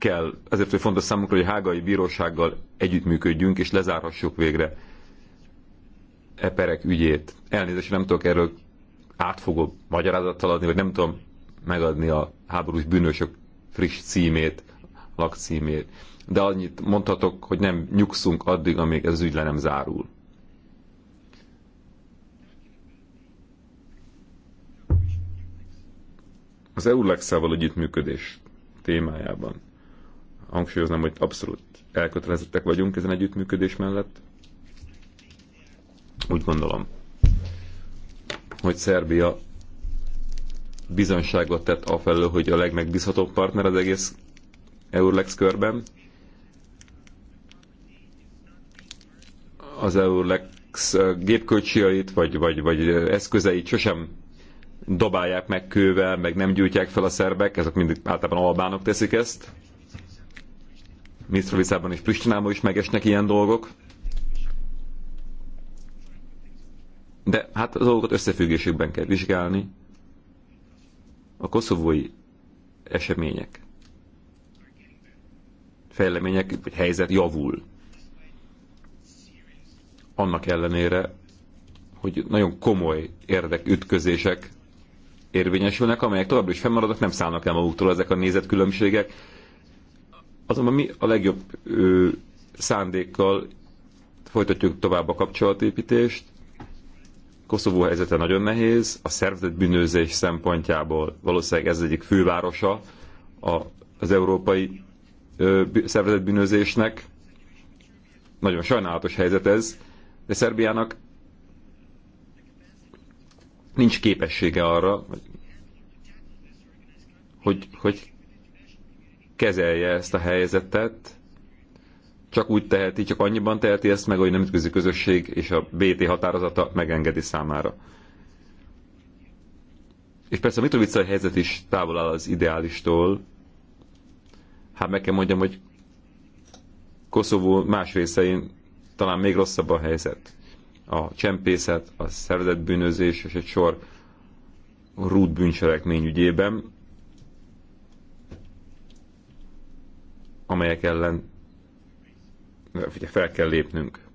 kell, ezért hogy fontos számunkra, hogy a hágai bírósággal együttműködjünk, és lezárhassuk végre e perek ügyét. Elnézést, nem tudok erről átfogó magyarázattal adni, vagy nem tudom megadni a háborús bűnösök friss címét, lakcímét. De annyit mondhatok, hogy nem nyugszunk addig, amíg ez az ügy le nem zárul. Az EULEX-szel együttműködés témájában hangsúlyoznám, hogy abszolút elkötelezettek vagyunk ezen együttműködés mellett. Úgy gondolom, hogy Szerbia bizonyságot tett afelől, hogy a legmegbízhatóbb partner az egész Eurlex körben. Az Eurlex gépkocsiait vagy, vagy, vagy eszközeit sosem dobálják meg kővel, meg nem gyújtják fel a szerbek, ezek mindig általában albánok teszik ezt. Misztrovicában és Pristinában is megesnek ilyen dolgok. De hát az dolgokat összefüggésükben kell vizsgálni. A koszovói események, fejlemények, vagy helyzet javul. Annak ellenére, hogy nagyon komoly érdekütközések érvényesülnek, amelyek továbbra is fennmaradnak, nem szállnak el maguktól ezek a nézetkülönbségek, Azonban mi a legjobb ő, szándékkal folytatjuk tovább a kapcsolatépítést. Koszovó helyzete nagyon nehéz, a szervezett bűnözés szempontjából valószínűleg ez egyik fővárosa a, az európai szervezett bűnözésnek. Nagyon sajnálatos helyzet ez, de Szerbiának nincs képessége arra, hogy, hogy kezelje ezt a helyzetet, csak úgy teheti, csak annyiban teheti ezt meg, hogy nemzetközi közösség és a BT határozata megengedi számára. És persze a Mitrovicai helyzet is távol áll az ideálistól. Hát meg kell mondjam, hogy Koszovó más részein talán még rosszabb a helyzet. A csempészet, a szervezetbűnözés és egy sor rút bűncselekmény ügyében amelyek ellen fel kell lépnünk.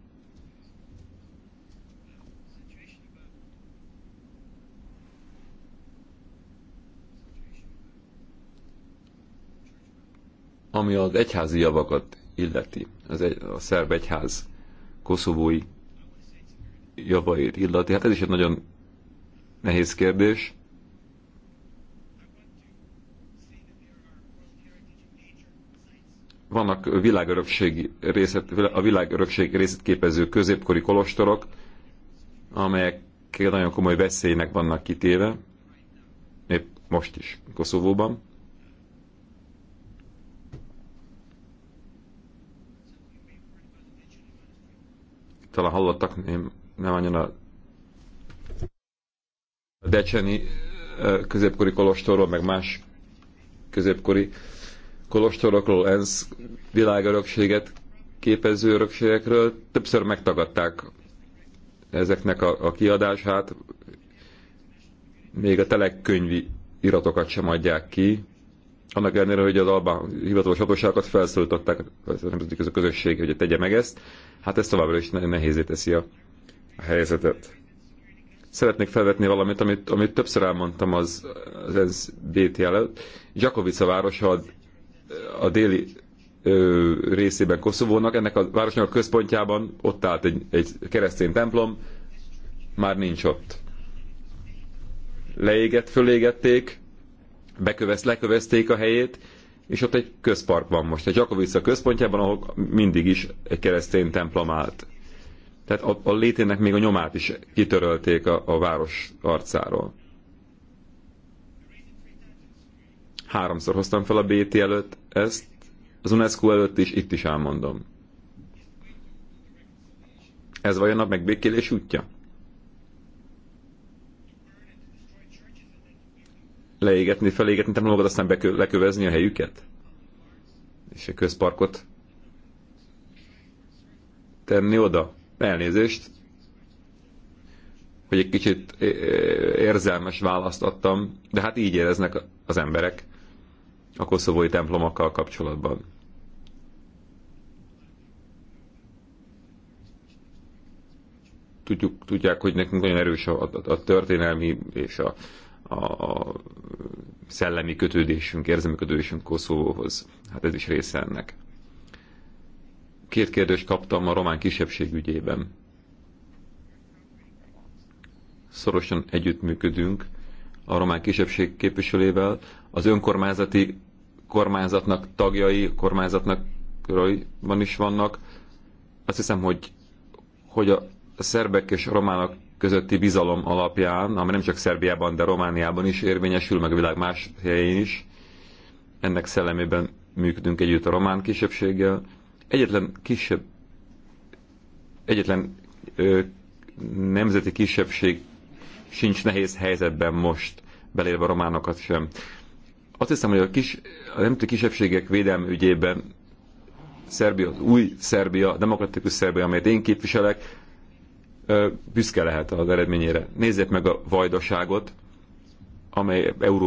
Ami az egyházi javakat illeti, az egy, a szerb egyház koszovói javait illeti, hát ez is egy nagyon nehéz kérdés. Vannak világörökség részet, a világörökség részét képező középkori kolostorok, amelyek nagyon komoly veszélynek vannak kitéve, épp most is Koszovóban. Talán hallottak, én nem annyira a Decseni középkori kolostorról, meg más középkori kolostorokról, ENSZ világörökséget képező örökségekről többször megtagadták ezeknek a, a kiadását, még a telekkönyvi iratokat sem adják ki, annak ellenére, hogy az albán hivatalos hatóságokat felszólították a nemzetközi közösség, hogy tegye meg ezt, hát ez továbbra is nagyon nehézé teszi a, a helyzetet. Szeretnék felvetni valamit, amit, amit többször elmondtam az, az ENSZ DT előtt. Zsakovica városa a déli ö, részében Koszovónak, ennek a városnak a központjában ott állt egy, egy keresztény templom, már nincs ott. Leégett, fölégették, bekövesz, lekövezték a helyét, és ott egy közpark van most, egy Jakovica központjában, ahol mindig is egy keresztény templom állt. Tehát a, a létének még a nyomát is kitörölték a, a város arcáról. Háromszor hoztam fel a BT előtt ezt, az UNESCO előtt is, itt is elmondom. Ez vajon a megbékélés útja? Leégetni, felégetni magad aztán bekö- lekövezni a helyüket? És a közparkot tenni oda? Elnézést, hogy egy kicsit érzelmes választ adtam, de hát így éreznek az emberek a koszovói templomokkal kapcsolatban. Tudjuk, tudják, hogy nekünk nagyon erős a, a, a történelmi és a, a, a szellemi kötődésünk, érzelmi kötődésünk Koszovóhoz. Hát ez is része ennek. Két kérdést kaptam a román kisebbség ügyében. Szorosan együttműködünk a román kisebbség képviselével. Az önkormányzati kormányzatnak tagjai, a kormányzatnak van is vannak. Azt hiszem, hogy, hogy a szerbek és a románok közötti bizalom alapján, ami nem csak Szerbiában, de Romániában is érvényesül, meg a világ más helyén is, ennek szellemében működünk együtt a román kisebbséggel. Egyetlen kisebb, egyetlen ö, nemzeti kisebbség sincs nehéz helyzetben most, belélve a románokat sem. Azt hiszem, hogy a, kis, a nemzeti kisebbségek védelmi ügyében Szerbia, az új Szerbia, demokratikus Szerbia, amelyet én képviselek, büszke lehet az eredményére. Nézzék meg a vajdaságot, amely Európa